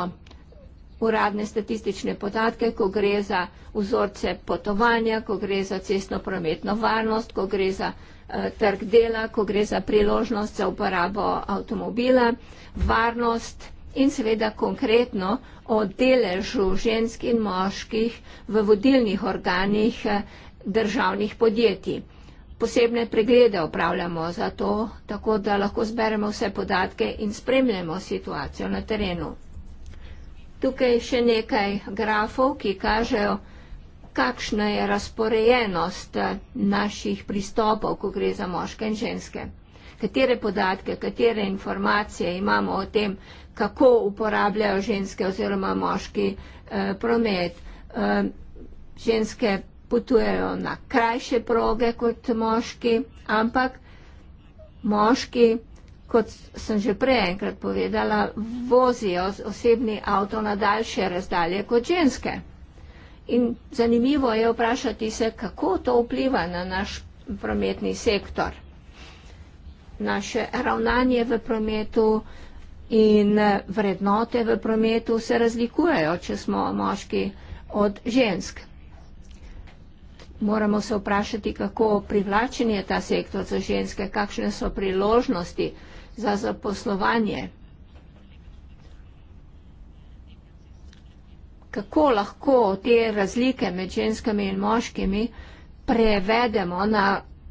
uradne statistične podatke, ko gre za vzorce potovanja, ko gre za cestno-prometno varnost, ko gre za uh, trg dela, ko gre za priložnost za uporabo avtomobila, varnost in seveda konkretno o deležu žensk in moških v vodilnih organih eh, državnih podjetij. Posebne preglede opravljamo za to, tako da lahko zberemo vse podatke in spremljamo situacijo na terenu. Tukaj je še nekaj grafov, ki kažejo, kakšna je razporejenost eh, naših pristopov, ko gre za moške in ženske. Katere podatke, katere informacije imamo o tem, kako uporabljajo ženske oziroma moški eh, promet. Eh, ženske potujejo na krajše proge kot moški, ampak moški kot sem že prej enkrat povedala, vozijo osebni avto na daljše razdalje kot ženske. In zanimivo je vprašati se, kako to vpliva na naš prometni sektor, naše ravnanje v prometu. In vrednote v prometu se razlikujejo, če smo moški od žensk. Moramo se vprašati, kako privlačen je ta sektor za ženske, kakšne so priložnosti, za zaposlovanje. Kako lahko te razlike med ženskami in moškimi prevedemo na,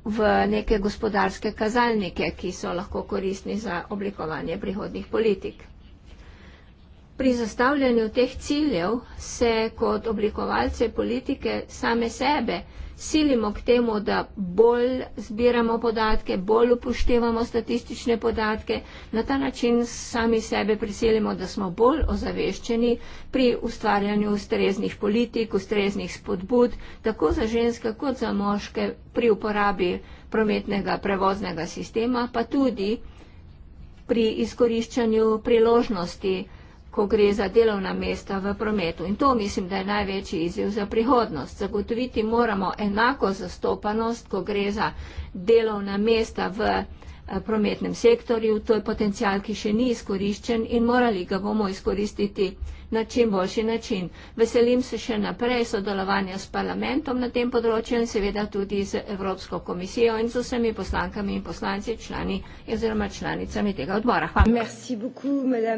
v neke gospodarske kazalnike, ki so lahko koristni za oblikovanje prihodnih politik? Pri zastavljanju teh ciljev se kot oblikovalce politike same sebe silimo k temu, da bolj zbiramo podatke, bolj upoštevamo statistične podatke. Na ta način sami sebe prisilimo, da smo bolj ozaveščeni pri ustvarjanju ustreznih politik, ustreznih spodbud, tako za ženske kot za moške pri uporabi prometnega prevoznega sistema, pa tudi pri izkoriščanju priložnosti ko gre za delovna mesta v prometu. In to mislim, da je največji izziv za prihodnost. Zagotoviti moramo enako zastopanost, ko gre za delovna mesta v eh, prometnem sektorju. To je potencial, ki še ni izkoriščen in morali ga bomo izkoristiti na čim boljši način. Veselim se še naprej sodelovanja s parlamentom na tem področju in seveda tudi z Evropsko komisijo in z vsemi poslankami in poslanci, člani oziroma članicami tega odbora. Hvala.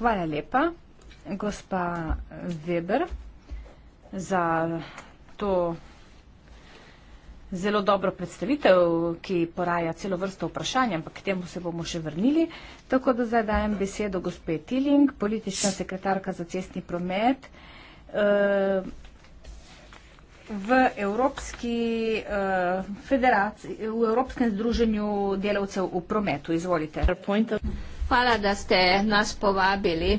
Hvala lepa, gospa Weber, za to zelo dobro predstavitev, ki poraja celo vrsto vprašanj, ampak k temu se bomo še vrnili. Tako da zdaj dajem besedo gospe Tiling, politična sekretarka za cestni promet. Eh, v, Evropski, uh, v Evropskem združenju delavcev v prometu. Izvolite. Hvala, da ste nas povabili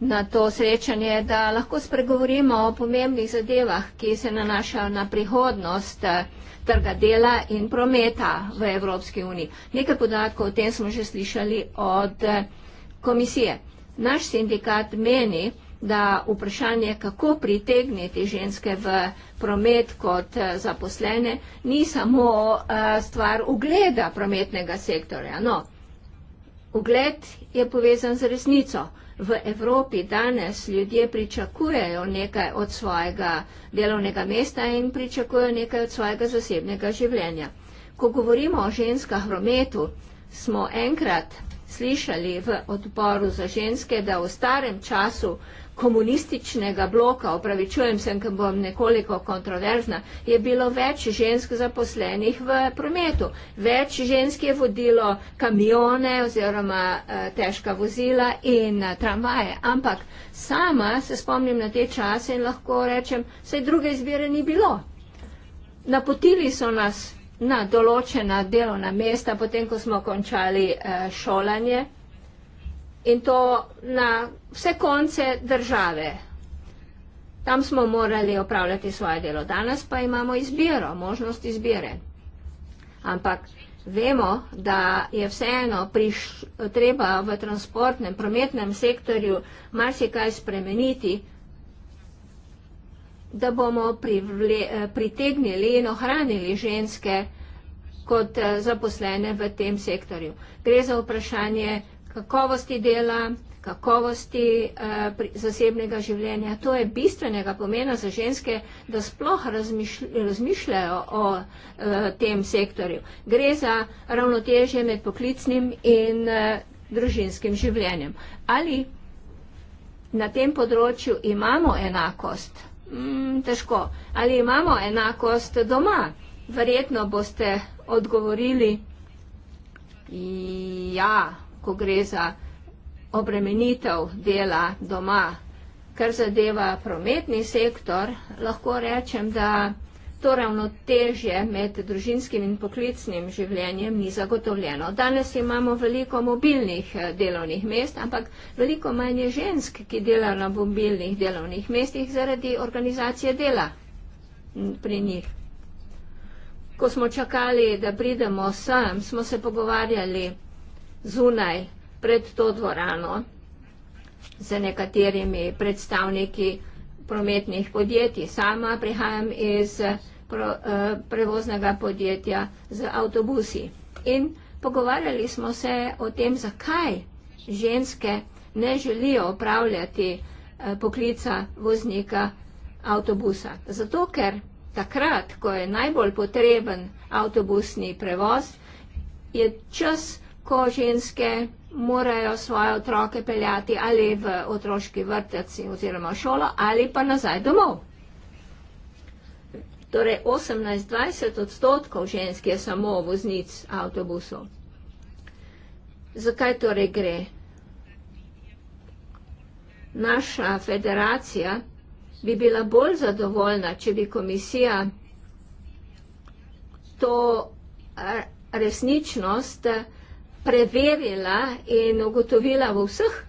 na to srečanje, da lahko spregovorimo o pomembnih zadevah, ki se nanašajo na prihodnost eh, trga dela in prometa v Evropski uniji. Nekaj podatkov o tem smo že slišali od eh, komisije. Naš sindikat meni, da vprašanje, kako pritegniti ženske v promet kot eh, zaposlene, ni samo stvar ugleda prometnega sektorja. No, Ugled je povezan z resnico. V Evropi danes ljudje pričakujejo nekaj od svojega delovnega mesta in pričakujejo nekaj od svojega zasebnega življenja. Ko govorimo o ženskah v rometu, smo enkrat slišali v odboru za ženske, da v starem času komunističnega bloka, opravičujem se, ker bom nekoliko kontroverzna, je bilo več žensk zaposlenih v prometu. Več žensk je vodilo kamione oziroma eh, težka vozila in eh, tramvaje. Ampak sama se spomnim na te čase in lahko rečem, saj druge izbire ni bilo. Napotili so nas na določena delovna mesta, potem ko smo končali eh, šolanje in to na vse konce države. Tam smo morali opravljati svoje delo, danes pa imamo izbiro, možnost izbire. Ampak vemo, da je vseeno priš, treba v transportnem, prometnem sektorju marsikaj spremeniti, da bomo privle, pritegnili in ohranili ženske kot zaposlene v tem sektorju. Gre za vprašanje kakovosti dela, kakovosti eh, pri, zasebnega življenja. To je bistvenega pomena za ženske, da sploh razmišlj, razmišljajo o eh, tem sektorju. Gre za ravnotežje med poklicnim in eh, družinskim življenjem. Ali na tem področju imamo enakost? Mm, težko. Ali imamo enakost doma? Verjetno boste odgovorili ja ko gre za obremenitev dela doma. Kar zadeva prometni sektor, lahko rečem, da to ravnotežje med družinskim in poklicnim življenjem ni zagotovljeno. Danes imamo veliko mobilnih eh, delovnih mest, ampak veliko manj je žensk, ki delajo na mobilnih delovnih mestih zaradi organizacije dela pri njih. Ko smo čakali, da pridemo sem, smo se pogovarjali zunaj, pred to dvorano, z nekaterimi predstavniki prometnih podjetij. Sama prihajam iz pro, eh, prevoznega podjetja z avtobusi. In pogovarjali smo se o tem, zakaj ženske ne želijo upravljati eh, poklica voznika avtobusa. Zato, ker takrat, ko je najbolj potreben avtobusni prevoz, je čas ko ženske morajo svoje otroke peljati ali v otroški vrtec oziroma šolo ali pa nazaj domov. Torej 18-20 odstotkov žensk je samo voznic avtobusov. Zakaj torej gre? Naša federacija bi bila bolj zadovoljna, če bi komisija to eh, resničnost vsega, preverila in ugotovila v vseh eh,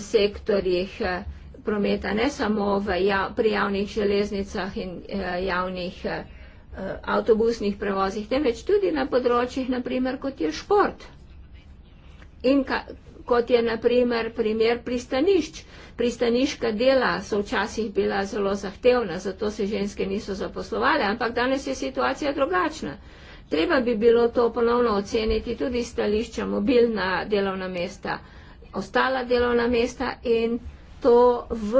sektorjih eh, prometa, ne samo v, ja-, pri javnih železnicah in eh, javnih avtobusnih prevozih, temveč tudi na področjih, naprimer, kot je šport in ka, kot je naprimer primer pristanišč. Pristaniška dela so včasih bila zelo zahtevna, zato se ženske niso zaposlovali, ampak danes je situacija drugačna. Treba bi bilo to ponovno oceniti tudi stališča mobilna delovna mesta, ostala delovna mesta in to v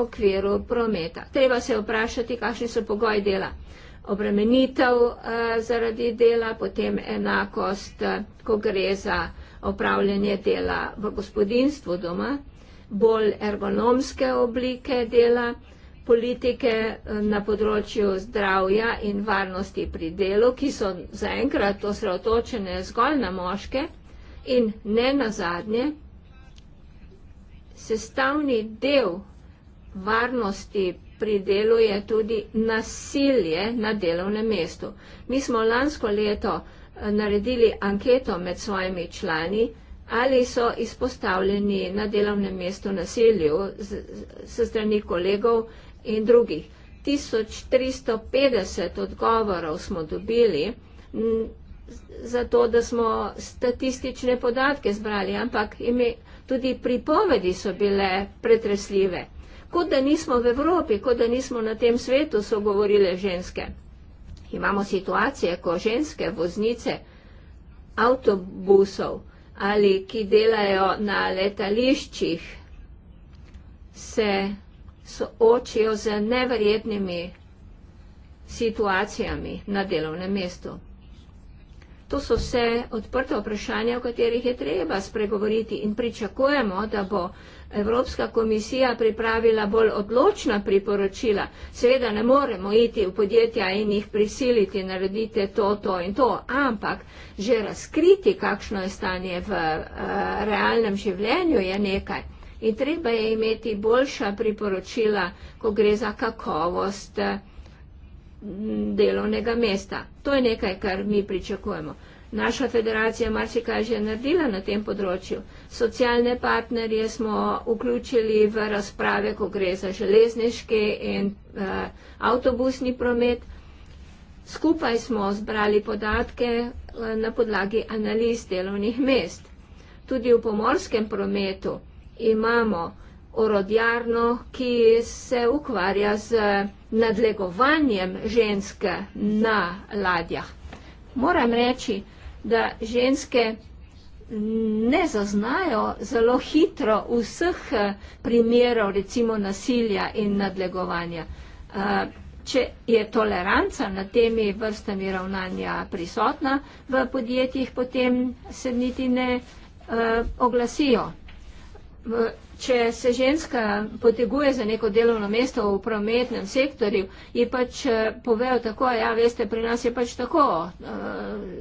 okviru prometa. Treba se vprašati, kakšni so pogoji dela. Obremenitev eh, zaradi dela, potem enakost, eh, ko gre za opravljanje dela v gospodinstvu doma, bolj ergonomske oblike dela politike eh, na področju zdravja in varnosti pri delu, ki so zaenkrat osredotočene zgolj na moške in ne na zadnje, sestavni del varnosti pri delu je tudi nasilje na delovnem mestu. Mi smo lansko leto eh, naredili anketo med svojimi člani, ali so izpostavljeni na delovnem mestu nasilju s strani kolegov, in drugih. 1350 odgovorov smo dobili, zato da smo statistične podatke zbrali, ampak ime, tudi pripovedi so bile pretresljive. Kot da nismo v Evropi, kot da nismo na tem svetu, so govorile ženske. Imamo situacije, ko ženske voznice avtobusov ali ki delajo na letališčih, se soočijo z neverjetnimi situacijami na delovnem mestu. To so vse odprte vprašanja, o katerih je treba spregovoriti in pričakujemo, da bo Evropska komisija pripravila bolj odločna priporočila. Seveda ne moremo iti v podjetja in jih prisiliti, naredite to, to in to, ampak že razkriti, kakšno je stanje v uh, realnem življenju, je nekaj in treba je imeti boljša priporočila, ko gre za kakovost eh, delovnega mesta. To je nekaj, kar mi pričakujemo. Naša federacija marsikaj že naredila na tem področju. Socialne partnerje smo vključili v razprave, ko gre za železniški in eh, avtobusni promet. Skupaj smo zbrali podatke eh, na podlagi analiz delovnih mest. Tudi v pomorskem prometu imamo orodjarno, ki se ukvarja z nadlegovanjem ženske na ladjah. Moram reči, da ženske ne zaznajo zelo hitro vseh primerov recimo nasilja in nadlegovanja. Eh, če je toleranca nad temi vrstami ravnanja prisotna v podjetjih, potem se niti ne uh, oglasijo. Če se ženska poteguje za neko delovno mesto v prometnem sektorju, ji pač eh, povejo tako, ja, veste, pri nas je pač tako, eh,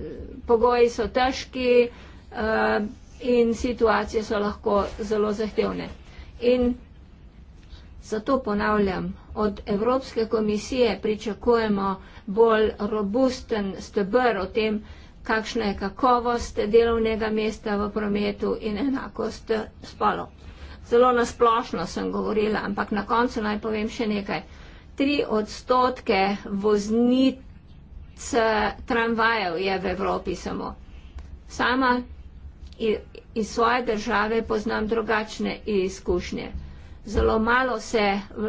pogoji so težki eh, in situacije so lahko zelo zahtevne. In zato ponavljam, od Evropske komisije pričakujemo bolj robusten stebr o tem, kakšna je kakovost delovnega mesta v prometu in enakost spolov. Zelo nasplošno sem govorila, ampak na koncu naj povem še nekaj. Tri odstotke voznic eh, tramvajev je v Evropi samo. Sama iz svoje države poznam drugačne izkušnje. Zelo malo se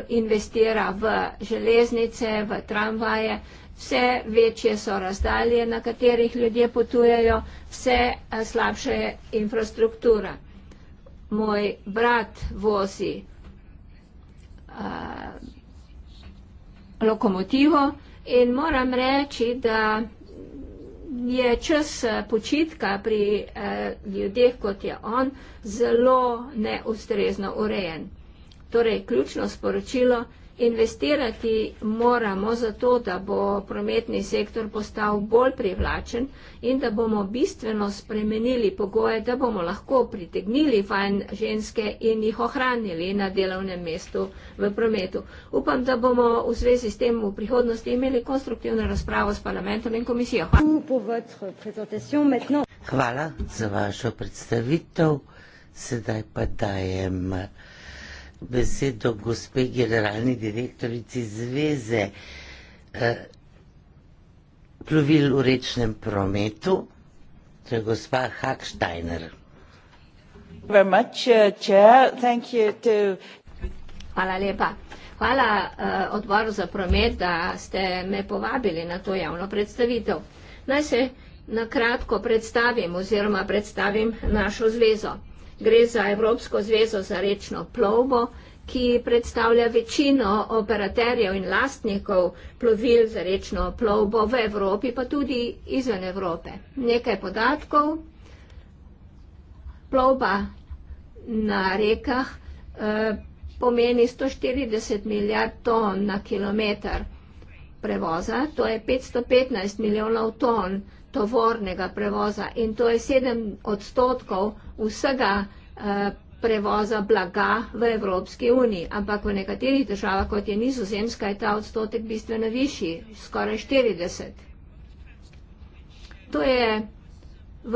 investira v železnice, v tramvaje, vse večje so razdalje, na katerih ljudje potujejo, vse slabše je infrastruktura. Moj brat vozi lokomotivo in moram reči, da je čas počitka pri ljudeh, kot je on, zelo neustrezno urejen. Torej, ključno sporočilo je, Investirati moramo zato, da bo prometni sektor postal bolj privlačen in da bomo bistveno spremenili pogoje, da bomo lahko pritegnili fajn ženske in jih ohranili na delovnem mestu v prometu. Upam, da bomo v zvezi s tem v prihodnosti imeli konstruktivno razpravo s parlamentom in komisijo. Hvala za vašo predstavitev. Sedaj pa dajem besedo gospe generalni direktorici Zveze eh, plovil v rečnem prometu. To je gospa Hacksteiner. Eh, Hvala lepa. Hvala eh, odboru za promet, da ste me povabili na to javno predstavitev. Naj se na kratko predstavim oziroma predstavim našo zvezo. Gre za Evropsko zvezo za rečno plovbo, ki predstavlja večino operaterjev in lastnikov plovil za rečno plovbo v Evropi, pa tudi izven Evrope. Nekaj podatkov. Plovba na rekah eh, pomeni 140 milijard ton na kilometr prevoza, to je 515 milijonov ton tovornega prevoza in to je 7 odstotkov vsega eh, prevoza blaga v Evropski uniji, ampak v nekaterih državah, kot je nizozemska, je ta odstotek bistveno višji, skoraj 40. To je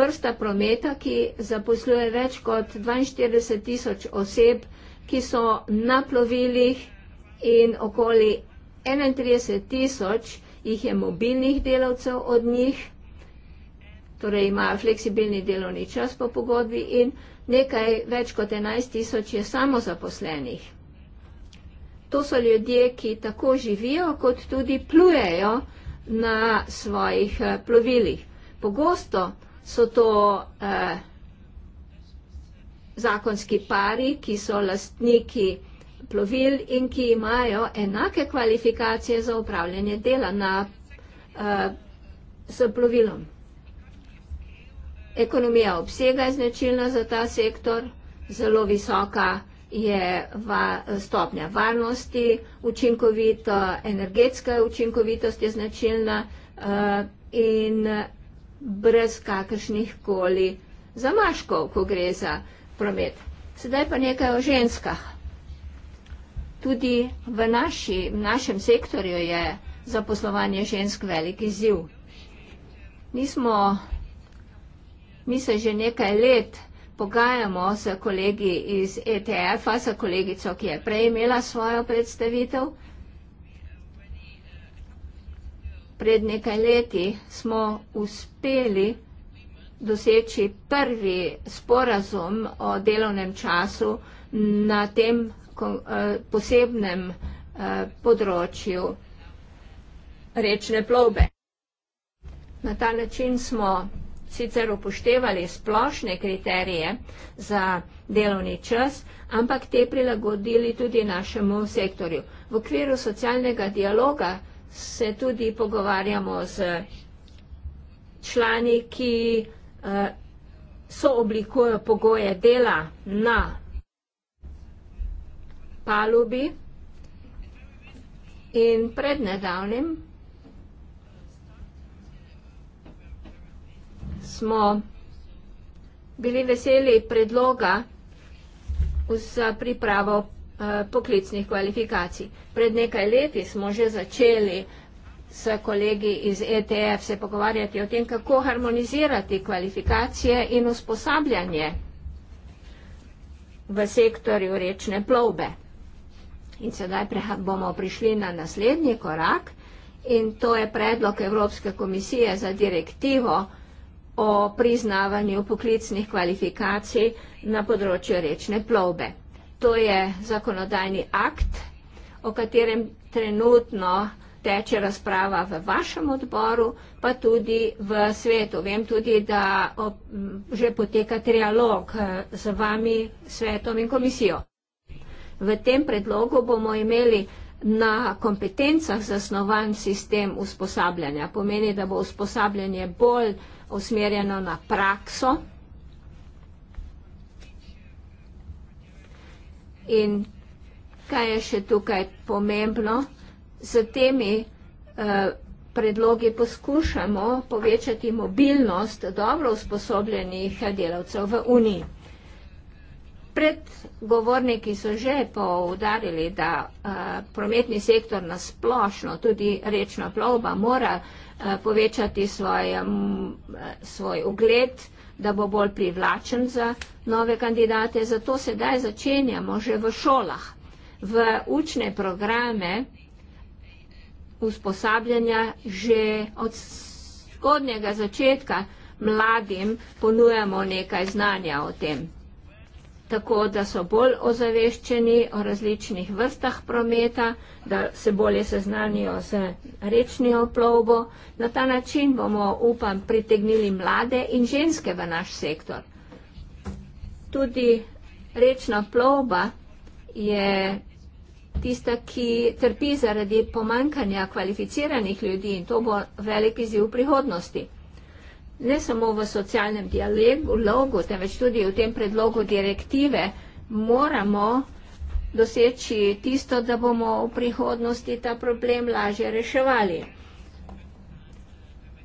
vrsta prometa, ki zaposluje več kot 42 tisoč oseb, ki so na plovilih in okoli 31 tisoč jih je mobilnih delavcev od njih, torej imajo fleksibilni delovni čas po pogodbi in nekaj več kot 11 tisoč je samozaposlenih. To so ljudje, ki tako živijo, kot tudi plujejo na svojih eh, plovilih. Pogosto so to eh, zakonski pari, ki so lastniki plovil in ki imajo enake kvalifikacije za upravljanje dela na, eh, s plovilom. Ekonomija obsega je značilna za ta sektor, zelo visoka je va, stopnja varnosti, učinkovito, energetska učinkovitost je značilna uh, in brez kakršnih koli zamaškov, ko gre za promet. Sedaj pa nekaj o ženskah. Tudi v, naši, v našem sektorju je zaposlovanje žensk velik izziv. Nismo Mi se že nekaj let pogajamo s kolegi iz ETF-a, s kolegico, ki je prej imela svojo predstavitev. Pred nekaj leti smo uspeli doseči prvi sporazum o delovnem času na tem eh, posebnem eh, področju rečne plovbe. Na ta način smo sicer upoštevali splošne kriterije za delovni čas, ampak te prilagodili tudi našemu sektorju. V okviru socialnega dialoga se tudi pogovarjamo z člani, ki eh, sooblikujo pogoje dela na palubi in prednedavnim smo bili veseli predloga za pripravo eh, poklicnih kvalifikacij. Pred nekaj leti smo že začeli s kolegi iz ETF se pogovarjati o tem, kako harmonizirati kvalifikacije in usposabljanje v sektorju rečne plovbe. In sedaj bomo prišli na naslednji korak in to je predlog Evropske komisije za direktivo 2021 o priznavanju poklicnih kvalifikacij na področju rečne plovbe. To je zakonodajni akt, o katerem trenutno teče razprava v vašem odboru, pa tudi v svetu. Vem tudi, da že poteka trialog eh, z vami, svetom in komisijo. V tem predlogu bomo imeli na kompetencah zasnovan sistem usposabljanja. Pomeni, da bo usposabljanje bolj usmerjeno na prakso. In kaj je še tukaj pomembno? Z temi eh, predlogi poskušamo povečati mobilnost dobro usposobljenih delavcev v Uniji. Predgovorniki so že poudarili, da a, eh, prometni sektor nasplošno, tudi rečna plovba, mora a, eh, povečati svoj, a, mm, eh, svoj ugled, da bo bolj privlačen za nove kandidate. Zato sedaj začenjamo že v šolah, v učne programe usposabljanja že od skodnjega začetka mladim ponujamo nekaj znanja o tem tako da so bolj ozaveščeni o različnih vrstah prometa, da se bolje seznanijo z rečnjo plovbo. Na ta način bomo, upam, pritegnili mlade in ženske v naš sektor. Tudi rečna plovba je tista, ki trpi zaradi pomankanja kvalificiranih ljudi in to bo velik izziv prihodnosti ne samo v socialnem dialogu, temveč tudi v tem predlogu direktive, moramo doseči tisto, da bomo v prihodnosti ta problem lažje reševali.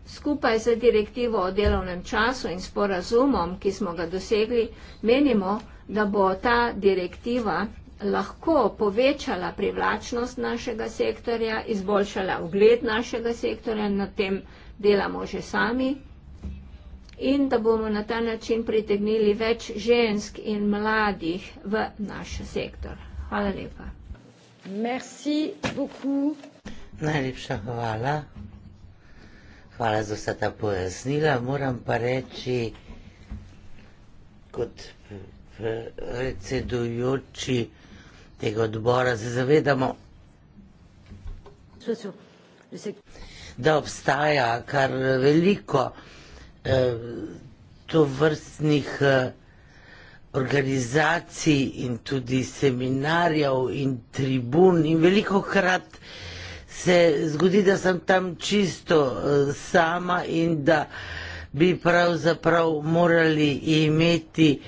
Skupaj z direktivo o delovnem času in sporazumom, ki smo ga dosegli, menimo, da bo ta direktiva lahko povečala privlačnost našega sektorja, izboljšala ugled našega sektorja, na tem delamo že sami in da bomo na ta način pritegnili več žensk in mladih v naš sektor. Hvala lepa. Merci beaucoup. Najlepša hvala. Hvala za vsa ta pojasnila. Moram pa reči, kot predsedujoči tega odbora, se zavedamo, da obstaja kar veliko Eh, to vrstnih eh, organizacij in tudi seminarjev in tribun in veliko krat se zgodi, da sem tam čisto eh, sama in da bi pravzaprav morali imeti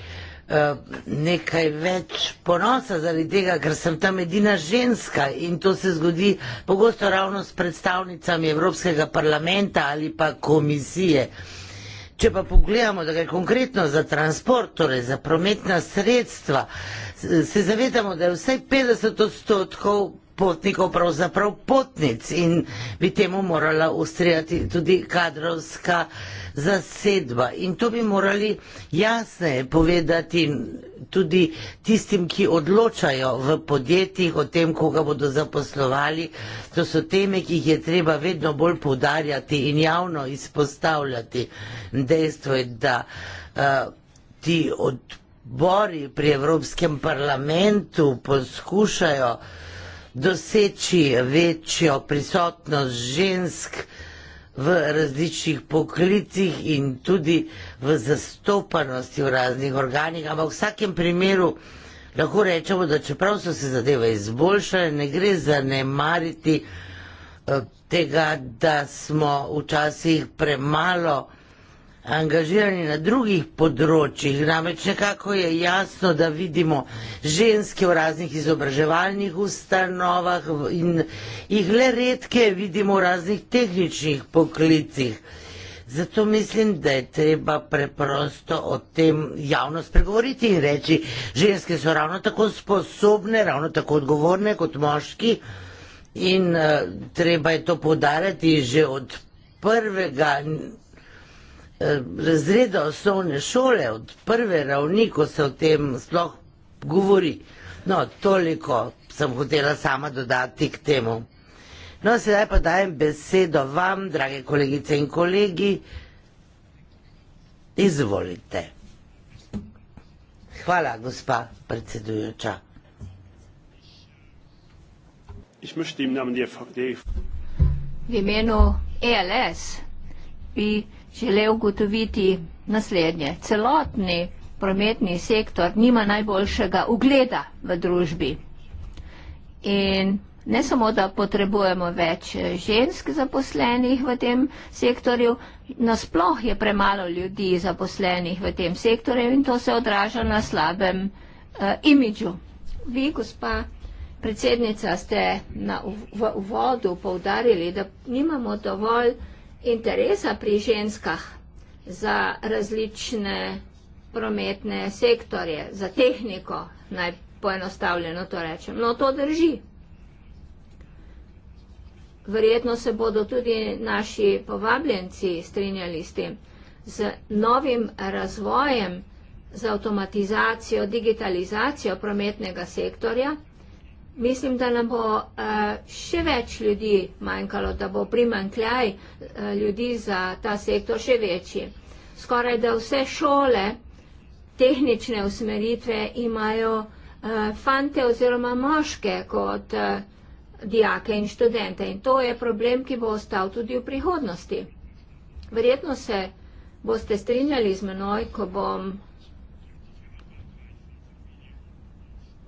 nekaj več ponosa zaradi tega, ker sem tam edina ženska in to se zgodi pogosto ravno s predstavnicami Evropskega parlamenta ali pa komisije. Če pa pogledamo, da gre konkretno za transport, torej za prometna sredstva, se zavedamo, da je vsaj 50 odstotkov potnikov, pravzaprav potnic in bi temu morala ustrijati tudi kadrovska zasedba. In to bi morali jasneje povedati tudi tistim, ki odločajo v podjetjih o tem, koga bodo zaposlovali. To so teme, ki jih je treba vedno bolj poudarjati in javno izpostavljati. Dejstvo je, da uh, ti odbori pri Evropskem parlamentu poskušajo doseči večjo prisotnost žensk v različnih poklicih in tudi v zastopanosti v raznih organih. Ampak v vsakem primeru lahko rečemo, da čeprav so se zadeve izboljšale, ne gre zanemariti eh, tega, da smo včasih premalo angažirani na drugih področjih, namreč nekako je jasno, da vidimo ženske v raznih izobraževalnih ustanovah in jih le redke vidimo v raznih tehničnih poklicih. Zato mislim, da je treba preprosto o tem javno spregovoriti in reči, ženske so ravno tako sposobne, ravno tako odgovorne kot moški in uh, treba je to podarjati že od prvega razreda osnovne šole, od prve ravni, ko se o tem sploh govori. No, toliko sem hotela sama dodati k temu. No, sedaj pa dajem besedo vam, drage kolegice in kolegi. Izvolite. Hvala, gospa predsedujoča. Im Namen der FDF. Wir meinen ALS, wie želel ugotoviti naslednje. Celotni prometni sektor nima najboljšega ugleda v družbi. In ne samo, da potrebujemo več eh, žensk zaposlenih v tem sektorju, nasploh je premalo ljudi zaposlenih v tem sektorju in to se odraža na slabem uh, imidžu. Vi, gospa predsednica, ste na, v, v uvodu povdarili, da nimamo dovolj uh, interesa pri ženskah za različne prometne sektorje, za tehniko, naj poenostavljeno to rečem. No, to drži. Verjetno se bodo tudi naši povabljenci strinjali s tem, z novim razvojem za avtomatizacijo, digitalizacijo prometnega sektorja mislim, da nam bo uh, še več ljudi manjkalo, da bo primankljaj uh, ljudi za ta sektor še večji. Skoraj da vse šole tehnične usmeritve imajo uh, fante oziroma moške kot uh, dijake in študente in to je problem, ki bo ostal tudi v prihodnosti. Verjetno se boste strinjali z menoj, ko bom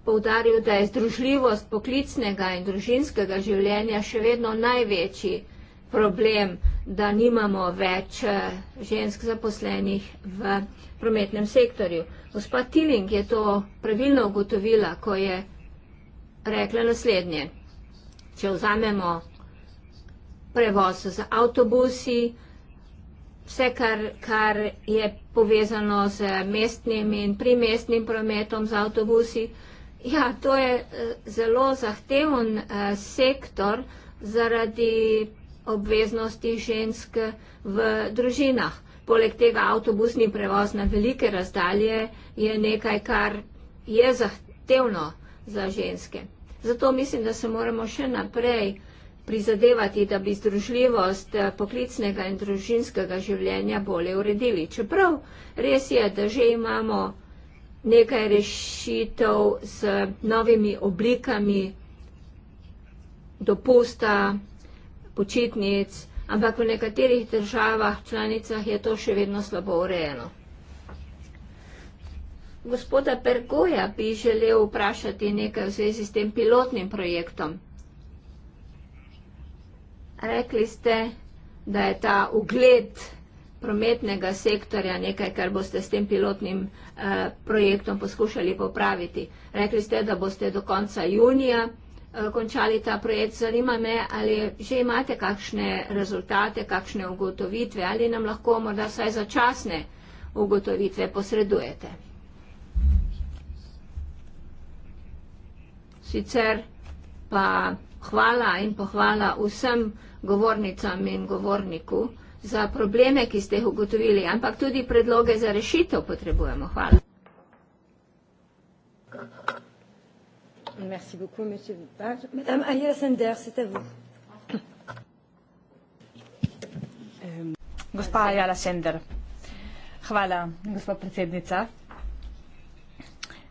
poudaril, da je združljivost poklicnega in družinskega življenja še vedno največji problem, da nimamo več eh, žensk zaposlenih v prometnem sektorju. Gospa Tiling je to pravilno ugotovila, ko je rekla naslednje. Če vzamemo prevoz z avtobusi, vse, kar, kar je povezano z mestnim in primestnim prometom z avtobusi, Ja, to je eh, zelo zahteven eh, sektor zaradi obveznosti žensk v družinah. Poleg tega avtobusni prevoz na velike razdalje je nekaj, kar je zahtevno za ženske. Zato mislim, da se moramo še naprej prizadevati, da bi združljivost eh, poklicnega in družinskega življenja bolje uredili. Čeprav res je, da že imamo nekaj rešitev z novimi oblikami dopusta, počitnic, ampak v nekaterih državah, članicah je to še vedno slabo urejeno. Gospoda Pergoja bi želel vprašati nekaj v zvezi s tem pilotnim projektom. Rekli ste, da je ta ugled prometnega sektorja nekaj, kar boste s tem pilotnim eh, projektom poskušali popraviti. Rekli ste, da boste do konca junija eh, končali ta projekt. Zanima me, ali že imate kakšne rezultate, kakšne ugotovitve, ali nam lahko morda vsaj začasne ugotovitve posredujete. Sicer pa hvala in pohvala vsem govornicam in govorniku za probleme, ki ste jih ugotovili, ampak tudi predloge za rešitev potrebujemo. Hvala. Merci beaucoup, monsieur Vipage. Madame Aya Sander, c'est à vous. Gospa Ayala Sender, hvala, gospa predsednica.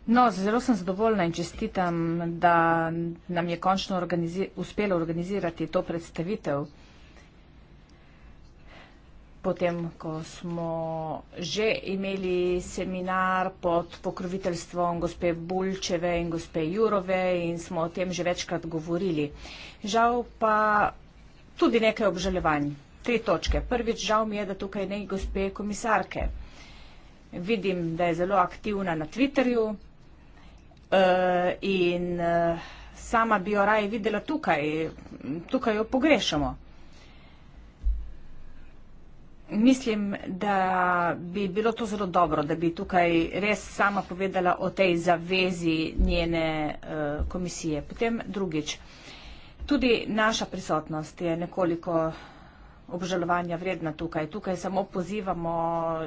No, zelo sem zadovoljna in čestitam, da nam je končno organizi uspelo organizirati to predstavitev potem, ko smo že imeli seminar pod pokroviteljstvom gospe Bulčeve in gospe Jurove in smo o tem že večkrat govorili. Žal pa tudi nekaj obžalovanj. Tri točke. Prvič, žal mi je, da tukaj ne gospe komisarke. Vidim, da je zelo aktivna na Twitterju eh, in eh, sama bi jo raje videla tukaj. Tukaj jo pogrešamo. Mislim, da bi bilo to zelo dobro, da bi tukaj res sama povedala o tej zavezi njene uh, komisije. Potem drugič, tudi naša prisotnost je nekoliko obžalovanja vredna tukaj. Tukaj samo pozivamo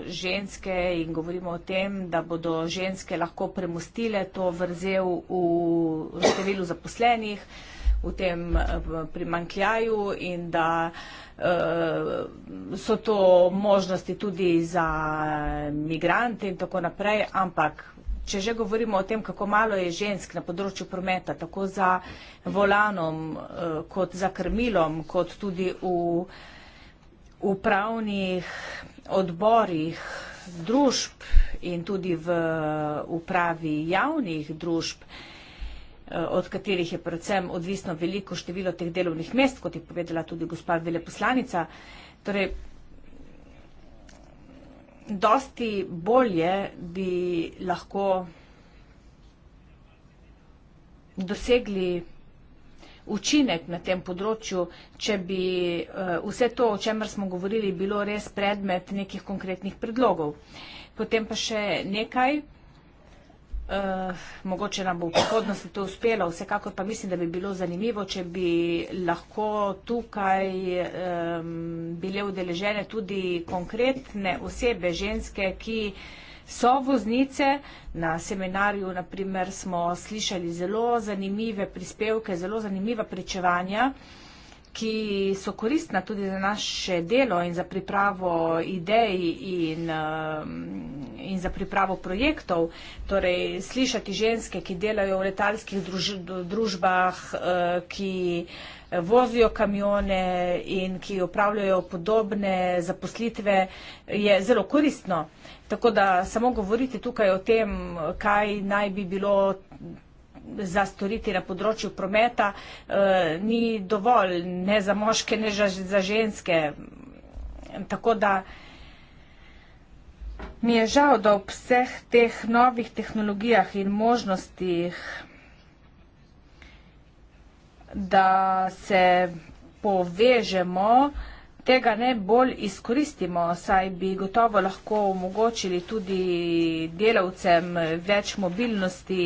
ženske in govorimo o tem, da bodo ženske lahko premustile to vrzel v številu zaposlenih. Uh, v tem eh, primankljaju in da eh, so to možnosti tudi za migrante in tako naprej, ampak če že govorimo o tem, kako malo je žensk na področju prometa, tako za volanom, eh, kot za krmilom, kot tudi v upravnih odborih družb in tudi v upravi javnih družb, Eh, od katerih je predvsem odvisno veliko število teh delovnih mest, kot je povedala tudi gospa veleposlanica. Torej, dosti bolje bi lahko dosegli učinek na tem področju, če bi eh, vse to, o čemer smo govorili, bilo res predmet nekih konkretnih predlogov. Potem pa še nekaj. Eh, mogoče nam bo v prihodnosti to uspelo, vsekakor pa mislim, da bi bilo zanimivo, če bi lahko tukaj um, bile udeležene tudi konkretne osebe, ženske, ki so voznice. Na seminarju, naprimer, smo slišali zelo zanimive prispevke, zelo zanimiva pričevanja. Uh, ki so koristna tudi za naše delo in za pripravo idej in, um, in za pripravo projektov. Torej, slišati ženske, ki delajo v letalskih druž družbah, uh, ki eh, vozijo kamione in ki upravljajo podobne zaposlitve, je zelo koristno. Tako da samo govoriti tukaj o tem, kaj naj bi bilo za storiti na področju prometa eh, ni dovolj, ne za moške, ne za, za ženske. Tako da mi je žal, da ob vseh teh novih tehnologijah in možnostih, da se povežemo, eh, tega ne bolj izkoristimo, saj bi gotovo lahko omogočili tudi delavcem več mobilnosti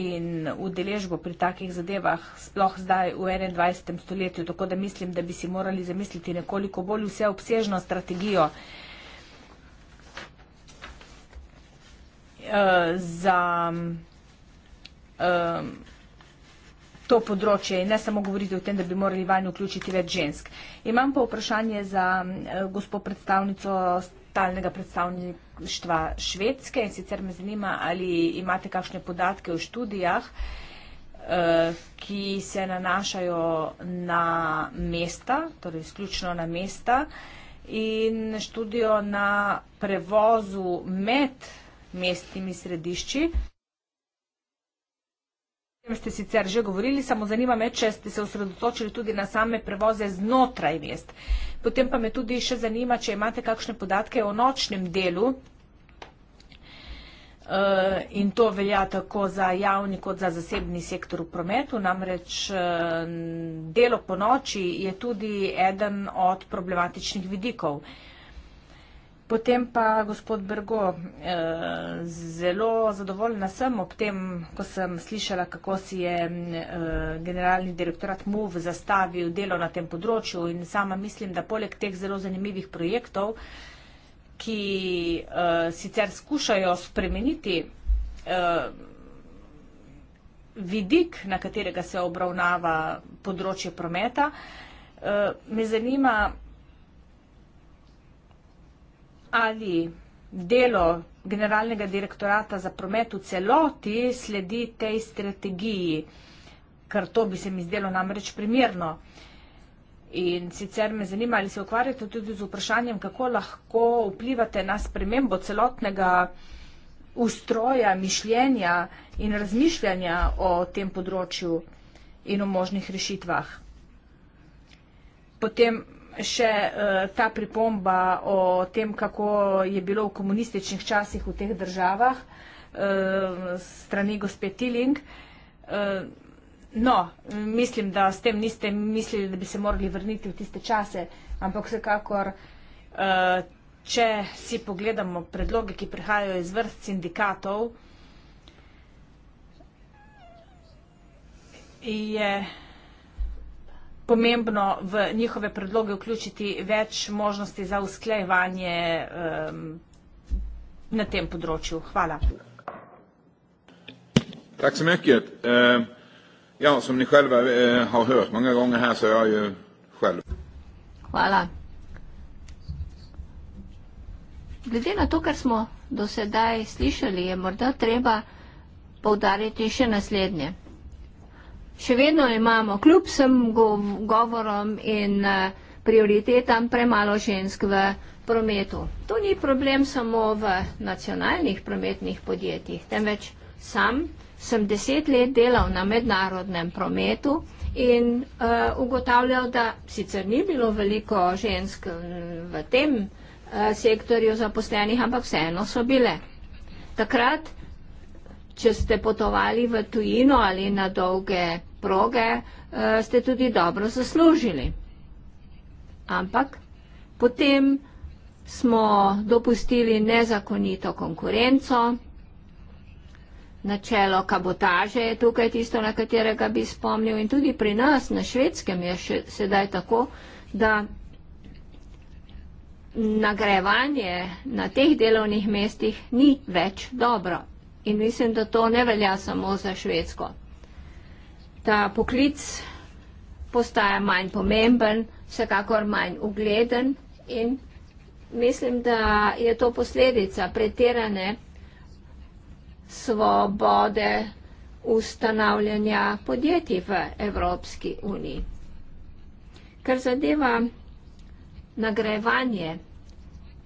in udeležbo pri takih zadevah, sploh zdaj v 21. stoletju, tako da mislim, da bi si morali zamisliti nekoliko bolj vseobsežno strategijo. Eh, za, um, to področje in ne samo govoriti o tem, da bi morali vanj vključiti več žensk. Imam pa vprašanje za eh, gospod predstavnico stalnega predstavništva Švedske in sicer me zanima, ali imate kakšne podatke o študijah, eh, ki se nanašajo na mesta, torej izključno na mesta in študijo na prevozu med mestnimi središči ste sicer že govorili, samo zanima me, če ste se osredotočili tudi na same prevoze znotraj mest. Potem pa me tudi še zanima, če imate kakšne podatke o nočnem delu eh, in to velja tako za javni kot za zasebni sektor v prometu, namreč eh, delo po noči je tudi eden od problematičnih vidikov. Potem pa gospod Brgo, eh, zelo zadovoljna sem ob tem, ko sem slišala, kako si je eh, generalni direktorat MUV zastavil delo na tem področju in sama mislim, da poleg teh zelo zanimivih projektov, ki eh, sicer skušajo spremeniti vidik, na katerega se obravnava področje prometa, me zanima, da je to, ali delo generalnega direktorata za promet v celoti sledi tej strategiji, ker to bi se mi zdelo namreč primerno. In sicer me zanima, ali se ukvarjate tudi z vprašanjem, kako lahko vplivate na spremembo celotnega ustroja, mišljenja in razmišljanja o tem področju in o možnih rešitvah. Potem še uh, ta pripomba o tem, kako je bilo v komunističnih časih v teh državah uh, strani gospe Tiling. Uh, eh, no, mislim, da s tem niste mislili, da bi se morali vrniti v tiste čase, ampak vsekakor, uh, če si pogledamo predloge, ki prihajajo iz vrst sindikatov, je. Uh, pomembno v njihove predloge vključiti več možnosti za usklejevanje um, na tem področju. Hvala. Tak så mycket. Eh, ja, som ni själva eh, har hört många gånger här så är jag ju själv. Hvala. Glede na to, kar smo do sedaj slišali, je morda treba poudariti še naslednje še vedno imamo kljub vsem govorom in eh, prioritetam premalo žensk v prometu. To ni problem samo v nacionalnih prometnih podjetjih, temveč sam sem deset let delal na mednarodnem prometu in uh, ugotavljal, da sicer ni bilo veliko žensk eh, v tem uh, sektorju zaposlenih, ampak vseeno so bile. Takrat če ste potovali v tujino ali na dolge proge, eh, ste tudi dobro zaslužili. Ampak potem smo dopustili nezakonito konkurenco, načelo kabotaže je tukaj tisto, na katerega bi spomnil in tudi pri nas na švedskem je še sedaj tako, da nagrajevanje na teh delovnih mestih ni več dobro. In mislim, da to ne velja samo za švedsko. Ta poklic postaja manj pomemben, vsekakor manj ugleden in mislim, da je to posledica pretirane svobode ustanavljanja podjetij v Evropski uniji. Ker zadeva nagrajevanje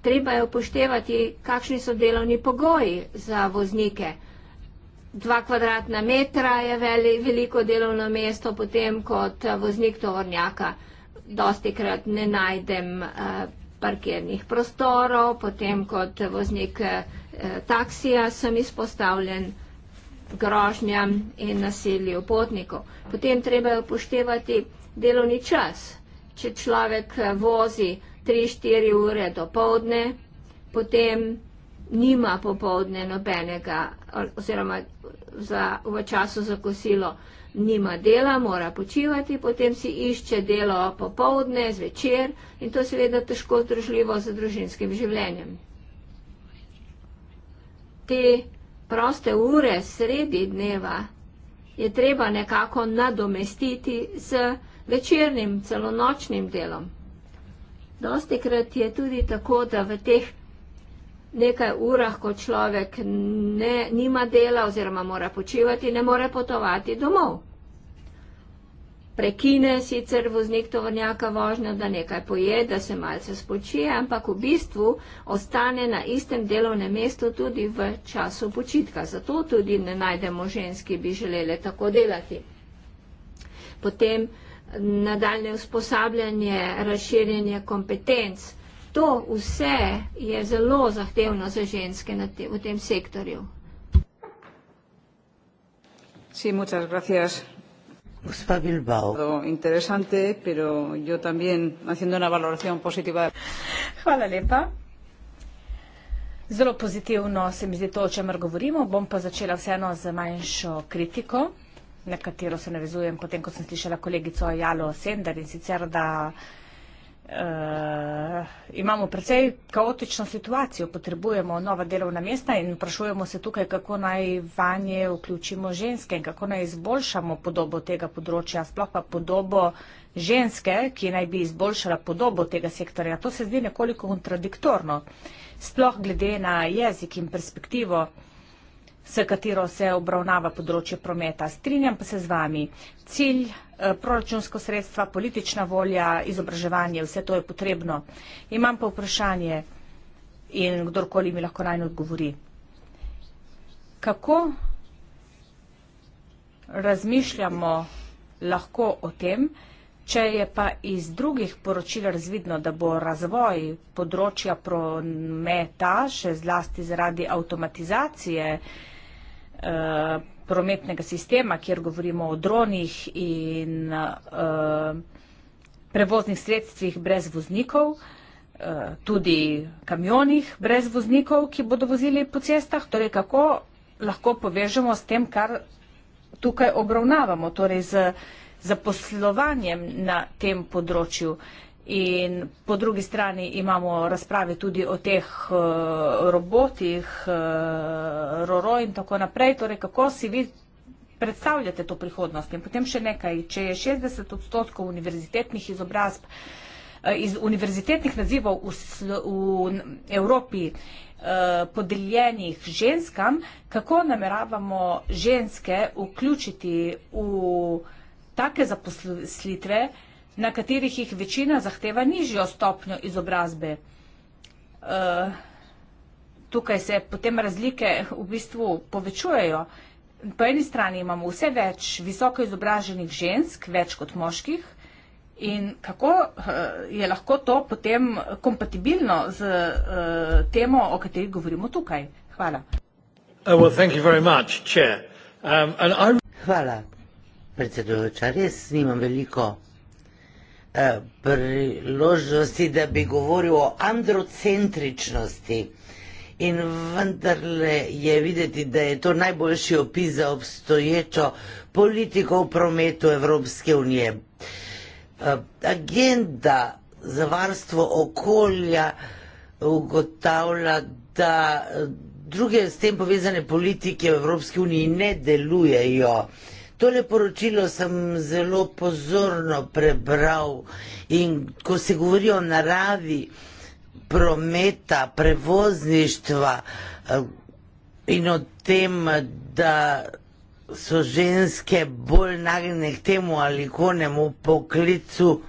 treba je upoštevati, kakšni so delovni pogoji za voznike. Dva kvadratna metra je veli, veliko delovno mesto, potem kot voznik tovornjaka dosti krat ne najdem eh, parkirnih prostorov, potem kot voznik eh, taksija sem izpostavljen grožnjam in nasilju potnikov. Potem treba je upoštevati delovni čas. Če človek eh, vozi 3-4 ure do povdne, potem nima popovdne nobenega, oziroma za, v času za kosilo nima dela, mora počivati, potem si išče delo popovdne, zvečer in to seveda težko združljivo z družinskim življenjem. Te proste ure sredi dneva je treba nekako nadomestiti z večernim, celonočnim delom. Dosti krat je tudi tako, da v teh nekaj urah, ko človek ne, nima dela oziroma mora počivati, ne more potovati domov. Prekine sicer voznik tovornjaka vožnjo, da nekaj poje, da se malce spočije, ampak v bistvu ostane na istem delovnem mestu tudi v času počitka. Zato tudi ne najdemo ženski, ki bi želeli tako delati. Potem nadaljne usposabljanje, razširjanje kompetenc. To vse je zelo zahtevno za ženske te, v tem sektorju. Sí, muchas gracias. Gospa Bilbao. Interesante, pero yo también haciendo una valoración positiva. Hvala lepa. Zelo pozitivno se mi zdi to, o čemer govorimo. Bom pa začela vseeno z manjšo kritiko na katero se navezujem, potem ko sem slišala kolegico Jalo Sender in sicer, da uh, imamo precej kaotično situacijo, potrebujemo nova delovna mesta in vprašujemo se tukaj, kako naj vanje vključimo ženske in kako naj izboljšamo podobo tega področja, sploh pa podobo ženske, ki naj bi izboljšala podobo tega sektorja. To se zdi nekoliko kontradiktorno, sploh glede na jezik in perspektivo s katero se obravnava področje prometa. Strinjam pa se z vami. Cilj, eh, proračunsko sredstva, politična volja, izobraževanje, vse to je potrebno. Imam pa vprašanje in kdorkoli mi lahko najno odgovori. Kako razmišljamo lahko o tem, če je pa iz drugih poročil razvidno, da bo razvoj področja prometa, še zlasti zaradi avtomatizacije, Eh, prometnega sistema, kjer govorimo o dronih in eh, prevoznih sredstvih brez voznikov, eh, tudi kamionih brez voznikov, ki bodo vozili po cestah, torej kako lahko povežemo s tem, kar tukaj obravnavamo, torej z zaposlovanjem na tem področju. In po drugi strani imamo razprave tudi o teh uh, robotih, uh, RORO in tako naprej. Torej, kako si vi predstavljate to prihodnost? In potem še nekaj, če je 60 odstotkov univerzitetnih izobrazb, eh, iz univerzitetnih nazivov v, v Evropi uh, podeljenih ženskam, kako nameravamo ženske vključiti v take zaposlitve, uh, na katerih jih večina zahteva nižjo stopnjo izobrazbe. Eh, tukaj se potem razlike eh, v bistvu povečujejo. Po eni strani imamo vse več visoko izobraženih žensk, več kot moških. In kako eh, je lahko to potem kompatibilno z uh, temo, o kateri govorimo tukaj? Hvala. Oh, well, much, um, Hvala, predsedujoča. Res nimam veliko priložnosti, da bi govoril o androcentričnosti. In vendarle je videti, da je to najboljši opis za obstoječo politiko v prometu Evropske unije. Eh, agenda za varstvo okolja ugotavlja, da eh, druge s tem povezane politike v Evropski uniji ne delujejo. Tole poročilo sem zelo pozorno prebral in ko se govori o naravi prometa, prevozništva eh, in o tem, da so ženske bolj nagnjene k temu ali konemu poklicu.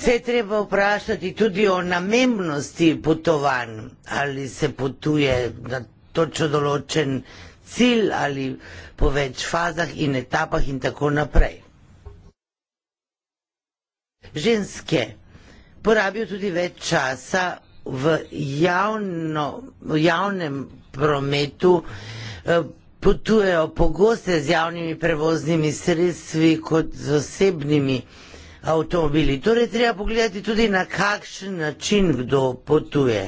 Se je treba vprašati tudi o namembnosti potovanj, ali se potuje na točno določen cilj ali po več fazah in etapah in tako naprej. Ženske porabijo tudi več časa v, javno, v javnem prometu, eh, potujejo pogoste z javnimi prevoznimi sredstvi kot z osebnimi avtomobili. Torej, treba pogledati tudi na kakšen način kdo potuje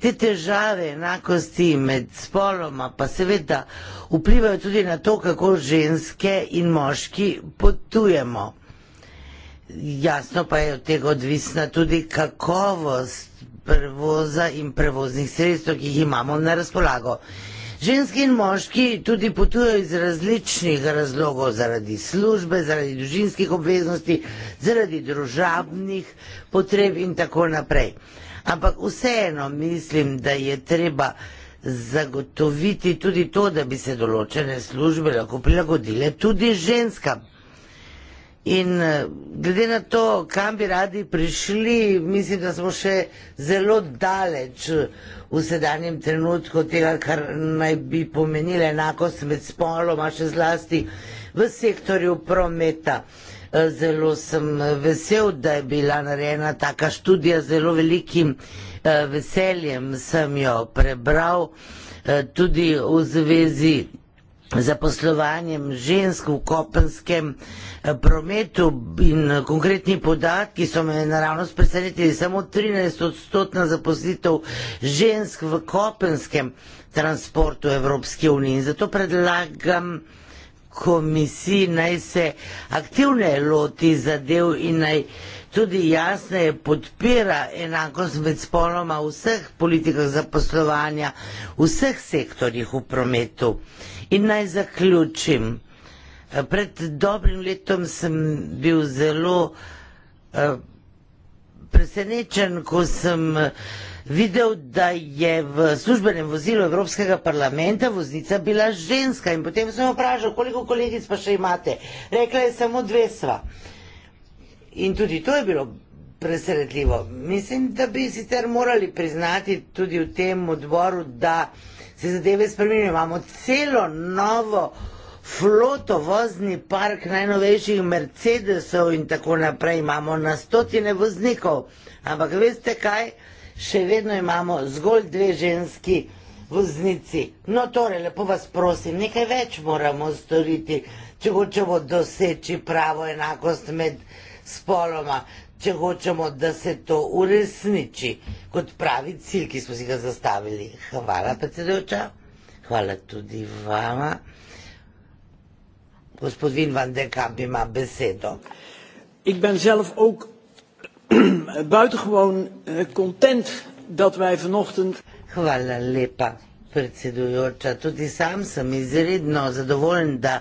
te težave enakosti med spoloma pa seveda vplivajo tudi na to, kako ženske in moški potujemo. Jasno pa je od tega odvisna tudi kakovost prevoza in prevoznih sredstev, ki jih imamo na razpolago. Ženski in moški tudi potujejo iz različnih razlogov, zaradi službe, zaradi družinskih obveznosti, zaradi družabnih potreb in tako naprej ampak vseeno mislim, da je treba zagotoviti tudi to, da bi se določene službe lahko prilagodile tudi ženskam. In eh, glede na to, kam bi radi prišli, mislim, da smo še zelo daleč eh, v sedanjem trenutku tega, kar naj bi pomenila enakost med spoloma, še zlasti v sektorju prometa. Uh, zelo sem vesel, da je bila narejena taka študija, zelo velikim eh, veseljem sem jo prebral, eh, tudi v zvezi za poslovanjem žensk v kopenskem eh, prometu in konkretni podatki so me naravno spresenetili, samo 13 odstotna zaposlitev žensk v kopenskem transportu Evropske unije. Zato predlagam, komisij naj se aktivne loti zadev in naj tudi jasneje podpira enakost med spoloma v vseh politikah zaposlovanja, v vseh sektorjih v prometu. In naj zaključim. Pred dobrim letom sem bil zelo uh, presenečen, ko sem uh, videl, da je v službenem vozilu Evropskega parlamenta voznica bila ženska in potem sem vprašal, koliko kolegic pa še imate. Rekla je samo dve sva. In tudi to je bilo presredljivo. Mislim, da bi sicer morali priznati tudi v tem odboru, da se zadeve spremenijo. Imamo celo novo floto, vozni park najnovejših Mercedesov in tako naprej. Imamo na stotine voznikov. Ampak veste kaj? še vedno imamo zgolj dve ženski voznici. No torej, lepo vas prosim, nekaj več moramo storiti, če hočemo doseči pravo enakost med spoloma, če hočemo, da se to uresniči kot pravi cilj, ki smo si ga zastavili. Hvala, predsedujoča. Hvala tudi vama. Gospod Vin van de Kamp ima besedo. Ik ben zelf ook buitengewoon eh, content dat wij vanochtend. Hvala lepa, predsedujoča. Tudi sam sem izredno zadovoljen, da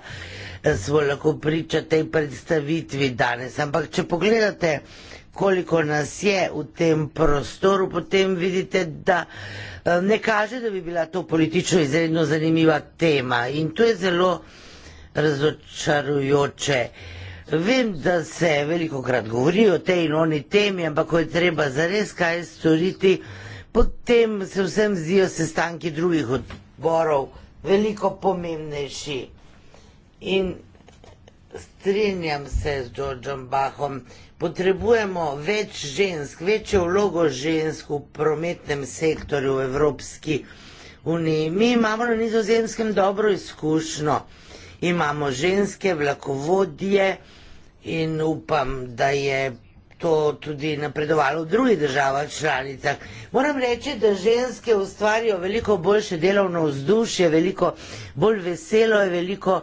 eh, smo lahko priča tej predstavitvi danes. Ampak, če pogledate, koliko nas je v tem prostoru, potem vidite, da eh, ne kaže, da bi bila to politično izredno zanimiva tema. In to je zelo razočarujoče. Uh, Vem, da se veliko krat govori o tej in oni temi, ampak ko je treba zares kaj storiti, potem se vsem zdijo sestanki drugih odborov veliko pomembnejši. In strinjam se z Džordžom Bahom, potrebujemo več žensk, večjo vlogo žensk v prometnem sektorju v Evropski uniji. Mi imamo na nizozemskem dobro izkušnjo, imamo ženske vlakovodje, in upam, da je to tudi napredovalo v drugih državah članicah. Moram reči, da ženske ustvarijo veliko boljše delovno vzdušje, veliko bolj veselo je, veliko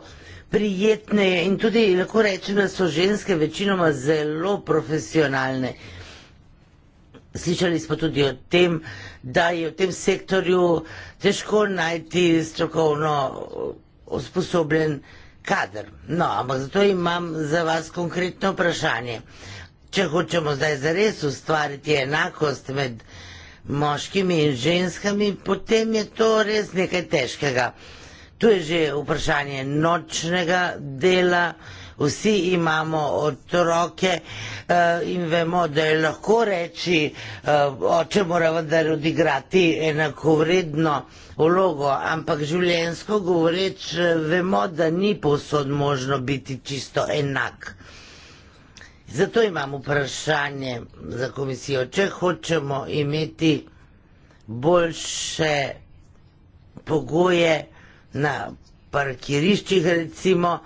prijetneje in tudi lahko rečem, da so ženske večinoma zelo profesionalne. Slišali smo tudi o tem, da je v tem sektorju težko najti strokovno usposobljen kader. No, ampak zato imam za vas konkretno vprašanje. Če hočemo zdaj zares ustvariti enakost med moškimi in ženskami, potem je to res nekaj težkega. Tu je že vprašanje nočnega dela vsi imamo otroke uh, in vemo, da je lahko reči, uh, oče mora vendar odigrati enako vredno vlogo, ampak življensko govoreč eh, vemo, da ni povsod možno biti čisto enak. Zato imam vprašanje za komisijo, če hočemo imeti boljše pogoje na parkiriščih, recimo,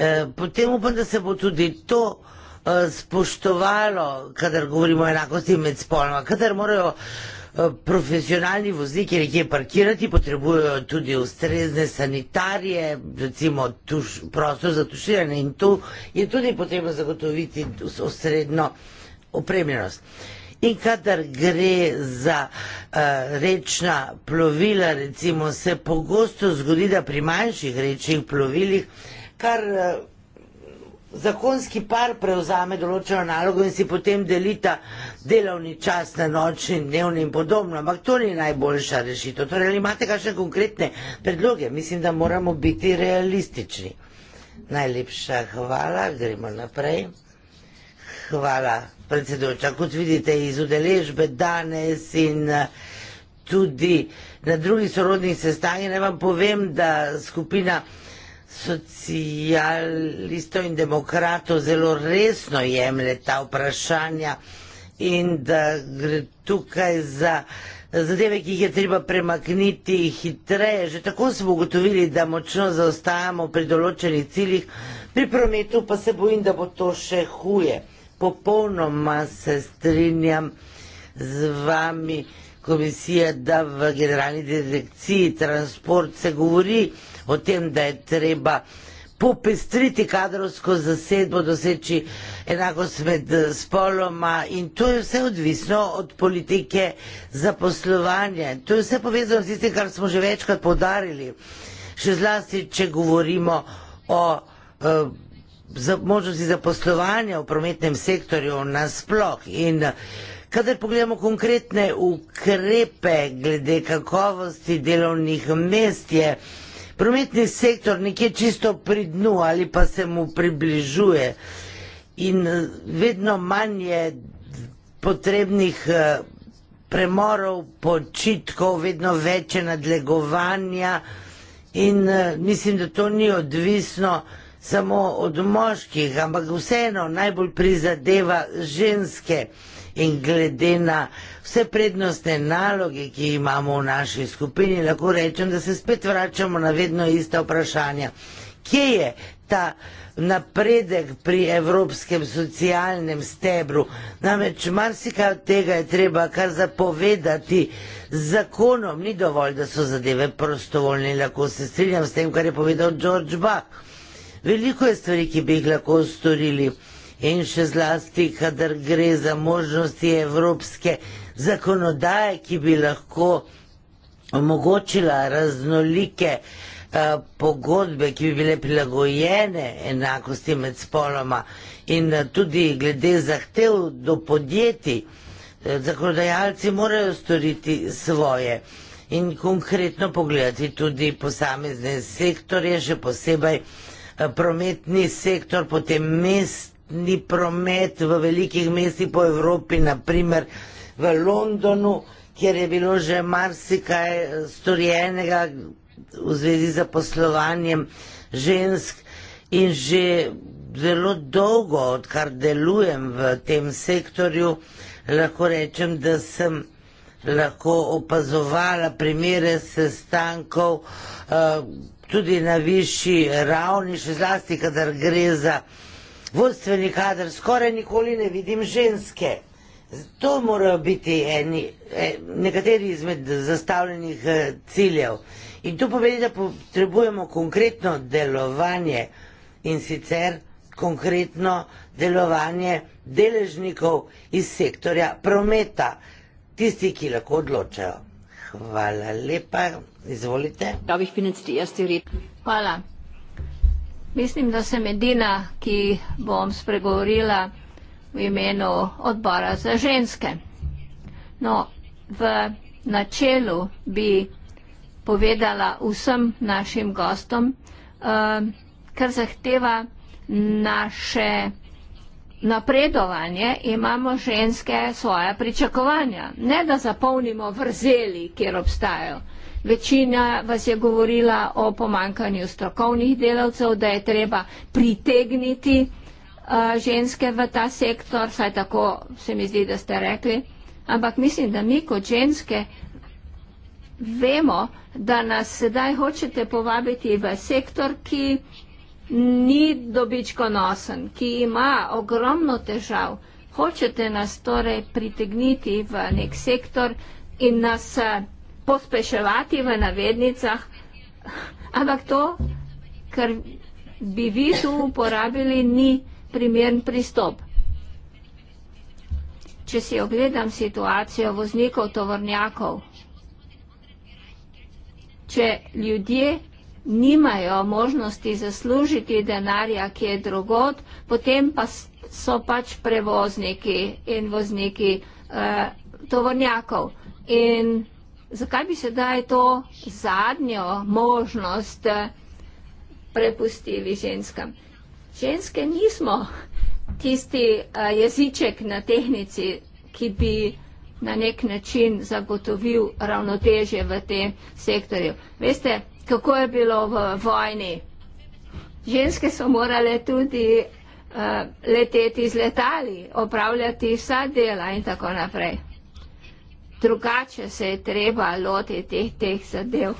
Eh, potem upam, da se bo tudi to eh, spoštovalo, kadar govorimo o enakosti med spoloma, kadar morajo eh, profesionalni vozniki nekje parkirati, potrebujejo tudi ustrezne sanitarije, recimo tuš, prostor za tuširanje in tu je tudi potrebno zagotoviti osredno opremljenost. In kadar gre za uh, rečna plovila, recimo se pogosto zgodi, da pri manjših rečnih plovilih uh, kar eh, zakonski par prevzame določeno nalogo in si potem delita delovni čas na nočni, dnevni in podobno. Ampak to ni najboljša rešitev. Torej, ali imate kakšne konkretne predloge? Mislim, da moramo biti realistični. Najlepša hvala, gremo naprej. Hvala, predsedujoča. Kot vidite iz udeležbe danes in eh, tudi na drugih sorodnih sestanjih, naj vam povem, da skupina socialistov in demokratov zelo resno jemlje ta vprašanja in da gre tukaj za zadeve, ki jih je treba premakniti hitreje. Že tako smo ugotovili, da močno zaostajamo pri določenih ciljih, pri prometu pa se bojim, da bo to še huje. Popolnoma se strinjam z vami, komisija, da v generalni direkciji transport se govori, o tem, da je treba popestriti kadrovsko zasedbo, doseči enakost med eh, spoloma in to je vse odvisno od politike zaposlovanja. To je vse povezano s tistim, kar smo že večkrat podarili, še zlasti, če govorimo o eh, za, možnosti zaposlovanja v prometnem sektorju nasploh. In eh, kadar pogledamo konkretne ukrepe glede kakovosti delovnih mest, je eh, Prometni sektor nekje čisto pri dnu ali pa se mu približuje in eh, vedno manj je potrebnih eh, premorov, počitkov, vedno večje nadlegovanja in eh, mislim, da to ni odvisno samo od moških, ampak vseeno najbolj prizadeva ženske in glede na uh, vse prednostne naloge, ki jih imamo v naši skupini, lahko rečem, da se spet vračamo na vedno ista vprašanja. Kje je ta napredek pri evropskem socialnem stebru? Namreč marsikaj od tega je treba kar zapovedati z zakonom. Ni dovolj, da so zadeve prostovoljne, lahko se strinjam s tem, kar je povedal George Bach. Veliko je stvari, ki bi jih lahko storili in še zlasti, kadar gre za možnosti evropske zakonodaje, ki bi lahko omogočila raznolike eh, pogodbe, ki bi bile prilagojene enakosti med spoloma in eh, tudi glede zahtev do podjetij, eh, zakonodajalci morajo storiti svoje in konkretno pogledati tudi posamezne sektorje, še posebej prometni sektor, potem mest, ni promet v velikih mestih po Evropi, naprimer v Londonu, kjer je bilo že marsikaj storjenega v zvezi z poslovanjem žensk in že zelo dolgo, odkar delujem v tem sektorju, lahko rečem, da sem lahko opazovala primere sestankov eh, tudi na višji ravni, še zlasti, kadar gre za vodstveni kader skoraj nikoli ne vidim ženske. To morajo biti eni, e, nekateri izmed zastavljenih e, ciljev. In to pomeni, da potrebujemo konkretno delovanje in sicer konkretno delovanje deležnikov iz sektorja prometa, tisti, ki lahko odločajo. Hvala lepa, izvolite. Hvala. Mislim, da sem edina, ki bom spregovorila v imenu odbora za ženske. No, v načelu bi povedala vsem našim gostom, eh, kar zahteva naše napredovanje, imamo ženske svoje pričakovanja. Ne, da zapolnimo vrzeli, kjer obstajajo. Večina vas je govorila o pomankanju strokovnih delavcev, da je treba pritegniti eh, ženske v ta sektor, saj tako se mi zdi, da ste rekli. Ampak mislim, da mi kot ženske vemo, da nas sedaj hočete povabiti v sektor, ki ni dobičkonosen, ki ima ogromno težav. Hočete nas torej pritegniti v nek sektor in nas eh, pospeševati v navednicah, ampak to, kar bi vi tu uporabili, ni primern pristop. Če si ogledam situacijo voznikov tovornjakov, če ljudje nimajo možnosti zaslužiti denarja, ki je drugot, potem pa so pač prevozniki in vozniki eh, tovornjakov. In zakaj bi sedaj to zadnjo možnost eh, prepustili ženskam? Ženske nismo tisti eh, jeziček na tehnici, ki bi na nek način zagotovil ravnotežje v tem sektorju. Veste, kako je bilo v vojni? Ženske so morale tudi uh, leteti z letali, opravljati vsa dela in tako naprej drugače se je treba loti teh, teh zadev.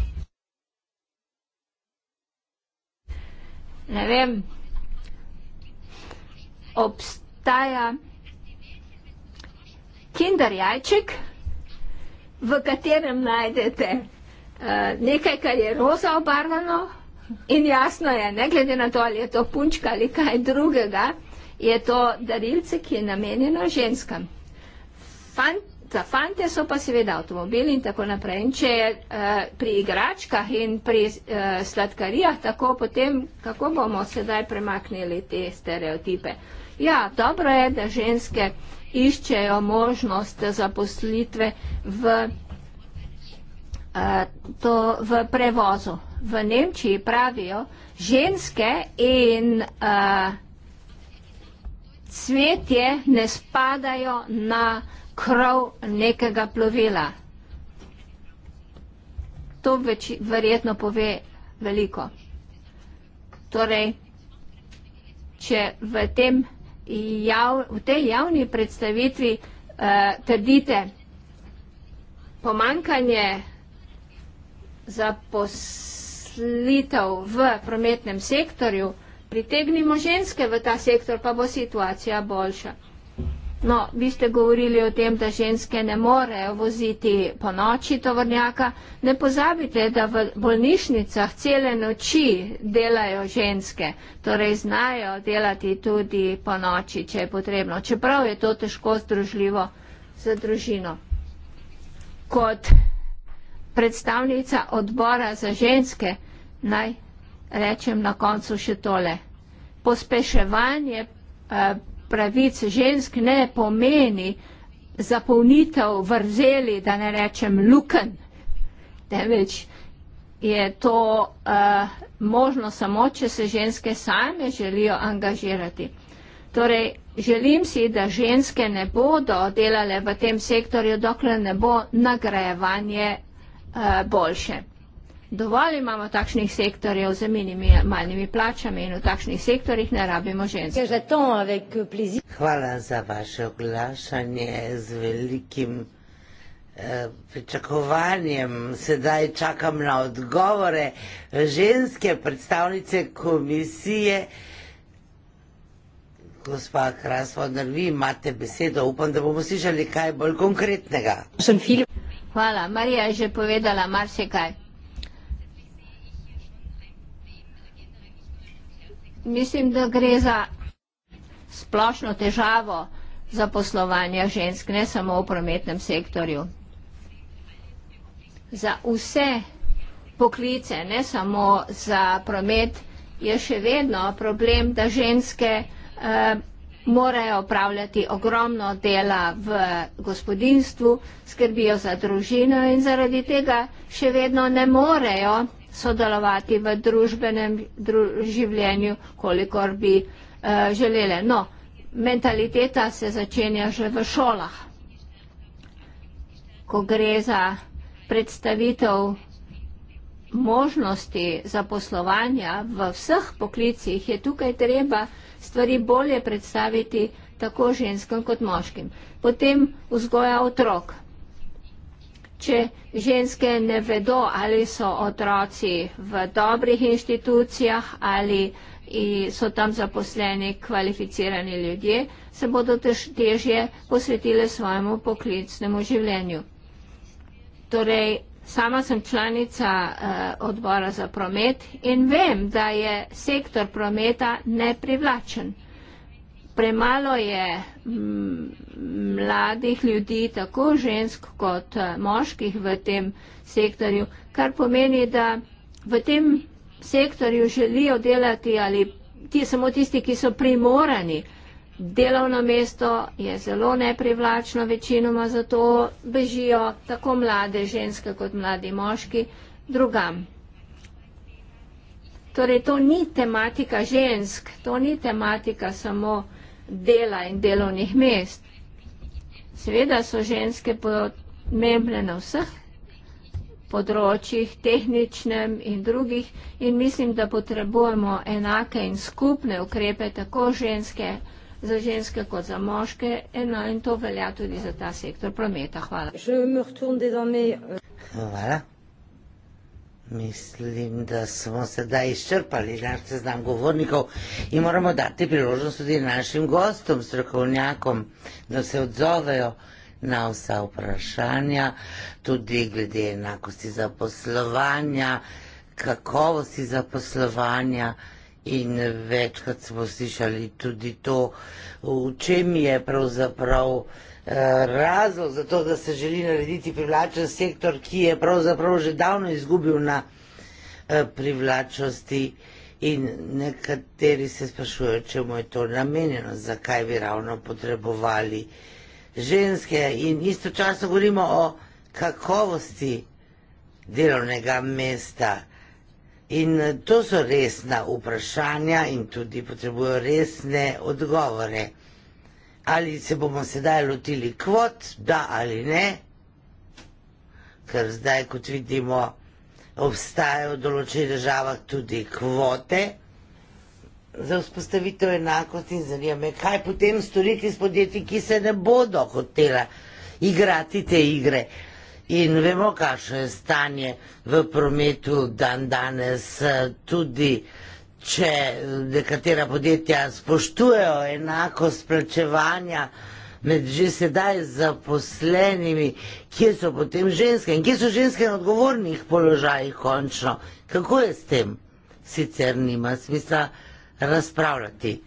Ne vem, obstaja kinder jajček, v katerem najdete uh, nekaj, kar je roza obarvano in jasno je, ne glede na to, ali je to punčka ali kaj drugega, je to darilce, ki je namenjeno ženskam. Fant za fante so pa seveda avtomobili in tako naprej. In če uh, pri igračkah in pri uh, sladkarijah, tako potem, kako bomo sedaj premaknili te stereotipe? Ja, dobro je, da ženske iščejo možnost zaposlitve v, uh, to, v prevozu. V Nemčiji pravijo ženske in uh, cvetje ne spadajo na krov nekega plovila. To več, verjetno pove veliko. Torej, če v, tem jav, v tej javni predstavitvi eh, trdite pomankanje zaposlitev v prometnem sektorju, pritegnimo ženske v ta sektor, pa bo situacija boljša. No, vi ste govorili o tem, da ženske ne morejo voziti po noči tovornjaka. Ne pozabite, da v bolnišnicah cele noči delajo ženske, torej znajo delati tudi po noči, če je potrebno. Čeprav je to težko združljivo za družino. Kot predstavnica odbora za ženske naj rečem na koncu še tole. Pospeševanje. Eh, pravic žensk ne pomeni zapolnitev vrzeli, da ne rečem luken, temveč je to uh, možno samo, če se ženske same želijo angažirati. Torej, želim si, da ženske ne bodo delale v tem sektorju, dokler ne bo nagrajevanje uh, boljše dovolj imamo takšnih sektorjev z minimalnimi plačami in v takšnih sektorjih ne rabimo žensk. Hvala za vaše oglašanje z velikim eh, pričakovanjem. Sedaj čakam na odgovore ženske predstavnice komisije. Gospa Krasvodner, vi imate besedo, upam, da bomo slišali kaj bolj konkretnega. Hvala, Marija je že povedala marsikaj. mislim, da gre za splošno težavo zaposlovanja žensk, ne samo v prometnem sektorju. Za vse poklice, ne samo za promet, je še vedno problem, da ženske eh, morajo opravljati ogromno dela v gospodinstvu, skrbijo za družino in zaradi tega še vedno ne morejo sodelovati v družbenem dru, življenju, kolikor bi eh, želele. No, mentaliteta se začenja že v šolah. Ko gre za predstavitev možnosti zaposlovanja v vseh poklicih, je tukaj treba stvari bolje predstaviti tako ženskim kot moškim. Potem vzgoja otrok če ženske ne vedo, ali so otroci v dobrih inštitucijah ali so tam zaposleni kvalificirani ljudje, se bodo težje posvetile svojemu poklicnemu življenju. Torej, sama sem članica eh, odbora za promet in vem, da je sektor prometa neprivlačen premalo je mm, mladih ljudi, tako žensk kot eh, moških v tem sektorju, kar pomeni, da v tem sektorju želijo delati ali ti, samo tisti, ki so primorani. Delovno mesto je zelo neprivlačno, večinoma zato bežijo tako mlade ženske kot mladi moški drugam. Torej, to ni tematika žensk, to ni tematika samo dela in delovnih mest. Seveda so ženske pomembne na vseh področjih, tehničnem in drugih in mislim, da potrebujemo enake in skupne ukrepe tako ženske, za ženske kot za moške. Eno in to velja tudi za ta sektor prometa. Hvala. Hvala. Euh, Mislim, da smo sedaj izčrpali naš seznam govornikov in moramo dati priložnost tudi našim gostom, strokovnjakom, da se odzovejo na vsa vprašanja, tudi glede enakosti zaposlovanja, kakovosti zaposlovanja in večkrat smo slišali tudi to, v čem je pravzaprav razlog za to, da se želi narediti privlačen sektor, ki je pravzaprav že davno izgubil na eh, privlačnosti in nekateri se sprašujejo, čemu je to namenjeno, zakaj bi ravno potrebovali ženske in istočasno govorimo o kakovosti delovnega mesta. In eh, to so resna vprašanja in tudi potrebujo resne odgovore ali se bomo sedaj lotili kvot, da ali ne, ker zdaj, kot vidimo, obstajajo v določenih državah tudi kvote za vzpostavitev enakosti in zanima me, kaj potem storiti s podjetji, ki se ne bodo hotela igrati te igre. In vemo, kakšno je stanje v prometu dan danes tudi če nekatera podjetja spoštujejo enako splačevanja med že sedaj zaposlenimi, kje so potem ženske in kje so ženske na odgovornih položajih končno. Kako je s tem? Sicer nima smisla razpravljati.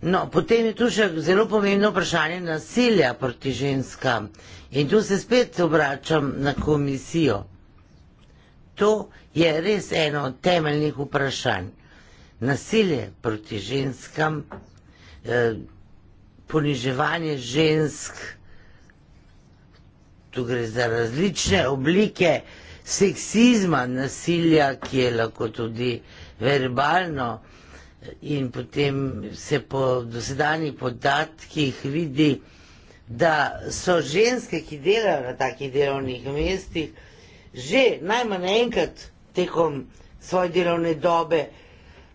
No, potem je tu še zelo pomembno vprašanje nasilja proti ženskam in tu se spet obračam na komisijo to je res eno od temeljnih vprašanj. Nasilje proti ženskam, eh, poniževanje žensk, tu gre za različne oblike seksizma, nasilja, ki je lahko tudi verbalno in potem se po dosedanjih podatkih vidi, da so ženske, ki delajo na takih delovnih mestih, že najmanj enkrat tekom svoje delovne dobe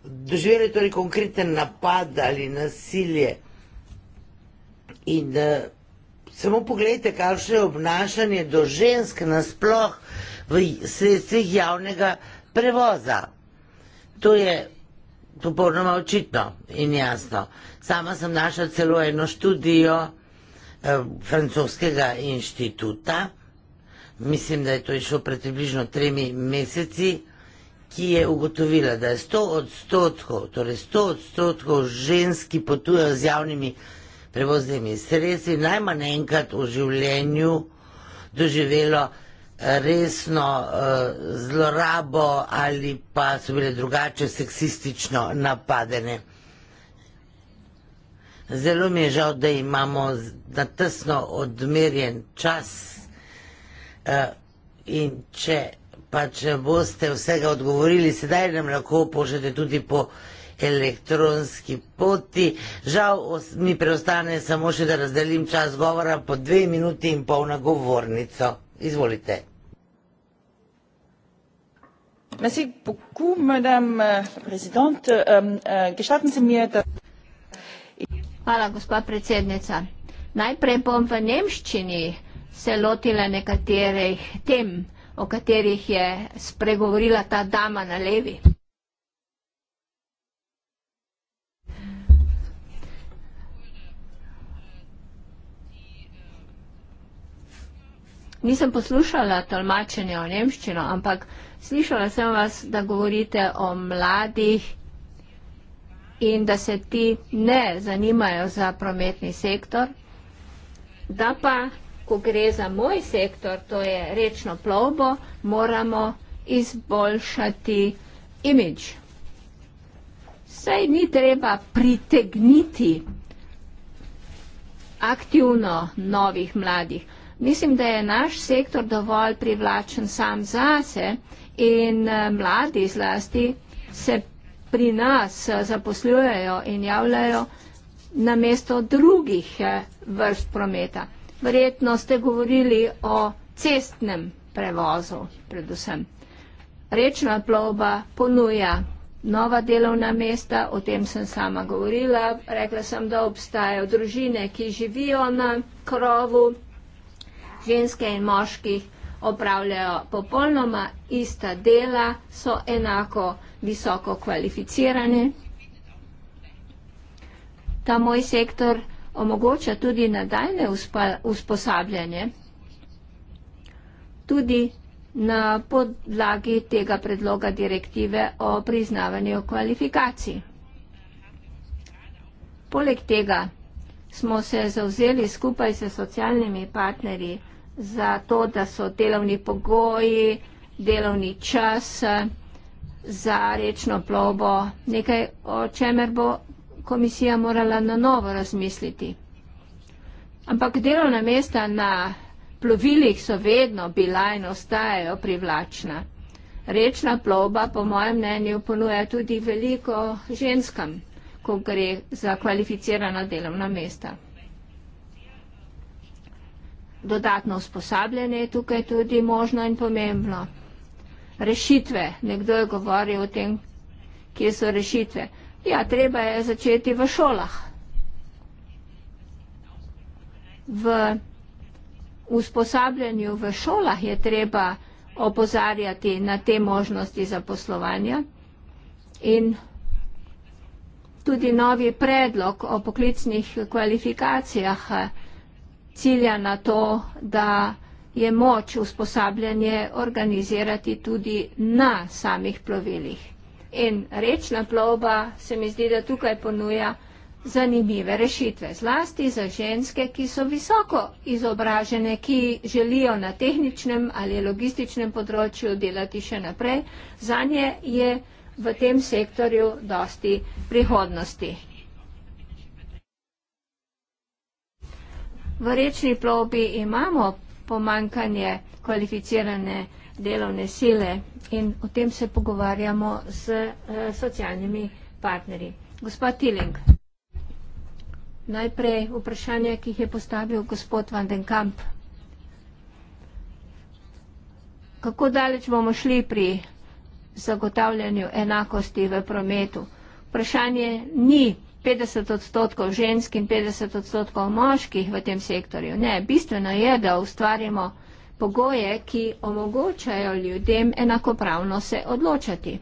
doživeli torej konkreten napad ali nasilje. In uh, samo pogledajte, kakšno je obnašanje do žensk nasploh v sredstvih javnega prevoza. To je popolnoma očitno in jasno. Sama sem našla celo eno študijo uh, francoskega inštituta, mislim, da je to išlo pred približno tremi meseci, ki je ugotovila, da je 100 odstotkov, torej 100 odstotkov žensk, ki potujejo z javnimi prevoznimi sredstvi, najmanj enkrat v življenju doživelo eh, resno uh, zlorabo ali pa so bile drugače seksistično napadene. Zelo mi je žal, da imamo na tesno odmerjen čas. Eh, in če pač boste vsega odgovorili, sedaj nam lahko pošljete tudi po elektronski poti. Žal mi preostane samo še, da razdelim čas govora po dve minuti in pol na govornico. Izvolite. Merci beaucoup, madame eh, la présidente. Eh, gestatten Sie mir, dass... Hvala, gospa predsednica. Najprej bom v Nemščini se lotila nekaterih tem, o katerih je spregovorila ta dama na levi. Nisem poslušala tolmačenja o nemščino, ampak slišala sem vas, da govorite o mladih in da se ti ne zanimajo za prometni sektor, da pa ko gre za moj sektor, to je rečno plovbo, moramo izboljšati imidž. Saj ni treba pritegniti aktivno novih mladih. Mislim, da je naš sektor dovolj privlačen sam zase in eh, mladi zlasti se pri nas eh, zaposlujejo in javljajo na mesto drugih eh, vrst prometa. Verjetno ste govorili o cestnem prevozu, predvsem. Rečna plovba ponuja nova delovna mesta, o tem sem sama govorila. Rekla sem, da obstajajo družine, ki živijo na krovu, ženske in moški opravljajo popolnoma ista dela, so enako visoko kvalificirane. Ta moj sektor omogoča tudi nadaljne usposabljanje, tudi na podlagi tega predloga direktive o priznavanju kvalifikacij. Poleg tega smo se zauzeli skupaj s socialnimi partnerji za to, da so delovni pogoji, delovni čas za rečno plovbo nekaj, o čemer bo komisija morala na novo razmisliti. Ampak delovna mesta na plovilih so vedno bila in ostajajo privlačna. Rečna ploba, po mojem mnenju, ponuja tudi veliko ženskam, ko gre za kvalificirana delovna mesta. Dodatno usposabljanje je tukaj tudi možno in pomembno. Rešitve, nekdo je govoril o tem, kje so rešitve. Ja, treba je začeti v šolah. V usposabljanju v šolah je treba opozarjati na te možnosti zaposlovanja in tudi novi predlog o poklicnih kvalifikacijah cilja na to, da je moč usposabljanje organizirati tudi na samih plovilih in rečna ploba se mi zdi, da tukaj ponuja zanimive rešitve, zlasti za ženske, ki so visoko izobražene, ki želijo na tehničnem ali logističnem področju delati še naprej. Za nje je v tem sektorju dosti prihodnosti. V rečni plobi imamo pomankanje kvalificirane delovne sile in o tem se pogovarjamo s eh, socialnimi partnerji. Gospod Tiling, najprej vprašanje, ki jih je postavil gospod Vandenkamp. Kako daleč bomo šli pri zagotavljanju enakosti v prometu? Vprašanje ni 50 odstotkov žensk in 50 odstotkov moških v tem sektorju. Ne, bistveno je, da ustvarimo enakosti pogoje, ki omogočajo ljudem enakopravno se odločati.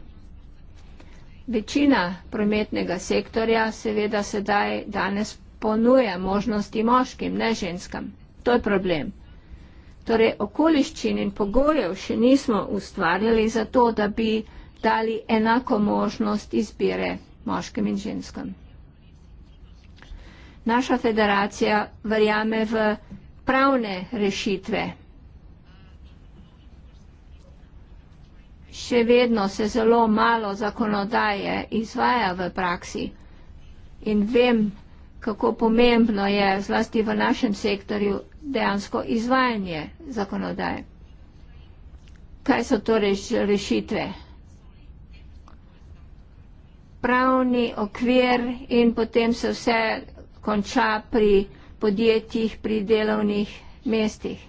Večina prometnega sektorja seveda sedaj danes ponuja možnosti moškim, ne ženskam. To je problem. Torej, okoliščin in pogojev še nismo ustvarjali za to, da bi dali enako možnost izbire moškim in ženskam. Naša federacija verjame v pravne rešitve še vedno se zelo malo zakonodaje izvaja v praksi in vem, kako pomembno je zlasti v našem sektorju dejansko izvajanje zakonodaje. Kaj so torej rešitve? Pravni okvir in potem se vse konča pri podjetjih, pri delovnih mestih.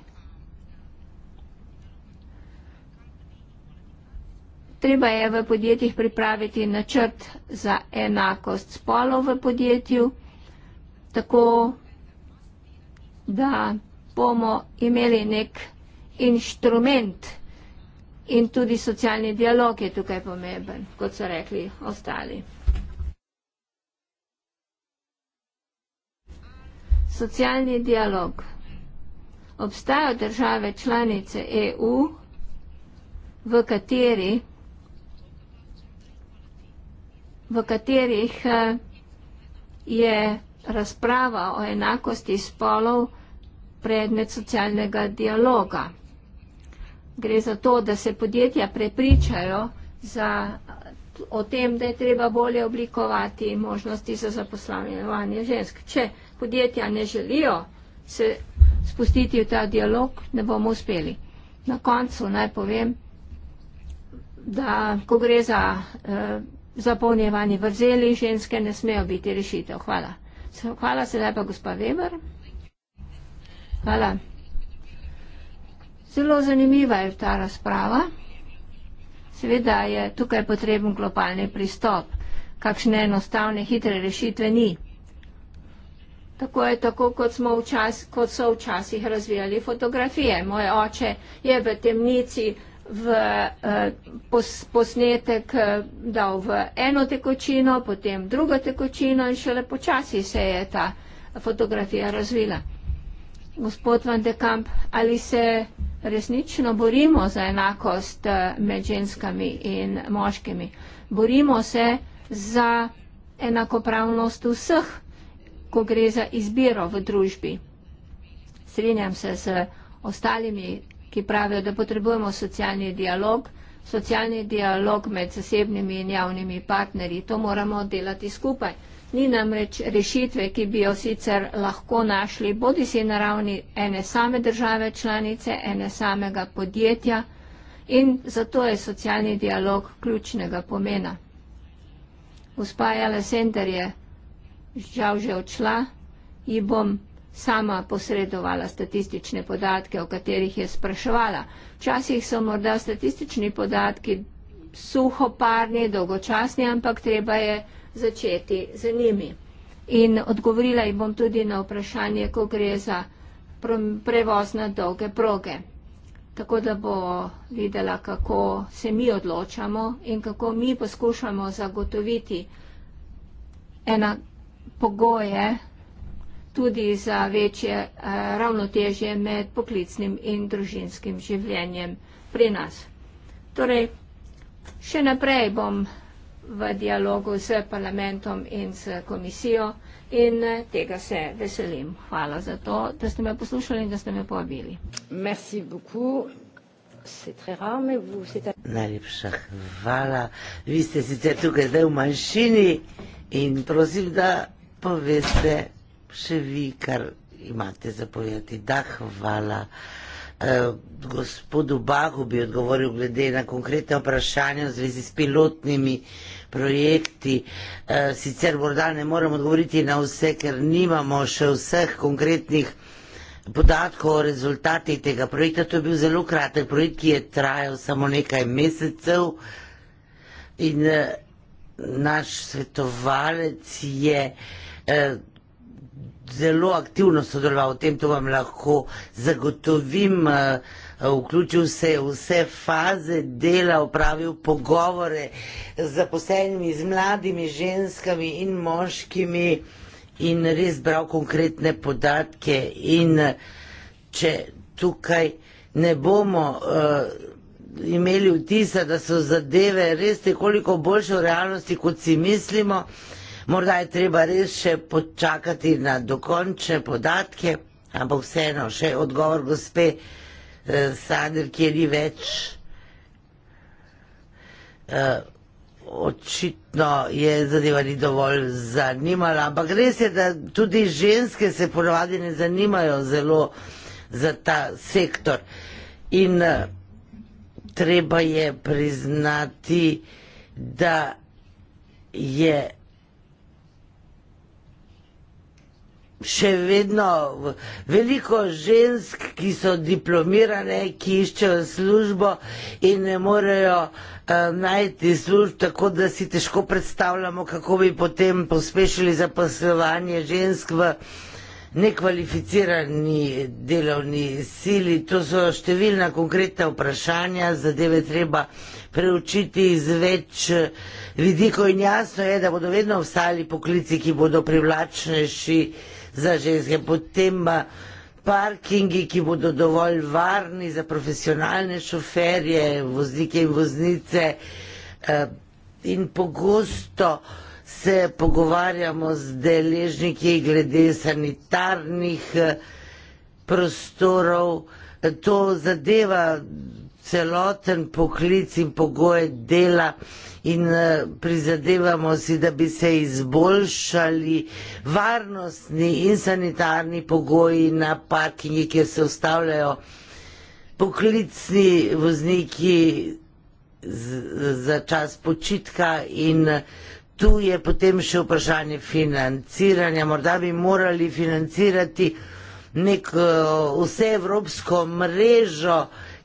Treba je v podjetjih pripraviti načrt za enakost spolov v podjetju, tako da bomo imeli nek inštrument in tudi socialni dialog je tukaj pomemben, kot so rekli ostali. Socialni dialog. Obstajajo države članice EU, v kateri v katerih eh, je razprava o enakosti spolov predmet socialnega dialoga. Gre za to, da se podjetja prepričajo za, o tem, da je treba bolje oblikovati možnosti za zaposlovanje žensk. Če podjetja ne želijo se spustiti v ta dialog, ne bomo uspeli. Na koncu naj povem, da ko gre za eh, zapolnjevanje vrzeli, ženske ne smejo biti rešitev. Hvala. Hvala se lepa, gospa Weber. Hvala. Zelo zanimiva je ta razprava. Seveda je tukaj potreben globalni pristop, kakšne enostavne, hitre rešitve ni. Tako je tako, kot, včas, kot so včasih razvijali fotografije. Moj oče je v temnici v, uh, pos, posnetek uh, dal v eno tekočino, potem drugo tekočino in šele počasi se je ta fotografija razvila. Gospod Van de Kamp, ali se resnično borimo za enakost eh, med ženskami in moškimi? Borimo se za enakopravnost vseh, ko gre za izbiro v družbi. Srinjam se z ostalimi ki pravijo, da potrebujemo socialni dialog, socialni dialog med zasebnimi in javnimi partnerji. To moramo delati skupaj. Ni namreč rešitve, ki bi jo sicer lahko našli, bodi si na ravni ene same države članice, ene samega podjetja in zato je socialni dialog ključnega pomena. Gospa Jale Sender je žal že odšla, ji bom sama posredovala statistične podatke, o katerih je spraševala. Včasih so morda statistični podatki suhoparni, dolgočasni, ampak treba je začeti z njimi. In odgovorila jim bom tudi na vprašanje, ko gre za prevoz na dolge proge. Tako da bo videla, kako se mi odločamo in kako mi poskušamo zagotoviti ena pogoje, tudi za večje eh, ravnotežje med poklicnim in družinskim življenjem pri nas. Torej, še naprej bom v dialogu z parlamentom in z komisijo in eh, tega se veselim. Hvala za to, da ste me poslušali in da ste me povabili. Merci beaucoup. C'est très rare, mais vous, c'est un... Najlepša hvala. Vi ste sicer tukaj zdaj v manjšini in prosim, da poveste še vi, kar imate za povedati. Da, hvala. Uh, gospodu Bahu bi odgovoril glede na konkretne vprašanja v zvezi s pilotnimi projekti. Uh, sicer morda ne moram odgovoriti na vse, ker nimamo še vseh konkretnih podatkov o rezultatih tega projekta. To je bil zelo kratek projekt, ki je trajal samo nekaj mesecev. In uh, naš svetovalec je uh, zelo aktivno sodeloval v tem, to vam lahko zagotovim. Eh, vključil se je vse faze dela, upravil pogovore z zaposlenimi, z mladimi ženskami in moškimi in res bral konkretne podatke. In če tukaj ne bomo uh, imeli vtisa, da so zadeve res nekoliko boljše v realnosti, kot si mislimo, uh, Morda je treba res še počakati na dokončne podatke, ampak vseeno še odgovor gospe eh, Sadr, kjer je več. Eh, očitno je zadeva ni dovolj zanimala, ampak res je, da tudi ženske se ponovadi ne zanimajo zelo za ta sektor. In eh, treba je priznati, da je še vedno veliko žensk, ki so diplomirane, ki iščejo službo in ne morejo uh, najti služb, tako da si težko predstavljamo, kako bi potem pospešili zaposlovanje žensk v nekvalificirani delovni sili. To so številna konkretna vprašanja, zadeve treba preučiti iz več eh, vidikov in jasno je, da bodo vedno vstali poklici, ki bodo privlačnejši za ženske, potem pa parkingi, ki bodo dovolj varni za profesionalne šoferje, voznike in voznice. Eh, in pogosto se pogovarjamo z deležniki glede sanitarnih eh, prostorov. To zadeva celoten poklic in pogoje dela in eh, prizadevamo si, da bi se izboljšali varnostni in sanitarni pogoji na parkingih, kjer se ustavljajo poklicni vozniki za čas počitka in eh, tu je potem še vprašanje financiranja. Morda bi morali financirati neko eh, vseevropsko mrežo,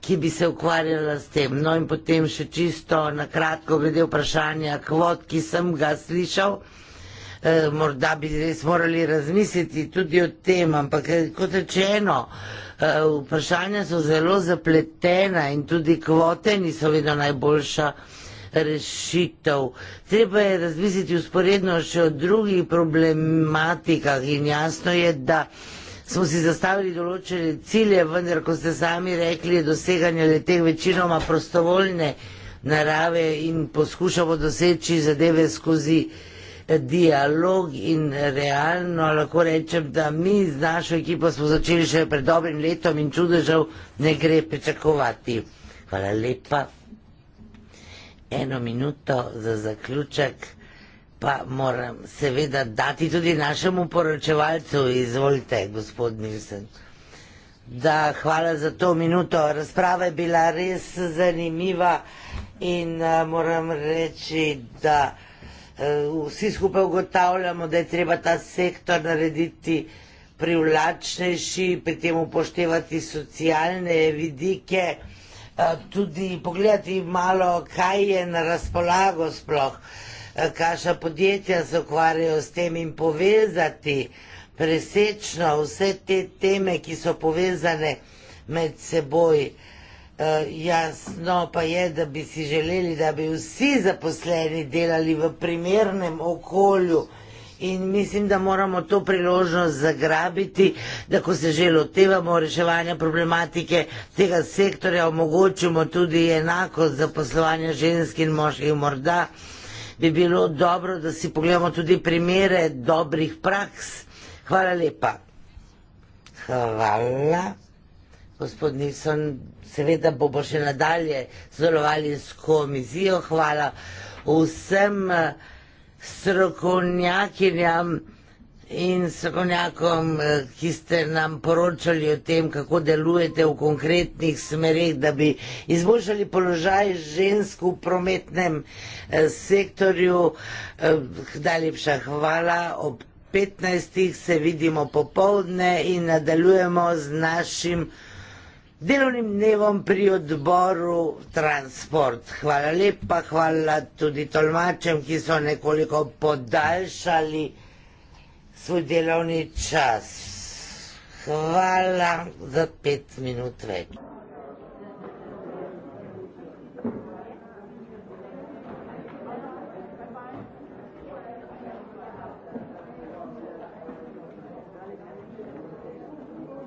ki bi se ukvarjala s tem. No in potem še čisto na kratko glede vprašanja kvot, ki sem ga slišal. E, morda bi res morali razmisliti tudi o tem, ampak eh, kot rečeno, e, vprašanja so zelo zapletena in tudi kvote niso vedno najboljša rešitev. Treba je razmisliti usporedno še o drugih problematikah in jasno je, da smo si zastavili določene cilje, vendar, kot ste sami rekli, je doseganje le teh večinoma prostovoljne narave in poskušamo doseči zadeve skozi eh, dialog in eh, realno lahko rečem, da mi z našo ekipo smo začeli še pred dobrim letom in čudežev ne gre pričakovati. Hvala lepa. Eno minuto za zaključek pa moram seveda dati tudi našemu poročevalcu, izvolite, gospod Nilsen. Da, hvala za to minuto. Razprava je bila res zanimiva in uh, moram reči, da uh, vsi skupaj ugotavljamo, da je treba ta sektor narediti privlačnejši, pri tem upoštevati socialne vidike, uh, tudi pogledati malo, kaj je na razpolago sploh. Uh, Eh, kaša podjetja se ukvarjajo s tem in povezati presečno vse te teme, ki so povezane med seboj. Eh, jasno pa je, da bi si želeli, da bi vsi zaposleni delali v primernem okolju in mislim, da moramo to priložnost zagrabiti, da ko se že lotevamo reševanja problematike tega sektorja, omogočimo tudi enako zaposlovanje ženskih in moških morda bi bilo dobro, da si pogledamo tudi primere dobrih praks. Hvala lepa. Hvala. Gospod Nilsson, seveda bomo še nadalje sodelovali s komisijo. Hvala vsem eh, strokovnjakinjam in strokovnjakom, eh, ki ste nam poročali o tem, kako delujete v konkretnih smerih, da bi izboljšali položaj žensk v prometnem eh, sektorju. Eh, najlepša hvala. Ob 15. se vidimo popovdne in nadaljujemo z našim delovnim dnevom pri odboru transport. Hvala lepa, hvala tudi tolmačem, ki so nekoliko podaljšali svoj delovni čas. Hvala za pet minut več.